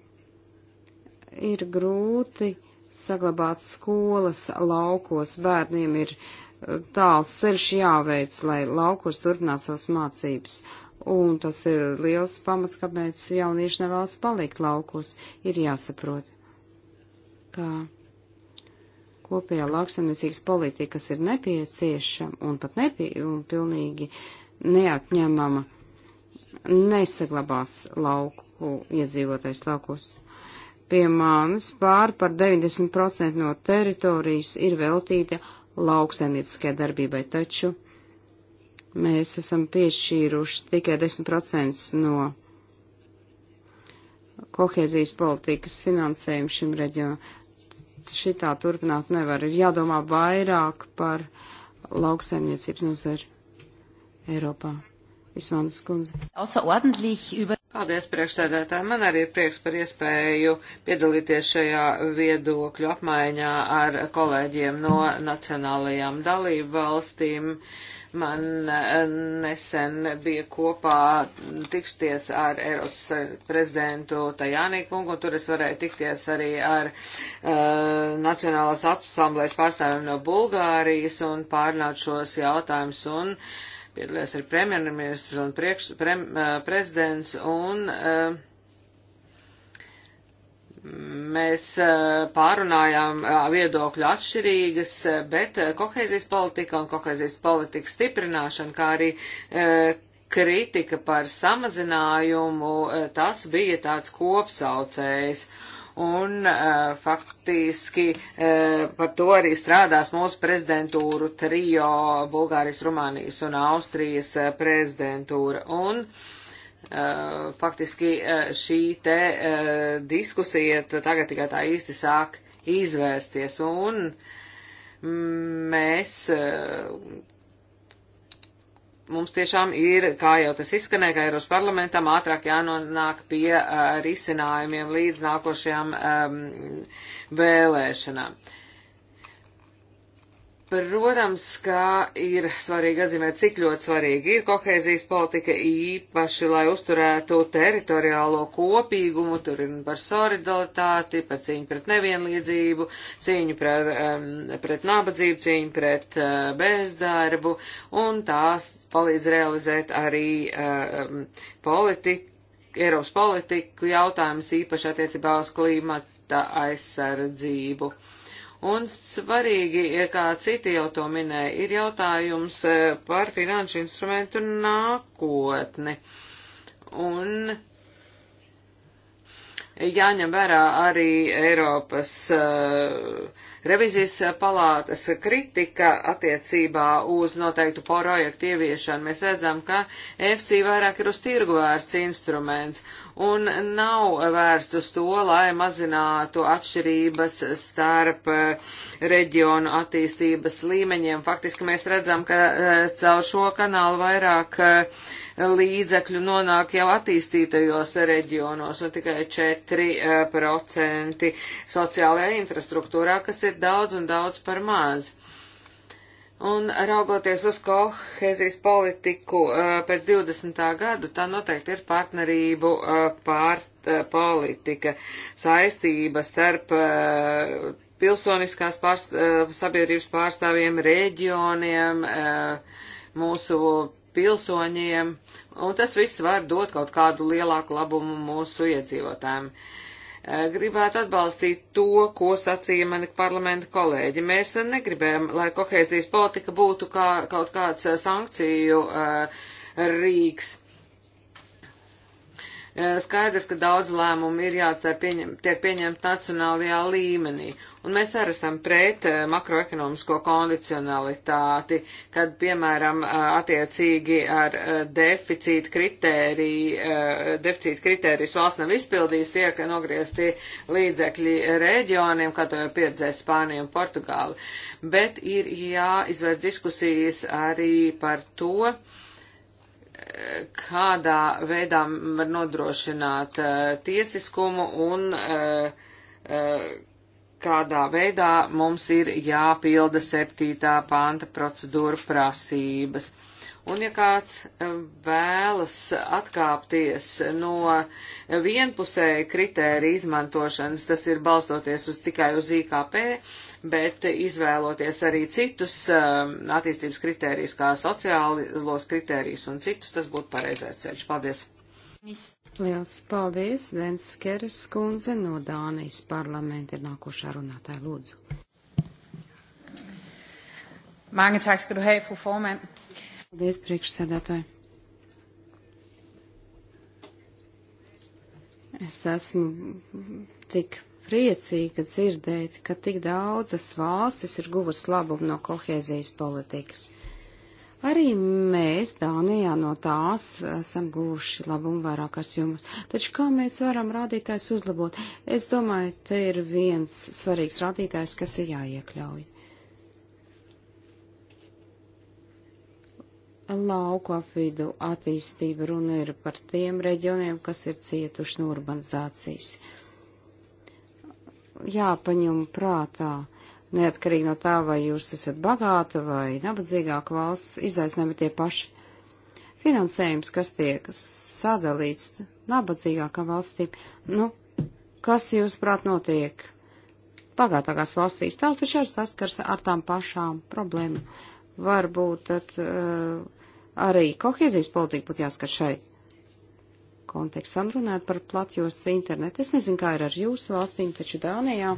Ir grūti uh, saglabāt skolas laukos. Bērniem ir eh, tāls ceļš jāveic, lai laukos turpinātu savas mācības. Un tas ir liels pamats, kāpēc jaunieši nevēlas palikt laukos. Ir jāsaprot, ka kopējā lauksaimniecības politika, kas ir nepieciešama un pat nepie, un pilnīgi neatņemama, nesaglabās lauku iedzīvotājs laukos pie manis pār par 90% no teritorijas ir veltīta lauksaimnieciskai darbībai, taču mēs esam piešķīruši tikai 10% no kohēzijas politikas finansējumu šim reģionam. Šitā turpināt nevar. Ir jādomā vairāk par lauksaimniecības nozari Eiropā. Ismandas kundze. Paldies, priekšstādētāji. Man arī ir prieks par iespēju piedalīties šajā viedokļu apmaiņā ar kolēģiem no nacionālajām dalību valstīm. Man eh, nesen bija kopā tikšties ar Eiros prezidentu Tajānī kungu, un tur es varēju tikties arī ar uh, Nacionālās apsamblēs pārstāvjiem no Bulgārijas un pārnāt šos jautājumus. Un uh, piedalījās arī premjerministrs un priekš, prem, prezidents, un mēs pārunājām viedokļu atšķirīgas, bet kohēzijas politika un kohēzijas politikas stiprināšana, kā arī kritika par samazinājumu, tas bija tāds kopsaucējs un uh, faktiski uh, par to arī strādās mūsu prezidentūru trijo Bulgārijas, Rumānijas un Austrijas uh, prezidentūra. Un, uh, Faktiski uh, šī te uh, diskusija tagad tikai tā īsti sāk izvērsties, un mm, mēs mums tiešām ir, kā jau tas izskanēja, ka Eiropas parlamentam ātrāk jānonāk pie uh, risinājumiem līdz nākošajām um, vēlēšanām. Uh, Protams, kā ir svarīgi atzīmēt, cik ļoti svarīgi ir kohēzijas politika īpaši, lai uzturētu teritoriālo kopīgumu, tur ir par solidaritāti, par cīņu pret nevienlīdzību, cīņu par, pret nabadzību, cīņu pret eh, bezdarbu, un tās palīdz realizēt arī um, politiku, Eiropas politiku jautājumus īpaši attiecībā uz klimata aizsardzību. Uh, Un svarīgi, kā citi jau to minēja, ir jautājums e, par finanšu instrumentu nākotni. Un jāņem vērā arī Eiropas uh, revizijas palātas kritika attiecībā uz noteiktu projektu ieviešanu. Mēs redzam, ka EFSI vairāk ir uz tirgu vērsts instruments, un nav vērsts uz to, lai mazinātu atšķirības starp eh, reģionu attīstības līmeņiem. Faktiski mēs redzam, ka eh, caur šo kanālu vairāk eh, līdzekļu nonāk jau attīstītajos reģionos un tikai 4% sociālajā infrastruktūrā, kas ir daudz un daudz par maz. Un raugoties uz kohēzijas politiku uh, pēc 20. gadu, tā noteikti ir partnerību uh, pārt, uh, politika, saistība starp pilsoniskās pārst, sabiedrības pārstāvjiem, reģioniem, mūsu pilsoņiem, un tas viss var dot kaut kādu lielāku labumu mūsu iedzīvotājiem. Uh, gribētu atbalstīt to, ko sacīja mani parlamenta kolēģi. Mēs negribējam, lai kohēzijas politika būtu kā kaut kāds sankciju uh, rīks. Eh, skaidrs, ka daudz lēmumu ir jācer pieņem, tiek pieņemt nacionālajā līmenī, un mēs arī esam pret eh, makroekonomisko kondicionalitāti, kad, piemēram, eh, attiecīgi ar deficīta kritēriju, deficīta kritērijas valsts nav izpildījis, tiek nogriezti līdzekļi reģioniem, kā to jau pieredzēja Spānija un Portugāla. Bet ir jāizvērt diskusijas arī par to, kādā veidā var nodrošināt eh, tiesiskumu un eh, eh, kādā veidā mums ir jāpilda septītā panta procedūra prasības. Un ja kāds vēlas atkāpties no vienpusēja kritērija izmantošanas, tas ir balstoties uz tikai uz IKP, bet izvēloties arī citus um, attīstības kritērijus, kā sociālos kritērijus un citus, tas būtu pareizais ceļš. Paldies! Liels paldies, Dens Keres kundze no Dānijas parlamenta ir nākošā runātāja lūdzu. Mange tak skal du have, fru formand. Paldies, priekšsēdētāji. Es esmu tik priecīga dzirdēt, ka tik daudzas valstis ir guvas labumu no kohēzijas politikas. Arī mēs Dānijā no tās esam guvuši labumu vairākas jomas. Taču kā mēs varam rādītājs uzlabot? Es domāju, te ir viens svarīgs rādītājs, kas ir jāiekļauj. Lauku apvidu attīstība runa ir par tiem reģioniem, kas ir cietuši no urbanizācijas. Uh, jāpaņem prātā. Neatkarīgi no tā, vai jūs esat bagāta vai nabadzīgāka valsts, izaicinājumi tie paši. Finansējums, kas tiek sadalīts nabadzīgākām valstīm, nu, kas jūs prāt notiek bagātākās valstīs, tās taču arī saskars ar tām pašām problēmām. Varbūt tad, uh, arī kohēzijas politika būtu jāskat šai kontekstam. Runāt par platjos internetu. Es nezinu, kā ir ar jūsu valstīm, taču Dānijā.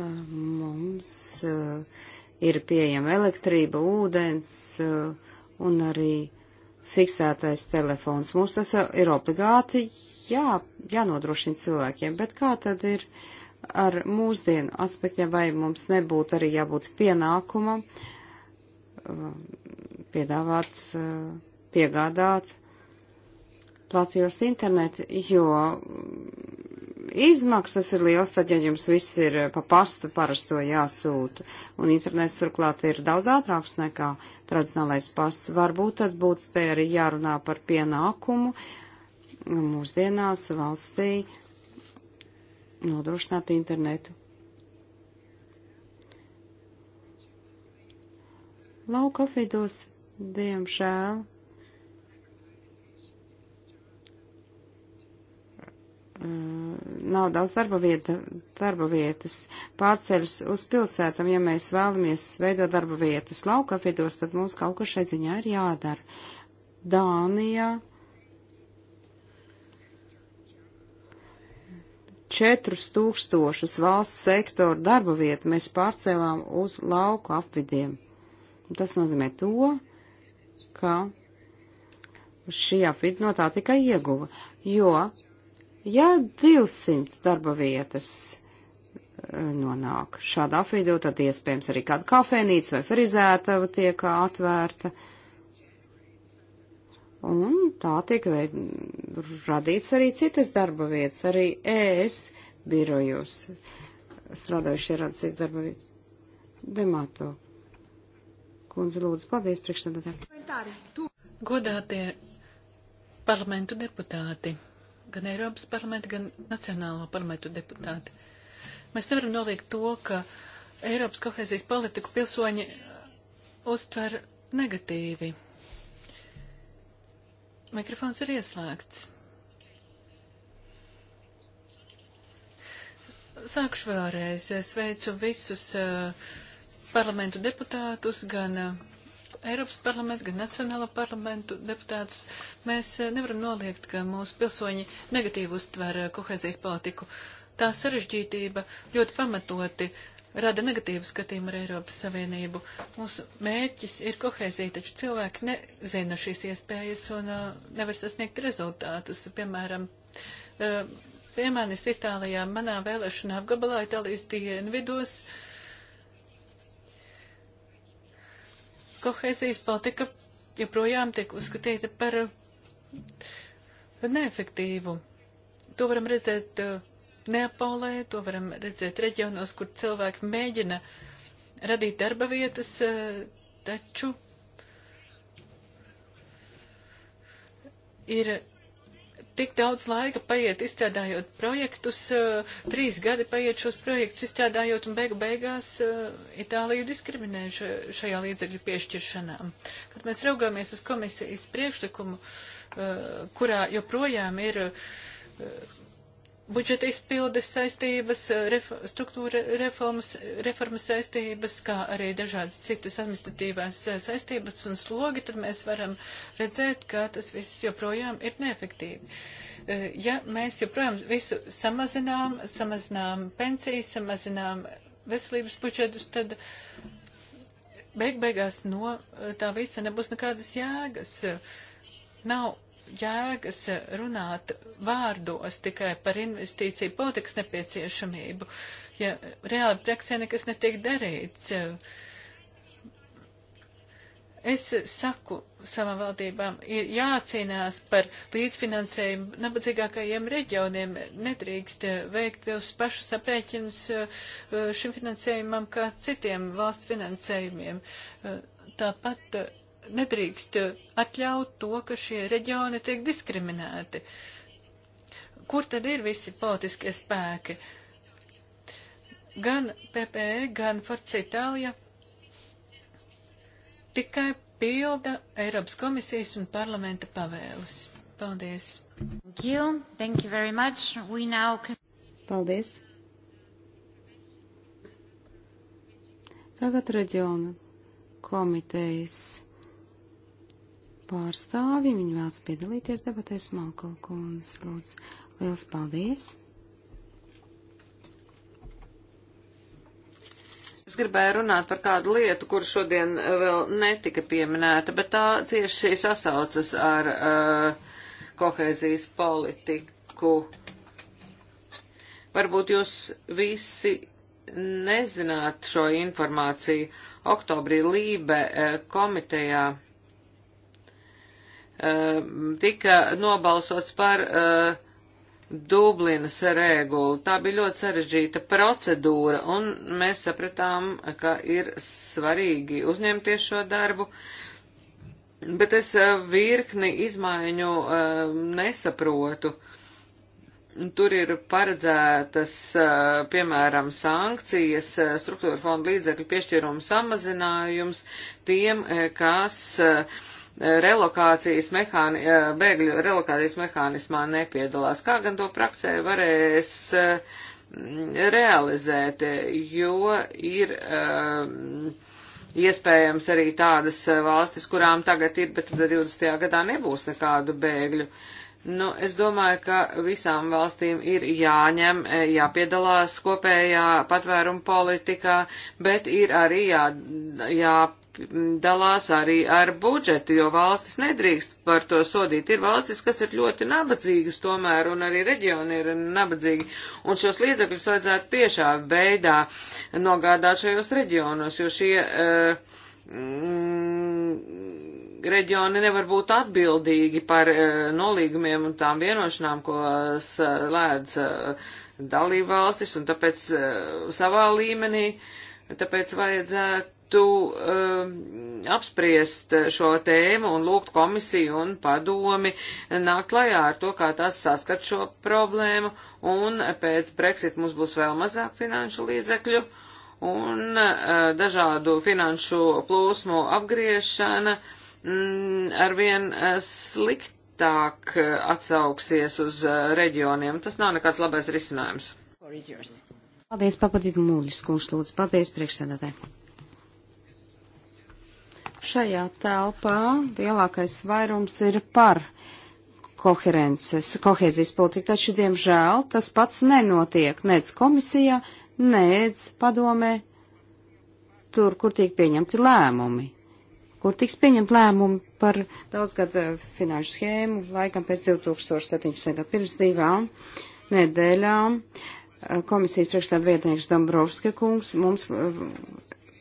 Mums ir pieejama elektrība, ūdens un arī fiksētais telefons. Mums tas ir obligāti jā, jānodrošina cilvēkiem, bet kā tad ir ar mūsdienu aspektiem, vai mums nebūtu arī jābūt pienākumam piedāvāt, piegādāt platījos internetu, jo izmaksas ir liels, tad, ja jums viss ir pa pastu parasto jāsūta, un internets turklāt ir daudz ātrāks nekā tradicionālais pasts, varbūt tad būtu te arī jārunā par pienākumu mūsdienās valstī nodrošināt internetu Lauka apvidos, diemžēl, nav daudz darba, vieta, darba vietas, pārceļas uz pilsētām, ja mēs vēlamies veidot darba vietas lauka apvidos, tad mums kaut kas šai ziņā ir jādara. Dānijā četrus tūkstošus valsts sektoru darba vietu mēs pārcēlām uz lauku apvidiem. Tas nozīmē to, ka šī apvida no tā tikai ieguva, jo, ja 200 darba vietas e, nonāk šādā apvidū, tad iespējams arī kāda kafēnīca vai frizētava tiek atvērta. Un tā tiek veid, radīts arī citas darba vietas, arī ES birojos strādājušie radasīs darba vietas. Demato kundze, lūdzu, paldies priekšsēdētājiem. Godātie parlamentu deputāti, gan Eiropas parlamenta, gan Nacionālo parlamentu deputāti. Mēs nevaram noliegt to, ka Eiropas kohēzijas politiku pilsoņi uh, uztver negatīvi. Mikrofons ir ieslēgts. Sākšu vēlreiz. Sveicu visus uh, parlamentu deputātus, gan uh, Eiropas parlamentu, gan Nacionālo parlamentu deputātus. Mēs uh, nevaram noliegt, ka mūsu pilsoņi negatīvi uztver uh, kohēzijas politiku. Tā sarežģītība ļoti pamatoti rada negatīvu skatījumu ar Eiropas Savienību. Mūsu mērķis ir kohēzija, taču cilvēki nezina šīs iespējas un uh, nevar sasniegt rezultātus. Piemēram, uh, piemēram, Itālijā, manā vēlēšana apgabalā Itālijas dienvidos. Uh, kohēzijas politika joprojām tiek uzskatīta par neefektīvu. To varam redzēt uh, Neapolē, to varam redzēt reģionos, kur cilvēki mēģina radīt darba vietas, uh, taču ir tik daudz laika paiet izstrādājot projektus, uh, trīs gadi paiet šos projektus izstrādājot un beigu beigās uh, Itāliju diskriminē ša, šajā līdzekļu piešķiršanā. Kad mēs raugāmies uz komisijas priekšlikumu, uh, kurā joprojām ir uh, budžeta izpildes saistības, eh, ref, struktūra reformas, reformas saistības, kā arī dažādas citas administratīvās eh, saistības un slogi, tad mēs varam redzēt, ka tas viss joprojām ir neefektīvi. Eh, ja mēs joprojām visu samazinām, samazinām pensijas, samazinām veselības budžetus, tad beig beigās no tā visa nebūs nekādas jēgas. Nav jēgas runāt vārdos tikai par investīciju politikas nepieciešamību, ja reāli praksē nekas netiek darīts. Es saku savām valdībām, ir jācīnās par līdzfinansējumu nabadzīgākajiem reģioniem. Nedrīkst veikt vēl pašu saprēķinus eh, šim finansējumam kā citiem valsts finansējumiem. Eh, tāpat nedrīkst atļaut to, ka šie reģioni tiek diskriminēti. Kur tad ir visi politiskie spēki? Gan PPE, gan Forza Itālija tikai pilda Eiropas komisijas un parlamenta pavēles. Paldies! Thank you. Thank you very much. We now can... Paldies! Tagad reģiona komitejas pārstāvi, viņi vēlas piedalīties debatēs, Malko kundze, lūdzu, liels paldies! Es gribēju runāt par kādu lietu, kur šodien eh, vēl netika pieminēta, bet tā cieši sasaucas ar uh, kohēzijas politiku. Varbūt jūs visi nezināt šo informāciju. Oktobrī Lībe eh, komitejā Ehm, tika nobalsots par uh, Dublinas regulu. Tā bija ļoti sarežģīta procedūra, un mēs sapratām, ka ir svarīgi uzņemties šo darbu, bet es eh, virkni izmaiņu uh, nesaprotu. Tur ir paredzētas, uh, piemēram, sankcijas, eh, struktūra fonda līdzekļu piešķirums samazinājums tiem, kas uh, relokācijas mehāni, eh, bēgļu relokācijas mehānismā nepiedalās. Kā gan to praksē varēs eh, realizēt, jo ir eh, iespējams arī tādas valstis, kurām tagad ir, bet 20. gadā nebūs nekādu bēgļu. Nu, es domāju, ka visām valstīm ir jāņem, jāpiedalās kopējā patvērumu politikā, bet ir arī jā, jā dalās arī ar budžetu, jo valstis nedrīkst par to sodīt. Ir valstis, kas ir ļoti nabadzīgas tomēr, un arī reģioni ir nabadzīgi, un šos līdzekļus vajadzētu tiešā veidā nogādāt šajos reģionos, jo šie uh, mm, reģioni nevar būt atbildīgi par uh, nolīgumiem un tām vienošanām, ko slēdz uh, eh, dalībvalstis, un tāpēc savā līmenī, tāpēc vajadzētu varētu um, apspriest šo tēmu un lūgt komisiju un padomi nākt klajā ar to, kā tas saskat šo problēmu, un pēc Brexit mums būs vēl mazāk finanšu līdzekļu, un uh, dažādu finanšu plūsmu apgriešana mm, arvien uh, sliktāk uh, atsauksies uz uh, reģioniem. Tas nav nekāds labais risinājums. Paldies, papadīt mūļus, kungs, lūdzu. Paldies, priekšsēdētāji. Šajā telpā lielākais vairums ir par koherences, kohēzijas politiku, taču, diemžēl, tas pats nenotiek nec komisijā, nec padomē, tur, kur tiek pieņemti lēmumi, kur tiks pieņemt lēmumi par daudzgada finanšu schēmu, laikam pēc 2017. gada pirms divām nedēļām. Eh, komisijas priekšstādā vietnieks Dombrovska kungs mums eh,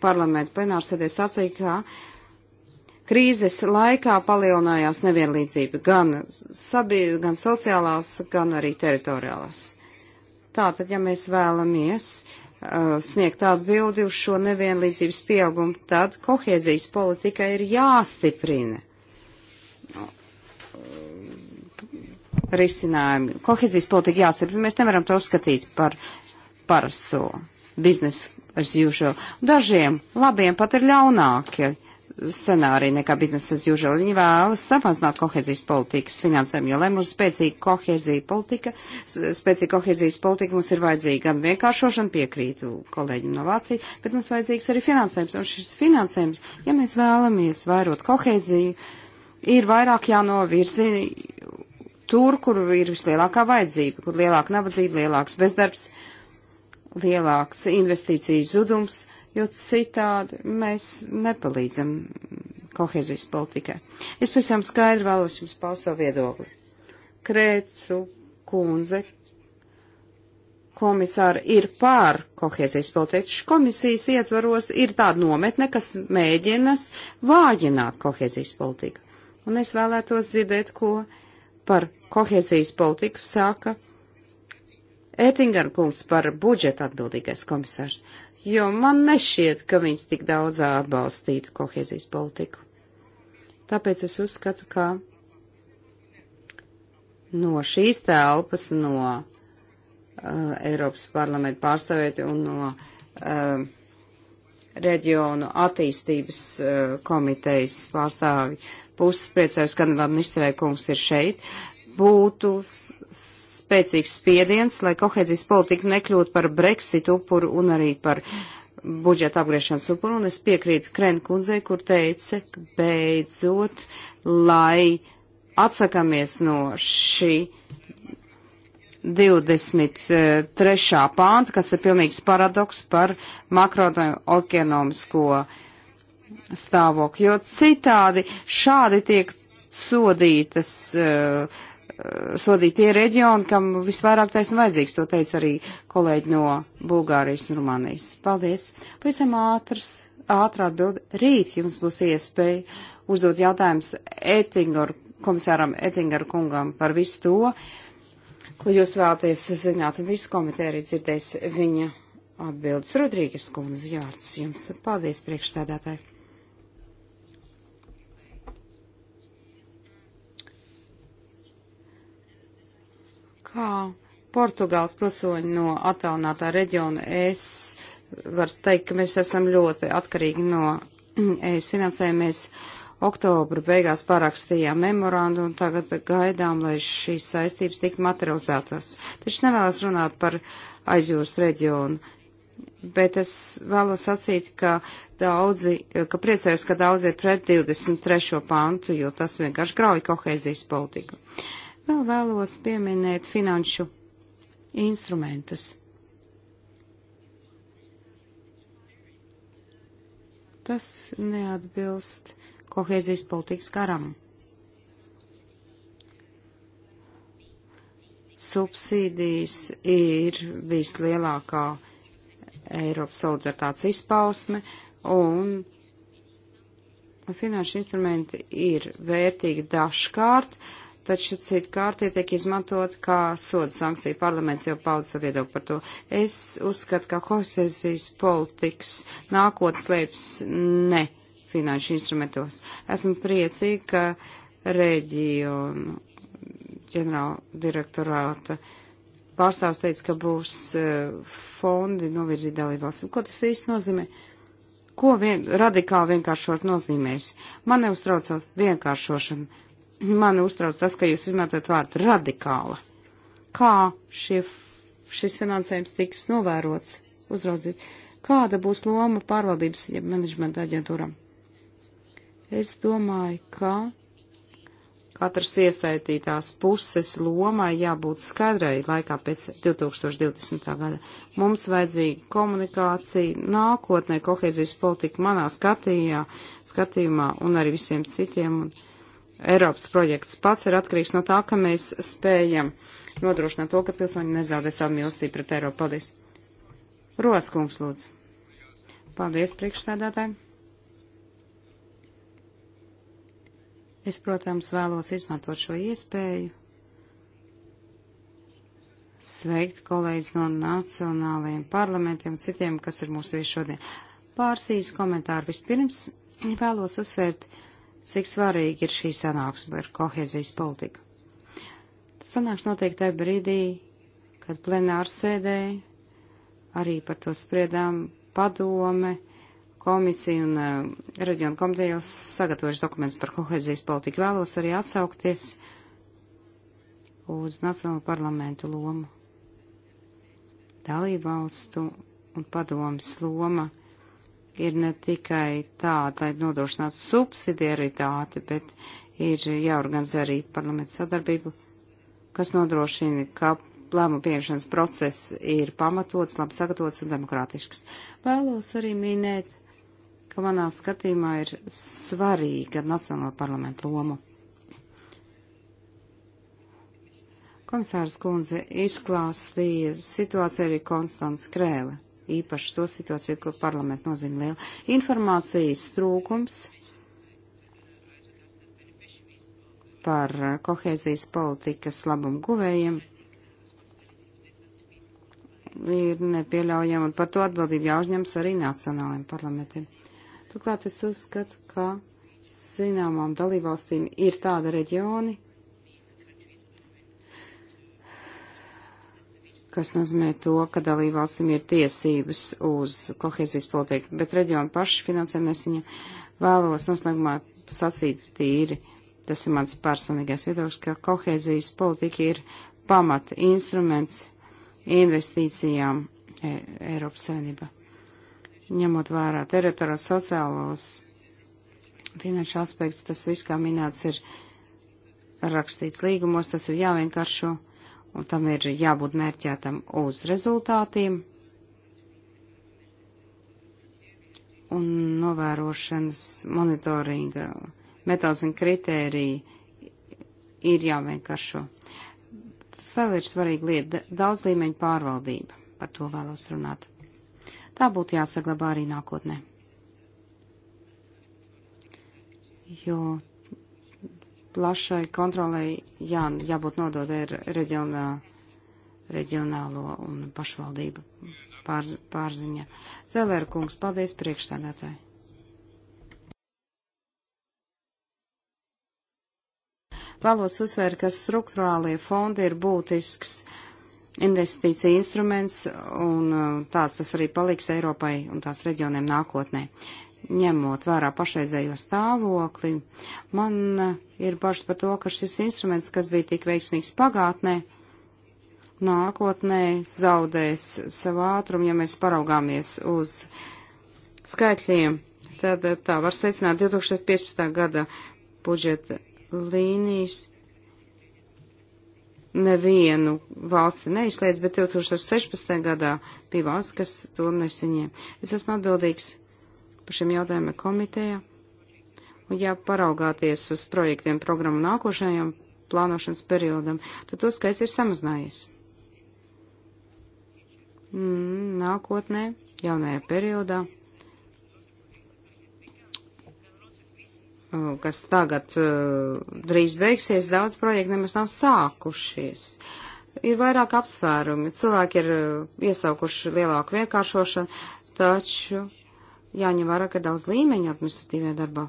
parlamentu plenārsēdē sacīja, ka Krīzes laikā palielinājās nevienlīdzība gan, sabi, gan sociālās, gan arī teritoriālās. Tātad, ja mēs vēlamies uh, sniegt atbildi uz šo nevienlīdzības pieaugumu, tad kohēzijas politika ir jāstiprina nu, risinājumi. Kohezijas politika jāstiprina. Mēs nevaram to uzskatīt par parasto biznesu as usual. Dažiem labiem pat ir ļaunākie scenāriju nekā biznesa as usual. Viņi vēlas samazināt kohezijas politikas finansējumu, jo, lai mums spēcīga kohezija politika, spēcīga kohezijas politika mums ir vajadzīga gan vienkāršošana, piekrītu kolēģim no Vācija, bet mums vajadzīgs arī finansējums. Un šis finansējums, ja mēs vēlamies vairot koheziju, ir vairāk jānovirzi tur, kur ir vislielākā vajadzība, kur lielāka nabadzība, lielāks bezdarbs, lielāks investīciju zudums jo citādi mēs nepalīdzam kohēzijas politikai. Es pēc tam skaidri vēlos jums paust savu viedokli. Krēcu kundze komisāra ir pār kohēzijas politikas komisijas ietvaros, ir tāda nometne, kas mēģinas vāģināt kohēzijas politiku. Un es vēlētos dzirdēt, ko par kohēzijas politiku sāka Ētingar kungs par budžetu atbildīgais komisārs jo man nešķiet, ka viņas tik daudz atbalstītu kohēzijas politiku. Tāpēc es uzskatu, ka no šīs telpas, no uh, Eiropas parlamenta pārstāvēt un no uh, reģionu attīstības uh, komitejas pārstāvi puses priecājos, ka Van Nisterē kungs ir šeit, būtu spēcīgs spiediens, lai kohēzijas politika nekļūtu par Brexit upuru un arī par budžeta apgriešanas upuru, un es piekrītu Kren kundzei, kur teica, ka beidzot, lai atsakamies no šī 23. pānta, kas ir pilnīgs paradoks par makroekonomisko stāvokli, jo citādi šādi tiek sodītas uh, sodīt tie reģioni, kam visvairāk taisn vajadzīgs, to teica arī kolēģi no Bulgārijas un Rumānijas. Paldies! Pavisam ātrs, ātrā atbild. Rīt jums būs iespēja uzdot jautājumus Ettingoru, komisāram Ettingoru kungam par visu to, ko jūs vēlaties zināt, un visu komiteju arī dzirdēs viņa atbildes. Rodrīgas kundze, jārds jums. Paldies, priekšstādātāji! kā Portugāls pilsoņi no attālinātā reģiona, es varu teikt, ka mēs esam ļoti atkarīgi no es finansējumies oktobra beigās parakstījām memorandu un tagad gaidām, lai šīs saistības tiktu materializētas. Taču nevēlas runāt par aizjūras reģionu, bet es vēlos sacīt, ka daudzi, ka priecājos, ka daudzi ir pret 23. pantu, jo tas vienkārši grauj kohēzijas politiku. Uh, Vēl vēlos pieminēt finanšu instrumentus. Tas neatbilst kohēzijas politikas karam. Subsīdijas ir vislielākā Eiropas solidaritātes izpausme, un finanšu instrumenti ir vērtīgi dažkārt, uh, taču citkārt tie tiek izmantot kā soda sankcija. Parlaments jau paudz savu viedokli par to. Es uzskatu, ka kohesijas politikas nākotnes slēps ne finanšu instrumentos. Esmu priecīgi, ka reģionu ģenerāla direktorāta pārstāvs teica, ka būs eh, fondi novirzīt dalībvalstīm. Ko tas īsti nozīmē? Ko vien, radikāli vienkāršot nozīmēs? Man neuztraucot vienkāršošanu Mani uztrauc tas, ka jūs izmantojat vārdu radikāla. Kā šie, šis finansējums tiks novērots, uzraudzīt? Kāda būs loma pārvaldības ja menedžmenta aģentūram? Es domāju, ka katras iesaistītās puses lomai jābūt skaidrai laikā pēc 2020. gada. Mums vajadzīga komunikācija nākotnē, kohēzijas politika manā skatījā, skatījumā un arī visiem citiem. Un Eiropas projekts pats ir atkarīgs no tā, ka mēs spējam nodrošināt to, ka pilsoņi nezaudē savu mīlestību pret Eiropu. Paldies. Ros kungs, lūdzu. Paldies, priekšsēdētāji. Es, protams, vēlos izmantot šo iespēju sveikt kolēģis no nacionālajiem parlamentiem un citiem, kas ir mūsu viesi šodien. Pārsīs komentāru vispirms vēlos uzsvērt cik svarīgi ir šī sanāksme par kohēzijas politiku. Sanāks noteikti tajā brīdī, kad plenāra sēdē arī par to spriedām padome, komisija un uh, eh, reģionu komitejos sagatavojuši dokumentus par kohēzijas politiku. Vēlos arī atsaukties uz Nacionālo parlamentu lomu, dalībvalstu un padomas loma ir ne tikai tāda, lai nodrošinātu subsidiaritāti, bet ir jāorganizē arī parlamentu sadarbību, kas nodrošina, ka lēmumu pieņemšanas process ir pamatots, labi sagatavots un demokrātisks. Vēlos arī minēt, ka manā skatījumā ir svarīga Nacionālā parlamenta loma. Komisārs kundze izklāstīja situāciju arī Konstants Krēle īpaši to situāciju, ko parlamentu nozīme liela. Informācijas trūkums par kohēzijas politikas labumu guvējiem ir nepieļaujama, un par to atbildību jāuzņems arī nacionālajiem parlamentiem. Turklāt es uzskatu, ka zināmām dalībvalstīm ir tāda reģioni, kas nozīmē to, ka dalībvalstīm ir tiesības uz kohēzijas politiku, bet reģionu paši finansē nesiņa. Vēlos noslēgumā sacīt tīri, tas ir mans personīgais viedoklis, ka kohēzijas politika ir pamata instruments investīcijām e Eiropas Savienībā. Ņemot vērā teritorijos sociālos finanšu aspektus, tas viss, kā minēts, ir rakstīts līgumos, tas ir jāvienkāršo un tam ir jābūt mērķētam uz rezultātiem. Un novērošanas monitoringa metāls un kritērija ir jāvienkāršo. Vēl ir svarīga lieta - daudz līmeņu pārvaldība. Par to vēlos runāt. Tā būtu jāsaglabā arī nākotnē. Jo plašai kontrolei jā, jābūt nodod ir reģionā, reģionālo un pašvaldību pārz, pārziņa. Celēra kungs, paldies priekšsēdētāji. Vēlos uzsvērt, ka struktūrālie fondi ir būtisks investīcija instruments, un uh, tās tas arī paliks Eiropai un tās reģioniem nākotnē ņemot vērā pašreizējo stāvokli. Man ir bažas par to, ka šis instruments, kas bija tik veiksmīgs pagātnē, nākotnē zaudēs savu ātrumu, ja mēs paraugāmies uz skaitļiem. Tad eh, tā var secināt 2015. gada budžeta līnijas nevienu valsti neizslēdz, bet 2016. gadā bija valsts, kas to nesaņēma. Es esmu atbildīgs par šiem jautājumiem komiteja. Un ja paraugāties uz projektiem programmu nākošajam plānošanas periodam, tad to skaits ir samazinājies. Mm, nākotnē, jaunajā periodā, uh, kas tagad uh, drīz beigsies, daudz projektu nemaz nav sākušies. Ir vairāk apsvērumi, cilvēki ir uh, iesaukuši lielāku vienkāršošanu, taču jāņem vērā, ka daudz līmeņu administratīvajā darbā.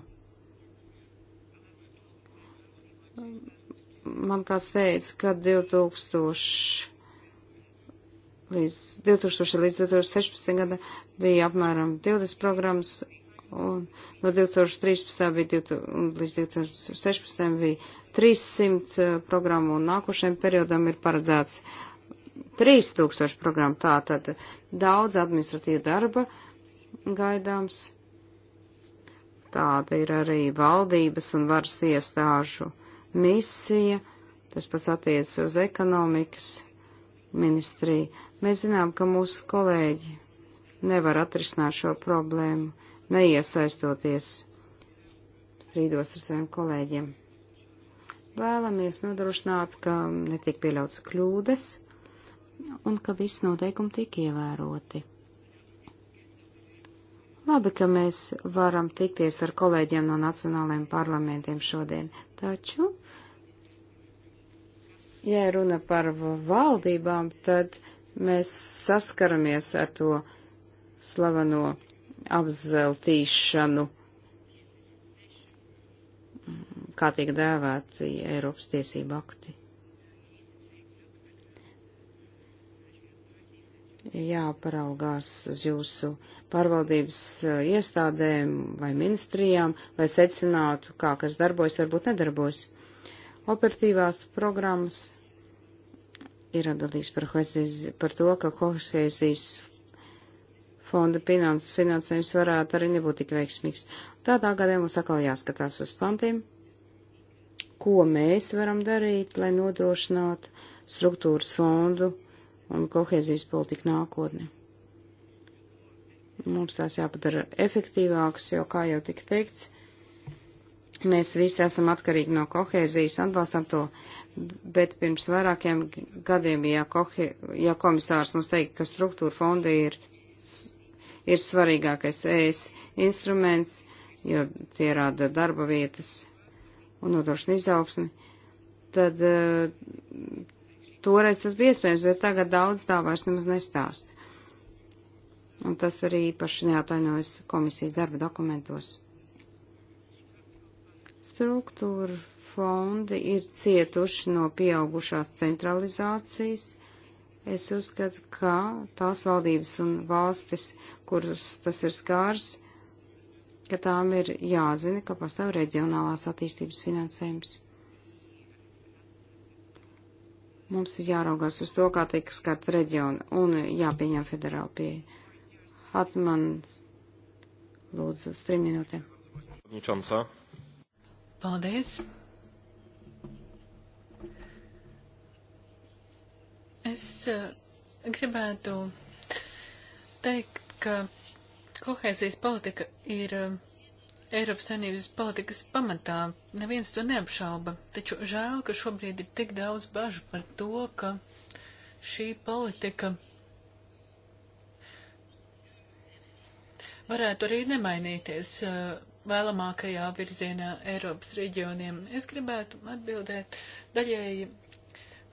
Man kāds teica, ka 2000 līdz 2000 līdz 2016 gada bija apmēram 20 programmas, un no 2013 bija 2000, līdz 2016 bija 300 eh, programmu, un nākošajam periodam ir paredzēts 3000 programmu. Tātad daudz administratīva darba gaidāms. Tāda ir arī valdības un varas iestāžu misija, tas pats attiec uz ekonomikas ministriju. Mēs zinām, ka mūsu kolēģi nevar atrisināt šo problēmu, neiesaistoties strīdos ar saviem kolēģiem. Vēlamies nodrošināt, ka netiek pieļauts kļūdas un ka visi noteikumi tiek ievēroti. Labi, ka mēs varam tikties ar kolēģiem no nacionālajiem parlamentiem šodien, taču, ja runa par valdībām, tad mēs saskaramies ar to slaveno apzeltīšanu, kā tiek dēvēti Eiropas tiesība akti. Jāparaugās uz jūsu pārvaldības iestādēm vai ministrijām, lai secinātu, kā kas darbojas, varbūt nedarbojas. Operatīvās programmas ir atbildīgs par, kohezijas, par to, ka kohēzijas fonda finanses finansējums varētu arī nebūt tik veiksmīgs. Tādā gadījumā mums atkal jāskatās uz pantiem, ko mēs varam darīt, lai nodrošinātu struktūras fondu un kohēzijas politiku nākotni. Mums tās jāpadara efektīvākas, jo, kā jau tika teikts, mēs visi esam atkarīgi no kohēzijas, atbalstam to, bet pirms vairākiem gadiem, ja, kohe, ja komisārs mums teica, ka struktūra fonda ir, ir svarīgākais ES instruments, jo tie rada darba vietas un nodrošina izaugsmi, tad uh, toreiz tas bija iespējams, bet tagad daudz tā vairs nemaz nestāst un tas arī īpaši neatainojas komisijas darba dokumentos. Struktūra fondi ir cietuši no pieaugušās centralizācijas. Es uzskatu, ka tās valdības un valstis, kuras tas ir skārs, ka tām ir jāzina, ka pastāv reģionālās attīstības finansējums. Mums ir jāraugās uz to, kā tiek skart reģiona un jāpieņem federāla pieeja. Hatman, lūdzu, uz trim minūtēm. Paldies. Es uh, gribētu teikt, ka kohēzijas politika ir uh, Eiropas Savienības politikas pamatā. Neviens to neapšauba, taču žēl, ka šobrīd ir tik daudz bažu par to, ka šī politika varētu arī nemainīties uh, vēlamākajā virzienā Eiropas reģioniem. Es gribētu atbildēt daļēji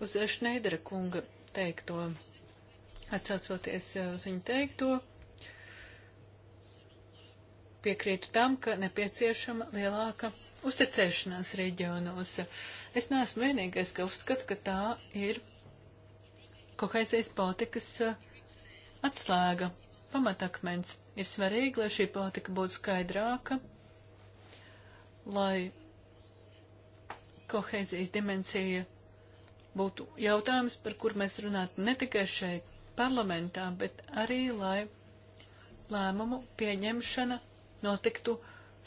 uz Šneidera kunga teikto, atsaucoties uh, uz viņu teikto. Piekrītu tam, ka nepieciešama lielāka uzticēšanās reģionos. Es neesmu vienīgais, ka uzskatu, ka tā ir kohēzijas politikas uh, atslēga, pamatakmens ir svarīgi, lai šī politika būtu skaidrāka, lai kohēzijas dimensija būtu jautājums, par kur mēs runātu ne tikai šeit parlamentā, bet arī, lai lēmumu pieņemšana notiktu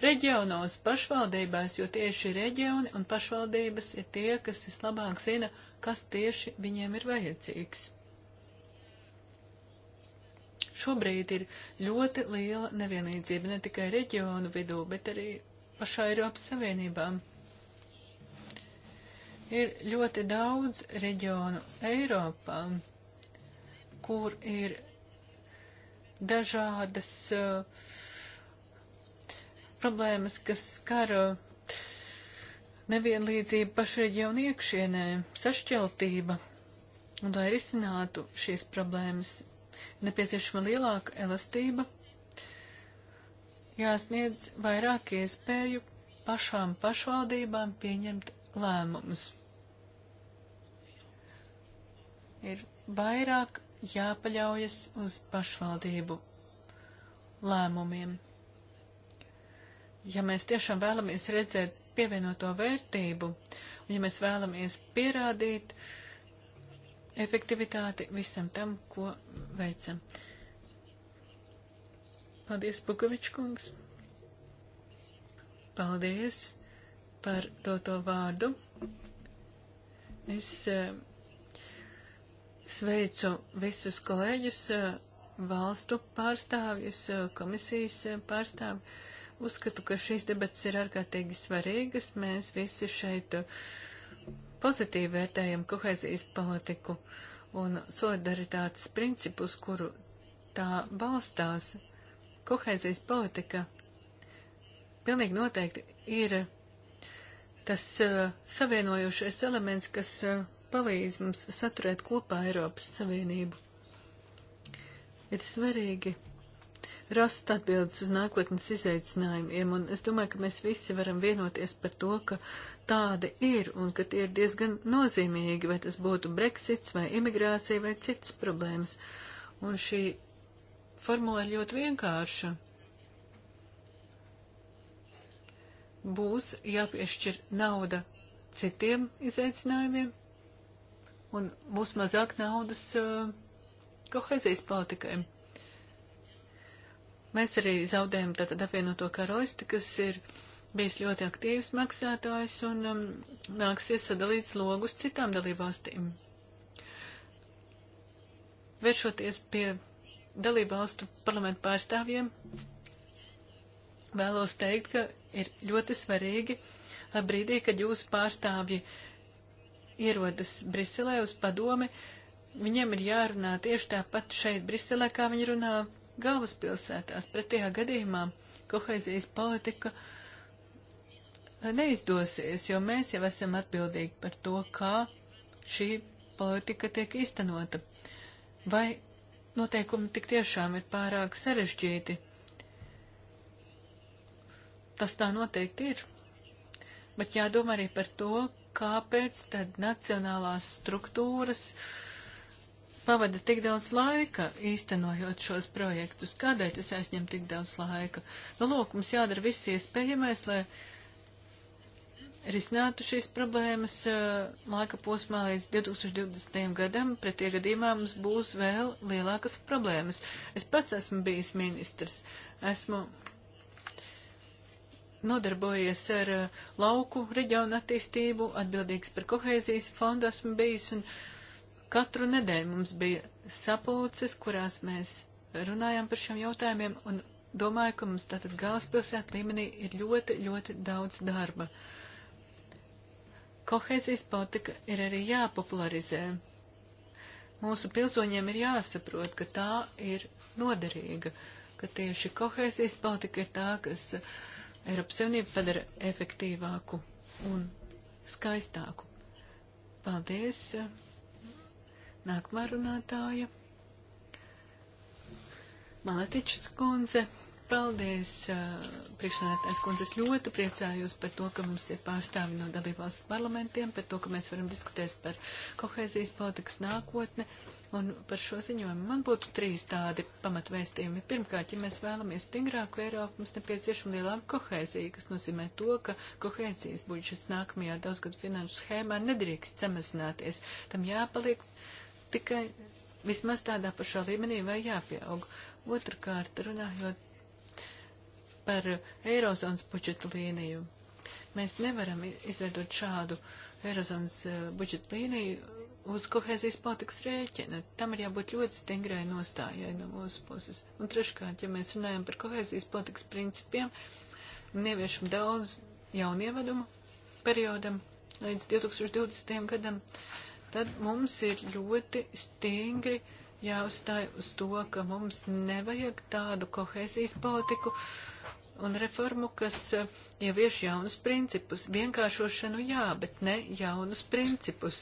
reģionos, pašvaldībās, jo tieši reģioni un pašvaldības ir tie, kas vislabāk zina, kas tieši viņiem ir vajadzīgs. Šobrīd ir ļoti liela nevienlīdzība ne tikai reģionu vidū, bet arī pašā Eiropas Savienībā. Ir ļoti daudz reģionu Eiropā, kur ir dažādas uh, problēmas, kas skara uh, nevienlīdzību pašreģionu iekšienē, sašķeltība. Un, lai risinātu šīs problēmas, nepieciešama lielāka elastība, jāsniedz vairāk iespēju pašām pašvaldībām pieņemt lēmumus. Ir vairāk jāpaļaujas uz pašvaldību lēmumiem. Ja mēs tiešām vēlamies redzēt pievienoto vērtību, un ja mēs vēlamies pierādīt, uh, efektivitāti visam tam, ko veicam. Paldies, Pukovičs kungs! Paldies par doto vārdu! Es uh, sveicu visus kolēģus, uh, valstu pārstāvjus, uh, komisijas pārstāvjus. Uzskatu, ka šīs debats ir ārkārtīgi svarīgas. Mēs visi šeit uh, pozitīvi vērtējam kohēzijas politiku un solidaritātes principus, kuru tā balstās. Kohēzijas politika pilnīgi noteikti ir tas uh, savienojušais elements, kas uh, palīdz mums saturēt kopā Eiropas Savienību. Ir svarīgi rast atbildes uz nākotnes izaicinājumiem, un es domāju, ka mēs visi varam vienoties par to, ka tādi ir, un ka tie ir diezgan nozīmīgi, vai tas būtu Brexits, vai imigrācija, vai citas problēmas. Un šī formula ir ļoti vienkārša. Būs jāpiešķir nauda citiem izaicinājumiem, un būs mazāk naudas uh, kohēzijas politikai. Mēs arī zaudējam tātad apvienoto karalisti, kas ir bijis ļoti aktīvs maksātājs un um, nāksies sadalīt slogus citām dalībvalstīm. Vēršoties pie dalībvalstu parlamentu pārstāvjiem, vēlos teikt, ka ir ļoti svarīgi, lai brīdī, kad jūsu pārstāvji ierodas Briselē uz padomi, viņiem ir jārunā tieši tāpat šeit Briselē, kā viņi runā galvaspilsētās. Pretējā gadījumā kohēzijas politika neizdosies, jo mēs jau esam atbildīgi par to, kā šī politika tiek iztenota. Vai noteikumi tik tiešām ir pārāk sarežģīti? Tas tā noteikti ir. Bet jādomā arī par to, kāpēc tad nacionālās struktūras uh, pavada tik daudz laika īstenojot šos projektus? Kādēļ tas aizņem tik daudz laika? Nu, lūk, mums jādara viss iespējamais, lai risinātu šīs problēmas eh, laika posmā līdz 2020. gadam, pretie gadījumā mums būs vēl lielākas problēmas. Es pats esmu bijis ministrs, esmu nodarbojies ar eh, lauku reģionu attīstību, atbildīgs par kohēzijas fondu esmu bijis un. Uh, Katru nedēļu mums bija sapulces, kurās mēs runājām par šiem jautājumiem, un domāju, ka mums tātad galvaspilsētu līmenī ir ļoti, ļoti daudz darba. Kohēzijas politika ir arī jāpopularizē. Mūsu pilsoņiem ir jāsaprot, ka tā ir noderīga, ka tieši kohēzijas politika ir tā, kas Eiropas Savienību padara efektīvāku un skaistāku. Paldies! Nākamā runātāja. Maletičs kundze. Paldies, priekšsēdētājs kundze. Es ļoti priecājos par to, ka mums ir pārstāvi no dalībvalstu parlamentiem, par to, ka mēs varam diskutēt par kohēzijas politikas nākotni. Un par šo ziņojumu man būtu trīs tādi pamatvēstījumi. Pirmkārt, ja mēs vēlamies stingrāku Eiropu, mums nepieciešama lielāka kohēzija, kas nozīmē to, ka kohēzijas budžets nākamajā daudzgadu finanšu schēmā nedrīkst samazināties. Tam jāpaliek tikai vismaz tādā pašā līmenī vai jāpieaug. Otrakārt, runājot par Eirozonas budžeta līniju, mēs nevaram izveidot šādu Eirozonas e, budžeta līniju uz kohēzijas politikas rēķina. Tam ir jābūt ļoti stingrai nostājai no mūsu puses. Un treškārt, ja mēs runājam par kohēzijas politikas principiem, neviešam daudz jaunievedumu periodam līdz 2020. gadam, tad mums ir ļoti stingri jāuzstāj uz to, ka mums nevajag tādu kohēzijas politiku un reformu, kas eh, ievieš ja jaunus principus. Vienkāršošanu jā, bet ne jaunus principus.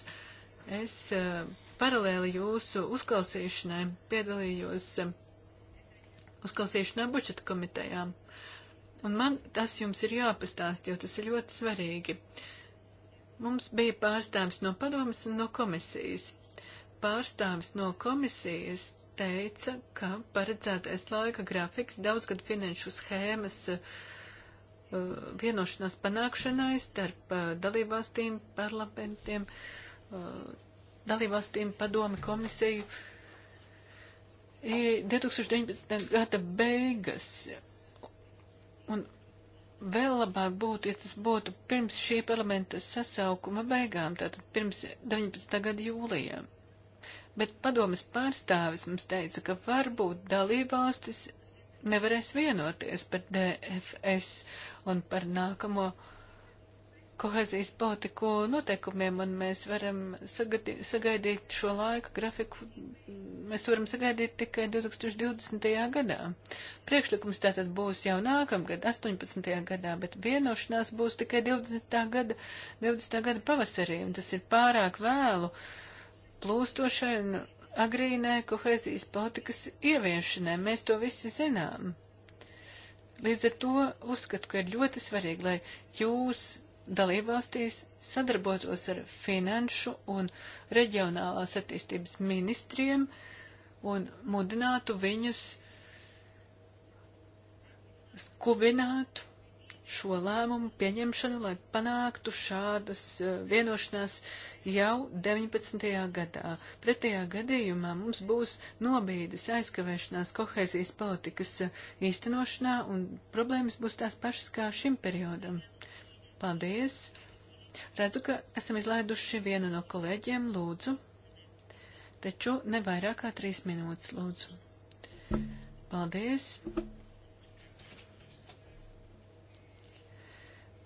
Es eh, paralēli jūsu uzklausīšanai piedalījos eh, uzklausīšanā budžeta komitejām. Un man tas jums ir jāpastāst, jo tas ir ļoti svarīgi. Uh, Mums bija pārstāvis no padomas un no komisijas. Pārstāvis no komisijas teica, ka paredzētais laika grafiks daudzgad finanšu schēmas uh, vienošanās panākšanai starp uh, dalībvalstīm, parlamentiem, uh, dalībvalstīm, padomi, komisiju ir 2019. gada beigas. Un vēl labāk būtu, ja tas būtu pirms šī parlamenta sasaukuma beigām, tātad pirms 19. gada jūlijā. Bet padomas pārstāvis mums teica, ka varbūt dalībvalstis nevarēs vienoties par DFS un par nākamo uh, kohezijas politiku noteikumiem, un mēs varam sagadīt, sagaidīt šo laika grafiku, mēs to varam sagaidīt tikai 2020. gadā. Priekšlikums tātad būs jau nākamgad, 18. gadā, bet vienošanās būs tikai 20. gada, 20. gada pavasarī, un tas ir pārāk vēlu plūstošai un agrīnai kohezijas politikas ieviešanai. Mēs to visi zinām. Līdz ar to uzskatu, ka ir ļoti svarīgi, lai jūs dalībvalstīs sadarbotos ar finanšu un reģionālās attīstības ministriem un mudinātu viņus skubināt šo lēmumu pieņemšanu, lai panāktu šādas eh, vienošanās jau 19. gadā. Pretējā gadījumā mums būs nobīdes aizkavēšanās kohēzijas politikas eh, īstenošanā un problēmas būs tās pašas kā šim periodam. Uh, Paldies! Redzu, ka esam izlaiduši vienu no kolēģiem, lūdzu, taču ne vairāk kā trīs minūtes, lūdzu. Paldies!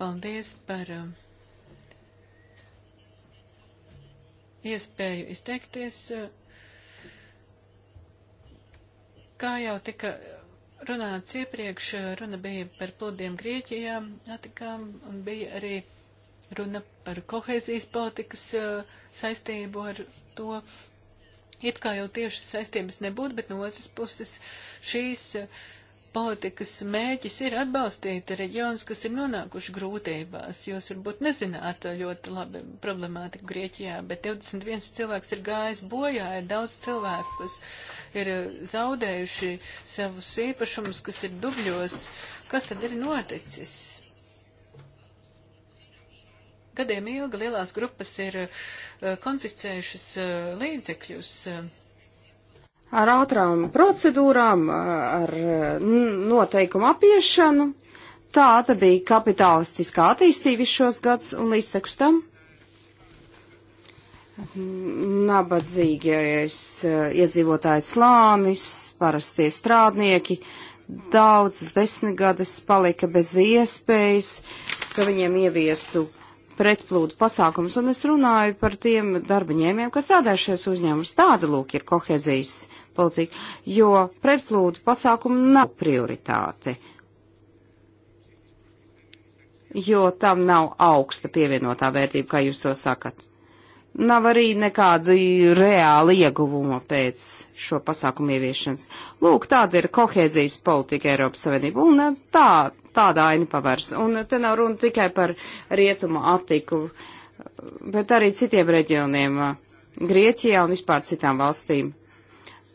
Paldies par um, iespēju izteikties. Uh, kā jau tika runāts iepriekš, runa bija par pludiem Grieķijā, Atikām, un bija arī runa par kohēzijas politikas uh, saistību ar to. It kā jau tieši saistības nebūtu, bet no otras puses šīs uh, politikas mēķis ir atbalstīt reģionus, kas ir nonākuši grūtībās. Jūs varbūt nezināt ļoti labi problemātiku Grieķijā, bet 21 cilvēks ir gājis bojā, ir daudz cilvēku, kas ir eh, zaudējuši savus īpašumus, kas ir dubļos. Kas tad ir noticis? Gadiem ilgi lielās grupas ir eh, konfiscējušas eh, līdzekļus ar ātrām procedūrām, ar eh, noteikumu apiešanu. Tāda bija kapitalistiskā attīstība šos gads un līdztekus tam. Nabadzīgais eh, iedzīvotājs slānis, parastie strādnieki, daudzas desmitgades palika bez iespējas, ka viņiem ieviestu pretplūdu pasākums, un es runāju par tiem darba ņēmiem, kas strādā šajos uzņēmumus. Tāda lūk ir kohezijas politika, jo pretplūdu pasākumu nav prioritāte, jo tam nav augsta pievienotā vērtība, kā jūs to sakat. Nav arī nekāda reāla ieguvuma pēc šo pasākumu ieviešanas. Lūk, tāda ir kohēzijas politika Eiropas Savienība, un eh, tā, tāda aina pavērs. Un eh, te nav runa tikai par rietumu attiku, eh, bet arī citiem reģioniem, Grieķijā un vispār citām valstīm.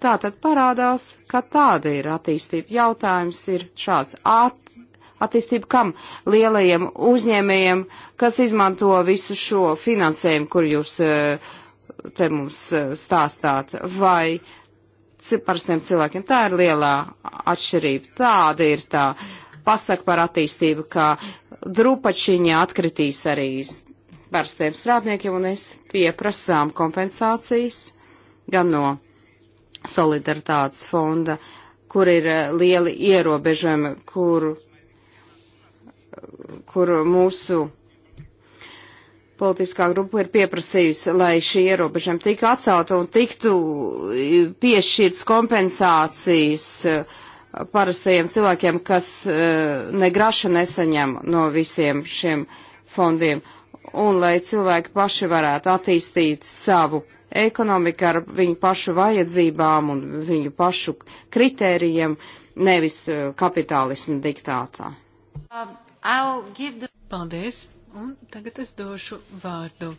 Tā tad parādās, ka tāda ir attīstība. Jautājums ir šāds. At, attīstība kam? Lielajiem uzņēmējiem, kas izmanto visu šo finansējumu, kur jūs eh, te mums eh, stāstāt, vai parastiem cilvēkiem. Tā ir lielā atšķirība. Tāda ir tā pasaka par attīstību, ka drupačiņa atkritīs arī parastiem strādniekiem, un es pieprasām kompensācijas gan no solidaritātes fonda, kur ir eh, lieli ierobežojumi, kur, kur mūsu politiskā grupa ir pieprasījusi, lai šī ierobežojuma tika atcelta un tiktu eh, piešķirts kompensācijas eh, parastajiem cilvēkiem, kas ne graša nesaņem no visiem šiem fondiem, un lai cilvēki paši varētu attīstīt savu ekonomika ar viņu pašu vajadzībām un viņu pašu kritērijiem, nevis eh, kapitālismu diktātā. Um, Paldies, un tagad es došu vārdu.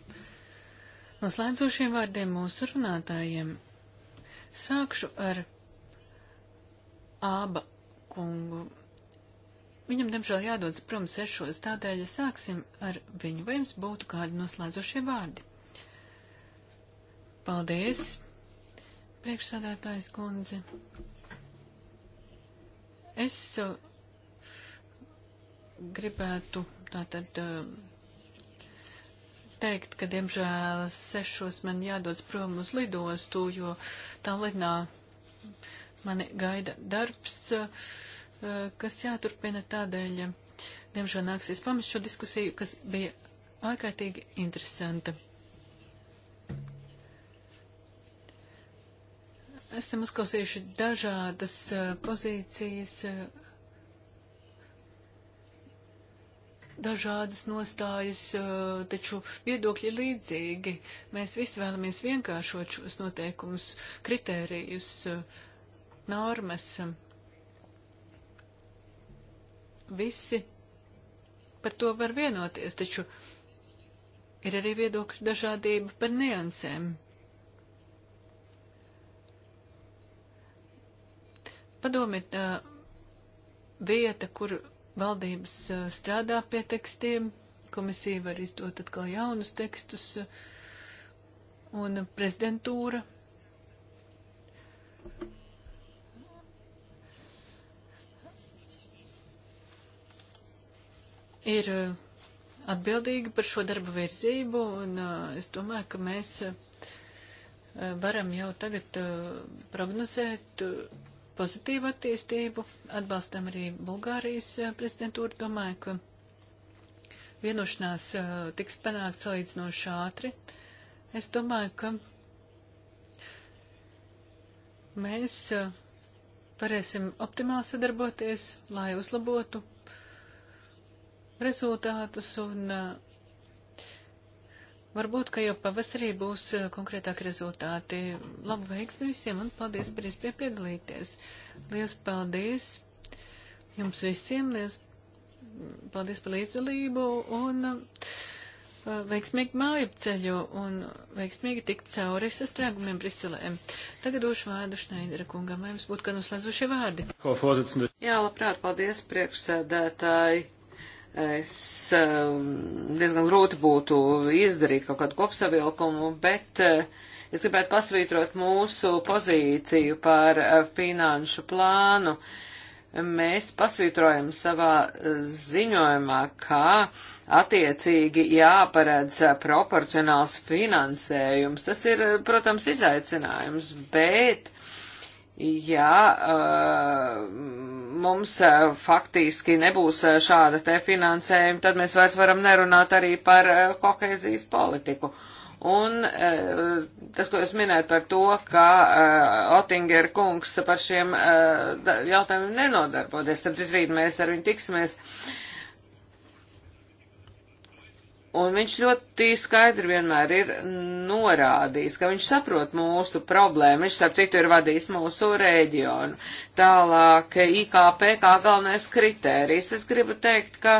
Noslēdzošiem vārdiem mūsu runātājiem. Sākšu ar Āba kungu. Viņam, diemžēl, jādodas prom sešos, tādēļ ja sāksim ar viņu. Vai jums būtu kādi noslēdzošie vārdi? Paldies, priekšsādātājs kundze. Es uh, gribētu tātad uh, teikt, ka diemžēl sešos man jādodas prom uz lidostu, jo Tallinā mani gaida darbs, uh, kas jāturpina tādēļ. Diemžēl nāksies pamest šo diskusiju, kas bija ārkārtīgi interesanta. Esam uzklausījuši dažādas eh, pozīcijas, eh, dažādas nostājas, eh, taču viedokļi līdzīgi. Mēs visi vēlamies vienkāršot šos noteikumus, kritērijus, normas. Visi par to var vienoties, taču ir arī viedokļu dažādība par niansēm. Padomi ir tā vieta, kur valdības strādā pie tekstiem, komisija var izdot atkal jaunus tekstus, un prezidentūra ir atbildīgi par šo darbu virzību, un uh, es domāju, ka mēs uh, varam jau tagad uh, prognozēt, uh, pozitīvu attīstību. Atbalstam arī Bulgārijas eh, prezidentūru. Domāju, ka vienošanās uh, tiks panākt salīdzinoši ātri. Es domāju, ka mēs uh, varēsim optimāli sadarboties, lai uzlabotu rezultātus un uh, Varbūt, ka jau pavasarī būs eh, konkrētāki rezultāti. Labu veiksmi visiem un paldies par iespēju piedalīties. Lielas paldies jums visiem, liels paldies par līdzdalību un eh, veiksmīgi māju ceļu un veiksmīgi tikt cauri sastrēgumiem Briselē. Tagad došu vārdu Šneidera kungam, vai jums būtu kādi noslēdzošie vārdi? Jā, labprāt, paldies priekšsēdētāji. Es um, diezgan grūti būtu izdarīt kaut kādu kopsavilkumu, bet uh, es gribētu pasvītrot mūsu pozīciju par uh, finanšu plānu. Mēs pasvītrojam savā ziņojumā, ka attiecīgi jāparedz proporcionāls finansējums. Tas ir, uh, protams, izaicinājums, bet ja eh, mums eh, faktiski nebūs eh, šāda te finansējuma, tad mēs vairs varam nerunāt arī par kohēzijas politiku. Un tas, ko jūs minējat par to, ka Otinger kungs par šiem jautājumiem nenodarboties, tad rīt mēs ar viņu tiksimies. Uh, Un viņš ļoti skaidri vienmēr ir norādījis, ka viņš saprot mūsu problēmu, viņš starp citu ir vadījis mūsu reģionu. Tālāk IKP kā galvenais kritērijs. Es gribu teikt, ka.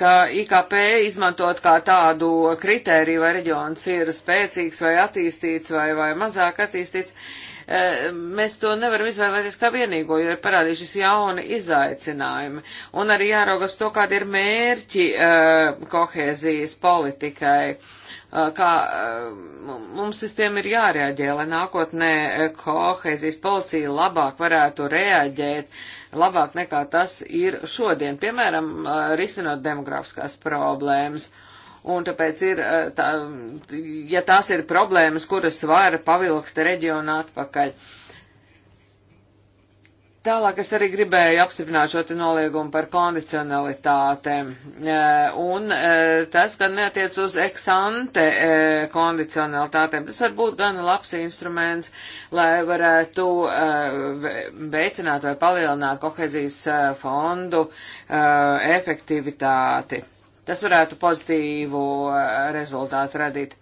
ka IKP izmantot kā tādu kritēriju, vai reģions ir spēcīgs vai attīstīts vai, vai mazāk attīstīts, uh, Eh, mēs to nevaram izvēlēties kā vienīgo, jo ir parādījušies jauni izaicinājumi. Un arī jāraugas to, kādi ir mērķi eh, kohēzijas politikai eh, kā mums sistēma ir jārēģē, lai nākotnē kohēzijas policija labāk varētu reaģēt, labāk nekā tas ir šodien, piemēram, risinot demografiskās problēmas. Uh, Un tāpēc ir, eh, tā, ja tās ir problēmas, kuras var pavilkt reģionu atpakaļ. Tālāk es arī gribēju apstiprināt šo te noliegumu par kondicionalitātēm. Eh, un eh, tas, kad neatiec uz eksante kondicionalitātēm, tas var būt gan labs instruments, lai varētu veicināt vai palielināt kohezijas fondu efektivitāti. Tas varētu pozitīvu uh, rezultātu radīt.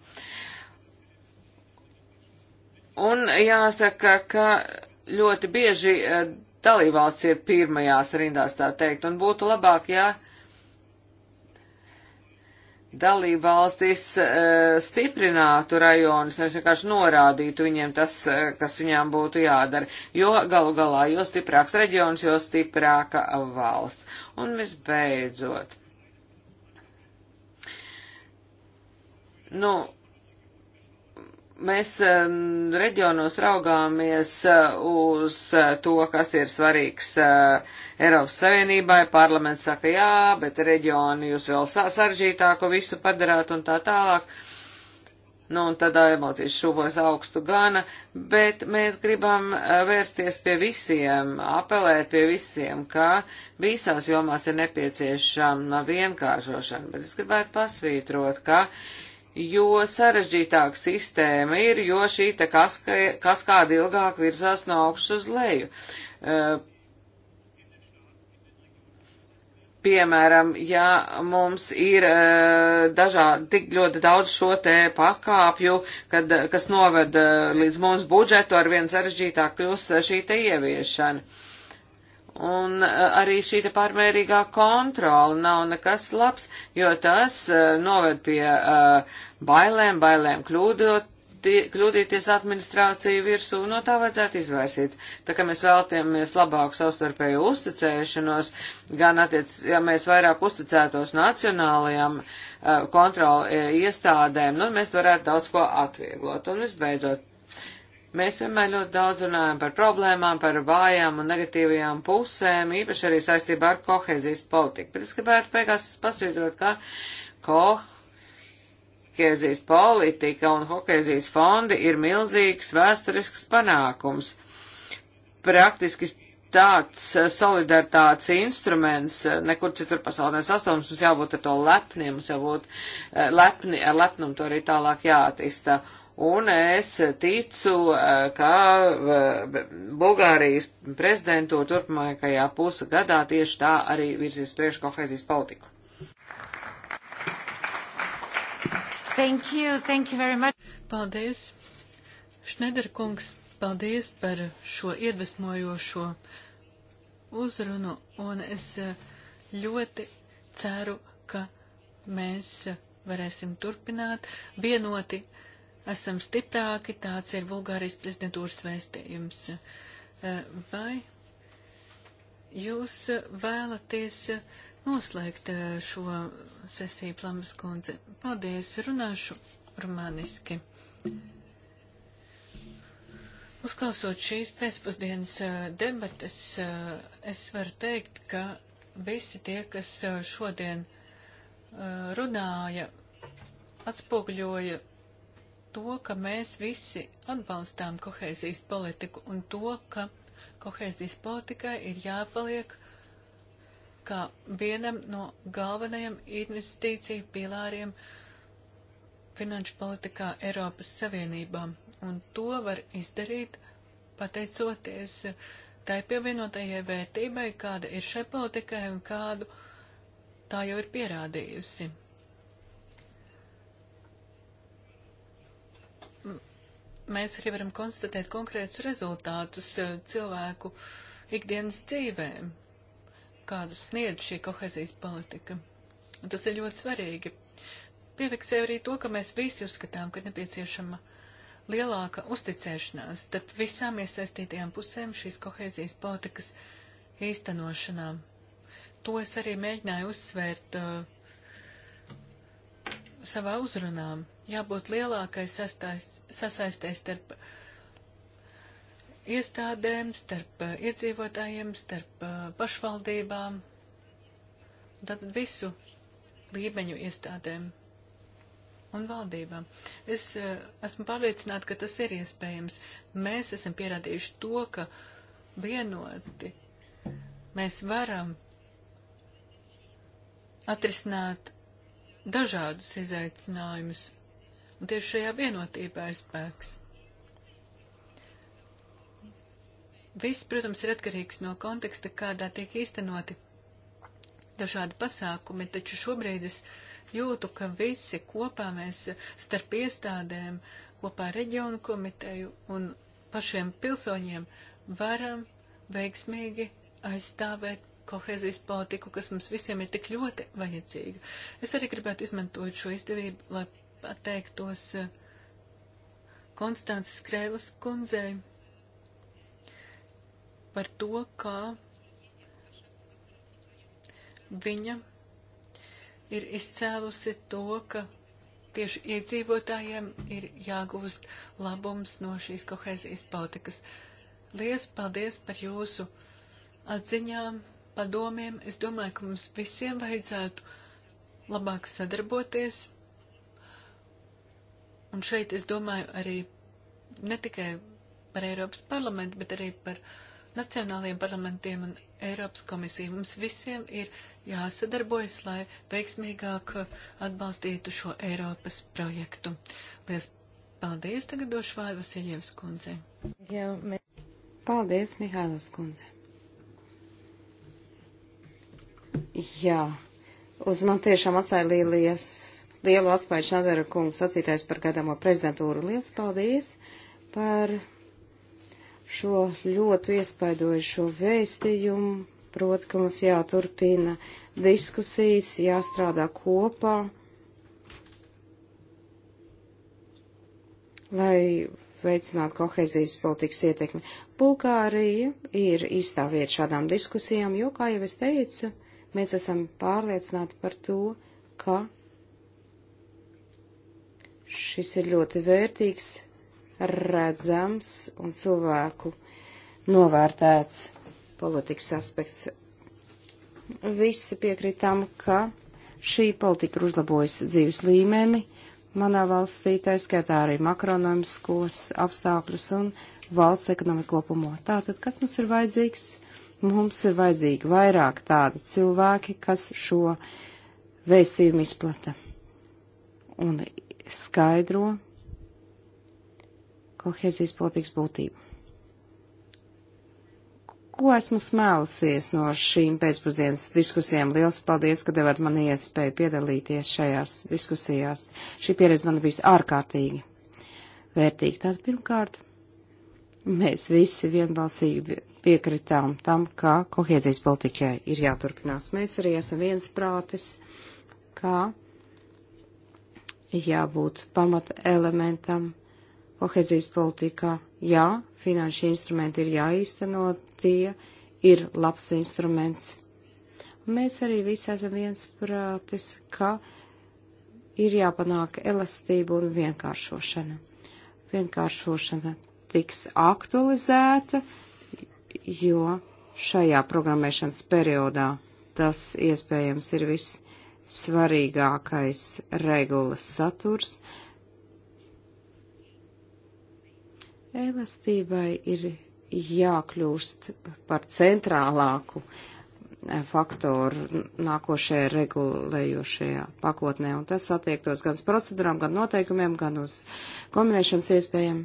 Un jāsaka, ka ļoti bieži uh, dalībvalsts ir pirmajās rindās, tā teikt, un būtu labāk, ja dalībvalstis uh, stiprinātu rajonus, nevis vienkārši norādītu viņiem tas, kas viņām būtu jādara, jo galu galā, jo stiprāks reģions, jo stiprāka valsts. Un visbeidzot Nu, mēs reģionos raugāmies eh, uz eh, to, kas ir svarīgs eh, Eiropas Savienībai. Parlaments saka, jā, bet reģioni jūs vēl saržītāku visu padarāt un tā tālāk. Nu, un tad emocijas šūpojas augstu gana, bet mēs gribam vērsties pie visiem, apelēt pie visiem, ka visās jomās ir nepieciešama vienkāršošana, bet es gribētu pasvītrot, ka jo sarežģītāka sistēma ir, jo šī te kaska, kaskāda ilgāk virzās no augšas uz leju. Eh, piemēram, ja mums ir eh, dažādi tik ļoti daudz šo te pakāpju, kad, kas noved eh, līdz mums budžetu, ar vien sarežģītāk kļūst šī te ieviešana. Un eh, arī šī te pārmērīgā kontrola nav nekas labs, jo tas uh, noved pie uh, bailēm, bailēm kļūdot, kļūdīties administrāciju virsū, no tā vajadzētu izvairīties. Tā kā mēs vēlamies labāku savstarpēju uzticēšanos, gan attiec, ja mēs vairāk uzticētos nacionālajām uh, kontrola iestādēm, nu, mēs varētu daudz ko atvieglot. Un visbeidzot, Mēs vienmēr ļoti daudz runājam par problēmām, par vājām un negatīvajām pusēm, īpaši arī saistībā ar kohēzijas politiku. Bet es gribētu beigās pasvītrot, ka kohēzijas politika un kohēzijas fondi ir milzīgs vēsturisks panākums. Praktiski tāds solidaritātes instruments, eh, nekur citur pasaulē sastāvums, mums jābūt ar to lepniem, mums jābūt eh, lepni, ar lepnumu to arī tālāk jāattīsta. Un es ticu, eh, ka eh, Bulgārijas prezidentūra turpmākajā pusgadā tieši tā arī virzīs priekš kohēzijas politiku. Thank you, thank you very much. Paldies, Šnederkungs, paldies par šo iedvesmojošo uzrunu, un es eh, ļoti ceru, ka mēs varēsim turpināt vienoti esam stiprāki, tāds ir Bulgārijas prezidentūras vēstījums. Eh, vai jūs vēlaties noslēgt eh, šo sesiju, Plamas kundze? Paldies, runāšu rumāniski. Uzklausot šīs pēcpusdienas eh, debates, es varu teikt, ka visi tie, kas šodien runāja, atspoguļoja to, ka mēs visi atbalstām kohēzijas politiku un to, ka kohēzijas politikai ir jāpaliek kā vienam no galvenajiem investīciju pilāriem finanšu politikā Eiropas Savienībā. Un to var izdarīt pateicoties tai pievienotajai vērtībai, kāda ir šai politikai un kādu tā jau ir pierādījusi. mēs arī varam konstatēt konkrētus rezultātus eh, cilvēku ikdienas dzīvēm, kādus sniedz šī kohezijas politika. Un tas ir ļoti svarīgi. Piefiksēju arī to, ka mēs visi uzskatām, ka nepieciešama lielāka uzticēšanās starp visām iesaistītajām pusēm šīs kohēzijas politikas īstenošanā. To es arī mēģināju uzsvērt uh, savā uzrunām jābūt lielākai sasaistē starp iestādēm, starp eh, iedzīvotājiem, starp eh, pašvaldībām, tātad visu līmeņu iestādēm un valdībām. Es eh, esmu pārliecināta, ka tas ir iespējams. Mēs esam pierādījuši to, ka vienoti mēs varam atrisināt dažādus izaicinājumus Un tieši šajā vienotībā ir spēks. Viss, protams, ir atkarīgs no konteksta, kādā tiek īstenoti dažādi pasākumi, taču šobrīd es jūtu, ka visi kopā mēs starp iestādēm, kopā ar reģionu komiteju un pašiem pilsoņiem varam veiksmīgi aizstāvēt kohēzijas politiku, kas mums visiem ir tik ļoti vajadzīga. Es arī gribētu izmantot šo izdevību, lai pateiktos eh, Konstances Krēlas kundzei par to, kā viņa ir izcēlusi to, ka tieši iedzīvotājiem ir jāgūst labums no šīs kohēzijas politikas. Lies paldies par jūsu atziņām, padomiem. Es domāju, ka mums visiem vajadzētu labāk sadarboties Un šeit es domāju arī ne tikai par Eiropas parlamentu, bet arī par nacionālajiem parlamentiem un Eiropas komisiju. Mums visiem ir jāsadarbojas, lai veiksmīgāk atbalstītu šo Eiropas projektu. Lies paldies, tagad došu vārdu Vasiljevs kundzei. Paldies, Mihailovs kundze. Jā, uz man tiešām atstāja lielies lielu atspēju Šandara kungs sacītais par gadamo prezidentūru. Liels paldies par šo ļoti iespaidojušo vēstījumu. Proti, ka mums jāturpina diskusijas, jāstrādā kopā, lai veicinātu kohezijas politikas ietekmi. Bulgārija ir īstā vieta šādām diskusijām, jo, kā jau es teicu, mēs esam pārliecināti par to, ka Šis ir ļoti vērtīgs, redzams un cilvēku novērtēts politikas aspekts. Visi piekrīt tam, ka šī politika ir uzlabojusi dzīves līmeni manā valstī, tā skaitā arī makronomiskos apstākļus un valsts ekonomiku kopumā. Tātad, kas mums ir vajadzīgs? Mums ir vajadzīgi vairāk tādi cilvēki, kas šo vēstījumu izplata. Un skaidro kohēzijas politikas būtību. Ko esmu smēlusies no šīm pēcpusdienas diskusijām? Liels paldies, ka devāt man iespēju piedalīties šajās diskusijās. Šī pieredze man bijis ārkārtīgi vērtīga. Tātad pirmkārt, mēs visi vienbalsīgi piekritām tam, ka kohēzijas politikai ir jāturpinās. Mēs arī esam viensprātis, ka jābūt pamata elementam kohezijas politikā. Jā, finanšu instrumenti ir jāīsteno, tie ir labs instruments. Un mēs arī visi esam viensprātis, ka ir jāpanāk elastība un vienkāršošana. Vienkāršošana tiks aktualizēta, jo šajā programmēšanas periodā tas iespējams ir viss svarīgākais regulas saturs. Elastībai ir jākļūst par centrālāku faktoru nākošajā regulējošajā pakotnē, un tas attiektos gan uz procedūrām, gan noteikumiem, gan uz kombinēšanas iespējām.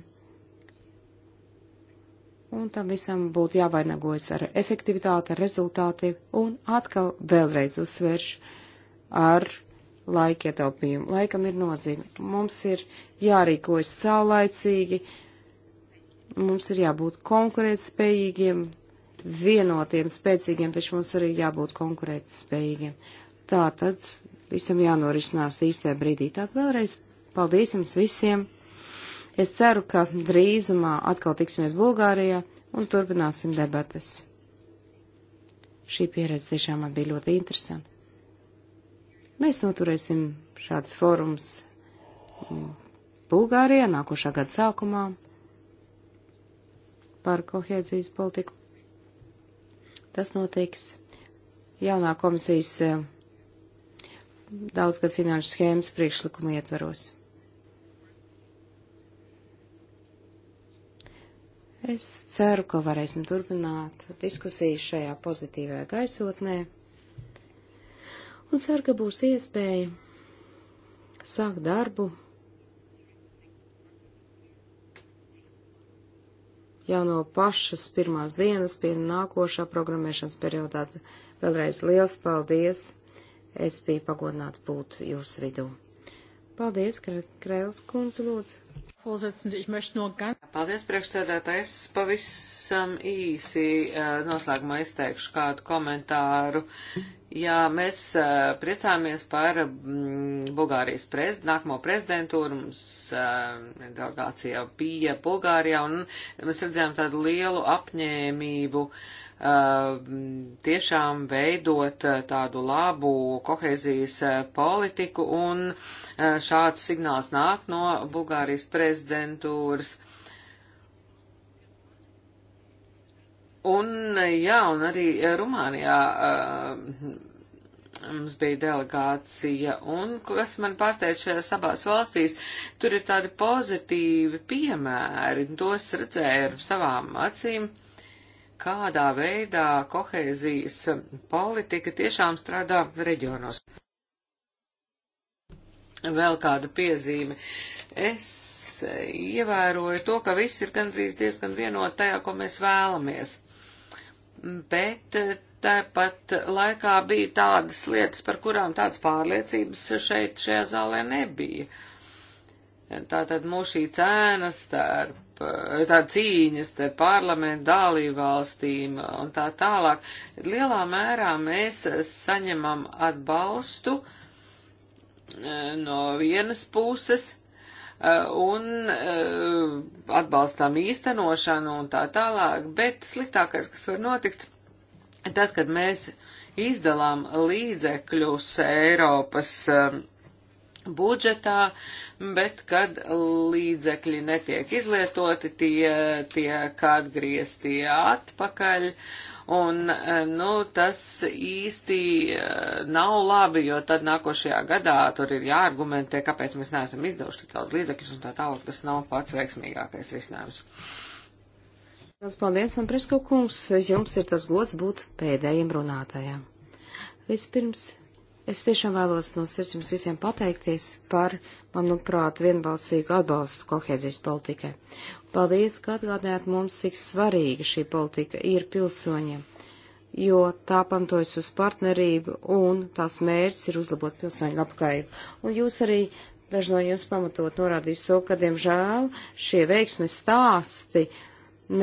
Un tam visam būtu jāvainagojas ar efektivitāti, ar rezultātiem, un atkal vēlreiz uzsveršu ar laika ietaupījumu. Laikam ir nozīme. Mums ir jārīkojas saulaicīgi, mums ir jābūt konkurētspējīgiem, vienotiem, spēcīgiem, taču mums arī jābūt konkurētspējīgiem. Tā tad visam jānorisinās īstajā brīdī. Tātad vēlreiz paldies jums visiem. Es ceru, ka drīzumā atkal tiksimies Bulgārijā un turpināsim debatas. Šī pieredze tiešām man bija ļoti interesanta. Mēs noturēsim šāds fórums Bulgārijā nākošā gada sākumā par kohēzijas politiku. Tas notiks jaunā komisijas eh, daudzgad finanšu schēmas priekšlikumu ietveros. Es ceru, ka varēsim turpināt diskusijas šajā pozitīvajā gaisotnē un ceru, ka būs iespēja sākt darbu jau no pašas pirmās dienas pie nākošā programmēšanas periodā. Vēlreiz liels paldies! Es biju pagodināta būt jūsu vidū. Paldies, Krēls kundze, lūdzu. Paldies, priekšsēdētājs. Pavisam īsi eh, noslēgumā izteikšu kādu komentāru. Jā, mēs uh, priecāmies par mm, Bulgārijas prezid, nākamo prezidentūru. Mums uh, delegācija bija Bulgārijā un mēs redzējām tādu lielu apņēmību uh, tiešām veidot tādu labu kohēzijas politiku un šāds signāls nāk no Bulgārijas prezidentūras. Un, jā, un arī eh, Rumānijā uh, mums bija delegācija, un kas man pārsteidz šajās abās valstīs, tur ir tādi pozitīvi piemēri, tos redzēju ar savām acīm, kādā veidā kohēzijas politika tiešām strādā reģionos. Vēl kāda piezīme. Es ievēroju to, ka viss ir gandrīz diezgan vienot tajā, ko mēs vēlamies bet eh, tāpat laikā bija tādas lietas, par kurām tādas pārliecības šeit šajā zālē nebija. Tātad mūs šī cēna starp, eh, tā cīņa starp parlamentu dalībvalstīm un tā tālāk, lielā mērā mēs saņemam atbalstu eh, no vienas puses, Eh, un eh, atbalstām īstenošanu un tā tālāk, bet sliktākais, kas var notikt, tad, kad mēs izdalām līdzekļus Eiropas eh, budžetā, bet kad līdzekļi netiek izlietoti, tie tiek atgriezti atpakaļ Un, e, nu, tas īsti e, nav labi, jo tad nākošajā gadā tur ir jāargumentē, kāpēc mēs neesam izdevuši tik daudz līdzekļus un tā tālāk. Tas nav pats veiksmīgākais risinājums. Liels paldies, man Prisko kungs, jums ir tas gods būt pēdējiem runātājiem. Vispirms, es tiešām vēlos no sirds jums visiem pateikties par manuprāt, vienbalsīgu atbalstu kohēzijas politikai. Paldies, ka atgādinājāt mums, cik svarīga šī politika ir pilsoņiem, jo tā pamatojas uz partnerību un tās mērķis ir uzlabot pilsoņu labklājību. Un jūs arī daži no jums pamatot norādījis to, ka, diemžēl, šie veiksmes stāsti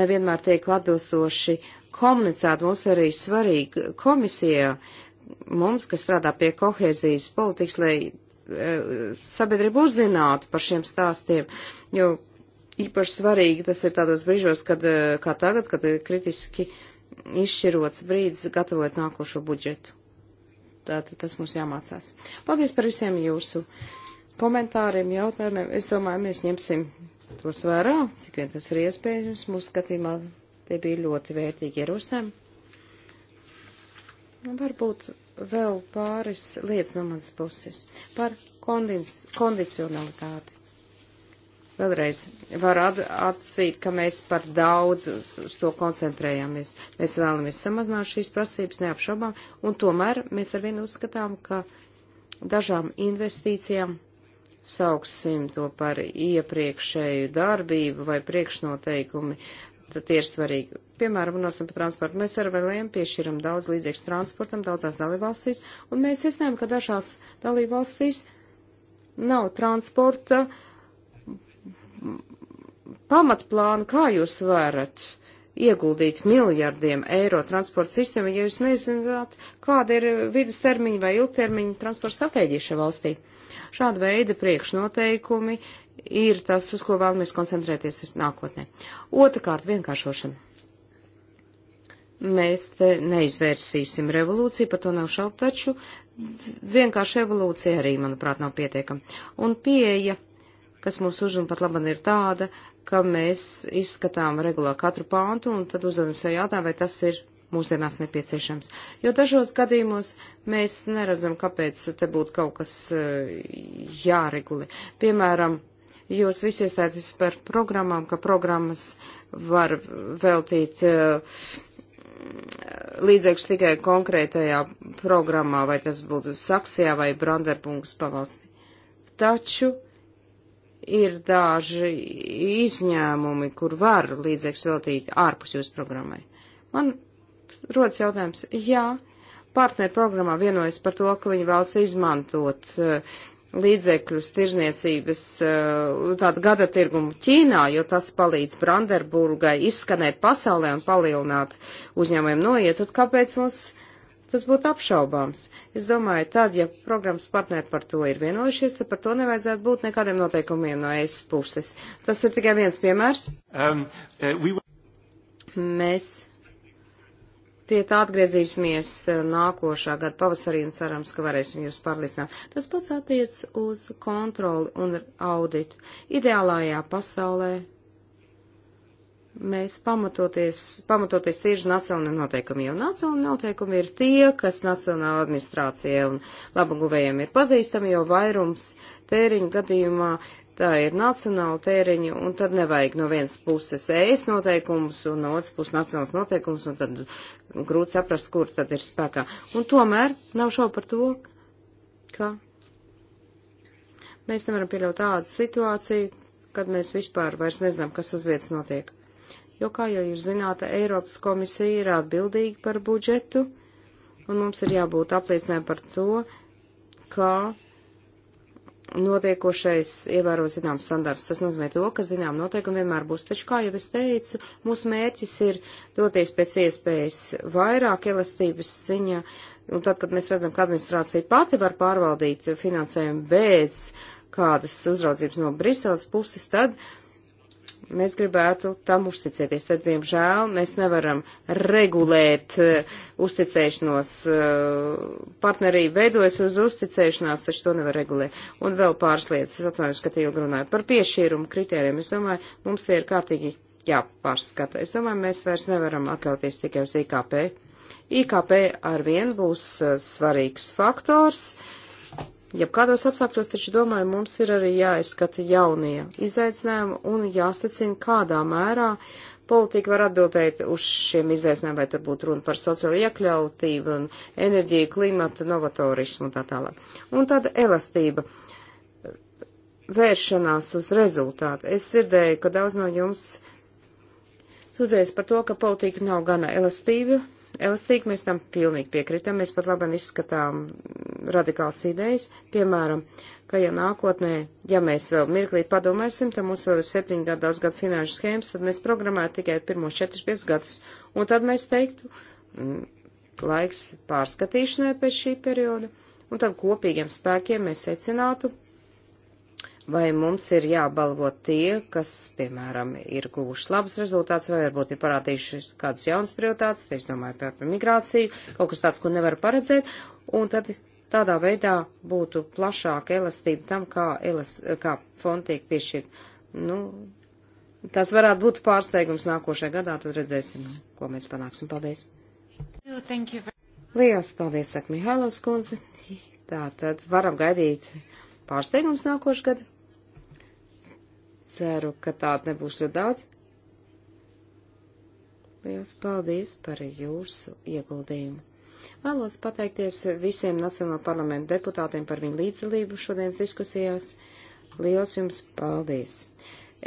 nevienmēr tiek atbilstoši komunicēt. Mums arī svarīgi komisijā, mums, kas strādā pie kohēzijas politikas, lai Eh, sabiedrība uzzinātu par šiem stāstiem, jo īpaši svarīgi tas ir tādos brīžos, kad, eh, kā tagad, kad ir kritiski izšķirots brīdis gatavot nākošo budžetu. Tātad tas mums jāmācās. Paldies par visiem jūsu komentāriem, jautājumiem. Es domāju, mēs ņemsim tos vērā, cik vien tas ir iespējams. Mūsu skatījumā tie bija ļoti vērtīgi ierosinājumi. Varbūt vēl pāris lietas no manas puses par kondic kondicionalitāti. Vēlreiz var atzīt, ka mēs par daudz uz to koncentrējāmies. Mēs vēlamies samazināt šīs prasības neapšaubām, un tomēr mēs arvien uzskatām, ka dažām investīcijām sauksim to par iepriekšēju darbību vai priekšnoteikumi tad tie ir svarīgi. Piemēram, runāsim par transportu. Mēs ar vēliem piešķiram daudz līdzīgs transportam daudzās dalībvalstīs, un mēs secinām, ka dažās dalībvalstīs nav transporta pamatplānu, kā jūs varat ieguldīt miljardiem eiro transporta sistēmu, ja jūs nezināt, kāda ir vidustermiņa vai ilgtermiņa transporta stratēģija šajā valstī. Šāda veida priekšnoteikumi ir tas, uz ko vēlamies koncentrēties nākotnē. Otrakārt, vienkāršošana. Mēs te neizvērsīsim revolūciju, par to nav šaubu, taču vienkārši evolūcija arī, manuprāt, nav pietiekama. Un pieeja, kas mums uzrunā pat laban ir tāda, ka mēs izskatām regulāri katru pāntu un tad uzdodam sev jautājumu, vai tas ir mūsdienās nepieciešams. Jo dažos gadījumos mēs neredzam, kāpēc te būtu kaut kas eh, jāregulē. Piemēram, jūs visi iestāties par programmām, ka programmas var veltīt eh, līdzekļus tikai konkrētajā programmā, vai tas būtu Saksijā vai Branderburgas pavalstī. Taču ir daži izņēmumi, kur var līdzekļus veltīt ārpus jūsu programmai. Man rodas jautājums, jā, partneru programmā vienojas par to, ka viņi vēlas izmantot uh, līdzekļus tirzniecības, eh, tādu gada tirgumu Ķīnā, jo tas palīdz Branderburgai izskanēt pasaulē un palielināt uzņēmumiem noiet, tad kāpēc mums tas būtu apšaubāms? Es domāju, tad, ja programmas partneri par to ir vienojušies, tad par to nevajadzētu būt nekādiem noteikumiem no es puses. Tas ir tikai viens piemērs. Um, uh, we... Mēs Pie tā atgriezīsimies eh, nākošā gada pavasarī un cerams, ka varēsim jūs pārliecināt. Tas pats attiec uz kontroli un auditu. Ideālājā pasaulē mēs pamatoties, pamatoties tieši nacionālajiem noteikumiem, jo nacionālajie noteikumi ir tie, kas nacionāla administrācija un labaguvējiem ir pazīstami, jo vairums tēriņu gadījumā tā ir nacionāla tēriņa, un tad nevajag no vienas puses ēs noteikums, un no otras puses nacionāls noteikums, un tad grūti saprast, kur tad ir spēkā. Un tomēr nav šau par to, ka mēs nevaram pieļaut tādu situāciju, kad mēs vispār vairs nezinām, kas uz vietas notiek. Jo, kā jau jūs zināt, Eiropas komisija ir atbildīga par budžetu, un mums ir jābūt apliecinājumi par to, kā notiekošais ievēro zinām standarts. Tas nozīmē to, ka zinām noteikumi vienmēr būs. Taču, kā jau es teicu, mūsu mērķis ir doties pēc iespējas vairāk elastības ziņā. Un tad, kad mēs redzam, ka administrācija pati var pārvaldīt finansējumu bez kādas uzraudzības no Briseles puses, tad mēs gribētu tam uzticēties. Tad, diemžēl, mēs nevaram regulēt uh, uzticēšanos. Uh, eh, partnerība veidojas uz uzticēšanās, taču to nevar regulēt. Un vēl pāris lietas, es atvainojos, ka tie ilgi runāju par piešķīrumu kritērijiem. Es domāju, mums tie ir kārtīgi jāpārskata. Es domāju, mēs vairs nevaram atļauties tikai uz IKP. IKP ar vien būs uh, svarīgs faktors. Uh, Ja kādos apstākļos taču domāju, mums ir arī jāizskata jaunie izaicinājumi un jāstacina, kādā mērā politika var atbildēt uz šiem izaicinājumiem, vai tur būtu runa par sociālo iekļautību un enerģiju, klimatu, novatorismu un tā tālāk. Un tad elastība. Vēršanās uz rezultātu. Es dzirdēju, ka daudz no jums sūdzēs par to, ka politika nav gana elastība elastīgi, mēs tam pilnīgi piekritam, mēs pat labam izskatām radikāls idejas, piemēram, ka ja nākotnē, ja mēs vēl mirklīt padomāsim, tad mums vēl ir septiņu gadu daudz gadu finanšu schēmas, tad mēs programētu tikai pirmos 4-5 gadus, un tad mēs teiktu, mm, laiks pārskatīšanai pēc šī perioda, un tad kopīgiem spēkiem mēs secinātu, vai mums ir jābalvo tie, kas, piemēram, ir guvuši labus rezultātus, vai varbūt ir parādījuši kādas jaunas prioritātes, es domāju par migrāciju, kaut kas tāds, ko nevar paredzēt, un tad tādā veidā būtu plašāka elastība tam, kā, elas, kā fondi tiek piešķirt. Nu, tas varētu būt pārsteigums nākošajā gadā, tad redzēsim, ko mēs panāksim. Paldies! Lielas paldies, saka Mihailovs kundze. Tā tad varam gaidīt pārsteigums nākošajā gadā. Ceru, ka tāda nebūs ļoti daudz. Liels paldies par jūsu ieguldījumu. Vēlos pateikties visiem Nacionālā parlamenta deputātiem par viņu līdzdalību šodienas diskusijās. Liels jums paldies!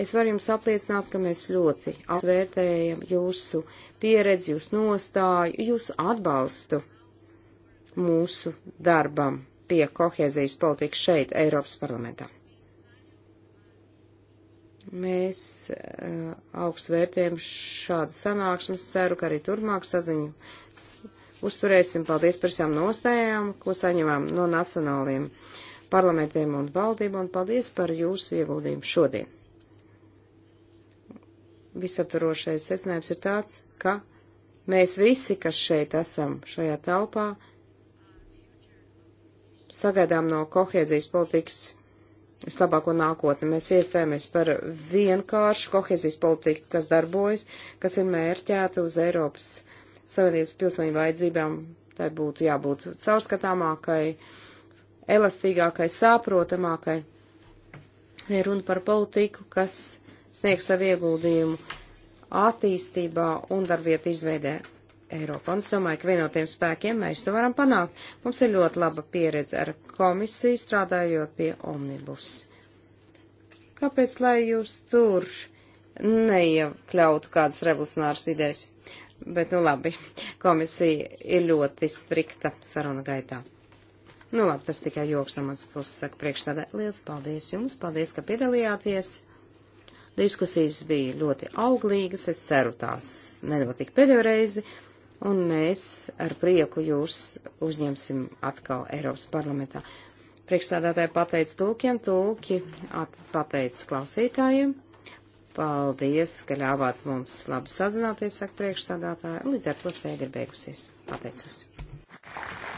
Es varu jums apliecināt, ka mēs ļoti atvērtējam jūsu pieredzi, jūsu nostāju, jūsu atbalstu mūsu darbam pie kohēzijas politikas šeit, Eiropas parlamentā. Mēs uh, augstu vērtējam šādu sanāksmes, ceru, ka arī turpmāk saziņu uzturēsim. Paldies par visām nostājām, ko saņemam no nacionāliem parlamentiem un valdību, un paldies par jūsu ieguldījumu šodien. Visaptvarošais secinājums ir tāds, ka mēs visi, kas šeit esam, šajā telpā, sagaidām no kohēzijas politikas vislabāko nākotni. Mēs iestājāmies par vienkāršu kohezijas politiku, kas darbojas, kas ir mērķēta uz Eiropas Savienības pilsoņu vajadzībām. Tai būtu jābūt caurskatāmākai, elastīgākai, saprotamākai. Ir runa par politiku, kas sniegs savu ieguldījumu attīstībā un darbvietu izveidē. Eiropā. Un es domāju, ka vienotiem spēkiem mēs to varam panākt. Mums ir ļoti laba pieredze ar komisiju strādājot pie omnibus. Kāpēc, lai jūs tur neiekļautu kādas revolucionāras idejas? Bet, nu labi, komisija ir ļoti strikta saruna gaitā. Nu labi, tas tikai joks no manas puses, saka priekšsādē. Liels paldies jums, paldies, ka piedalījāties. Diskusijas bija ļoti auglīgas, es ceru tās nenotika pēdējo reizi un mēs ar prieku jūs uzņemsim atkal Eiropas parlamentā. Priekšstādātāji pateica tūkiem, tūki pateica klausītājiem. Paldies, ka ļāvāt mums labi sazināties, saka priekšstādātāji. Līdz ar to sēde ir beigusies. Pateicos. Thank you.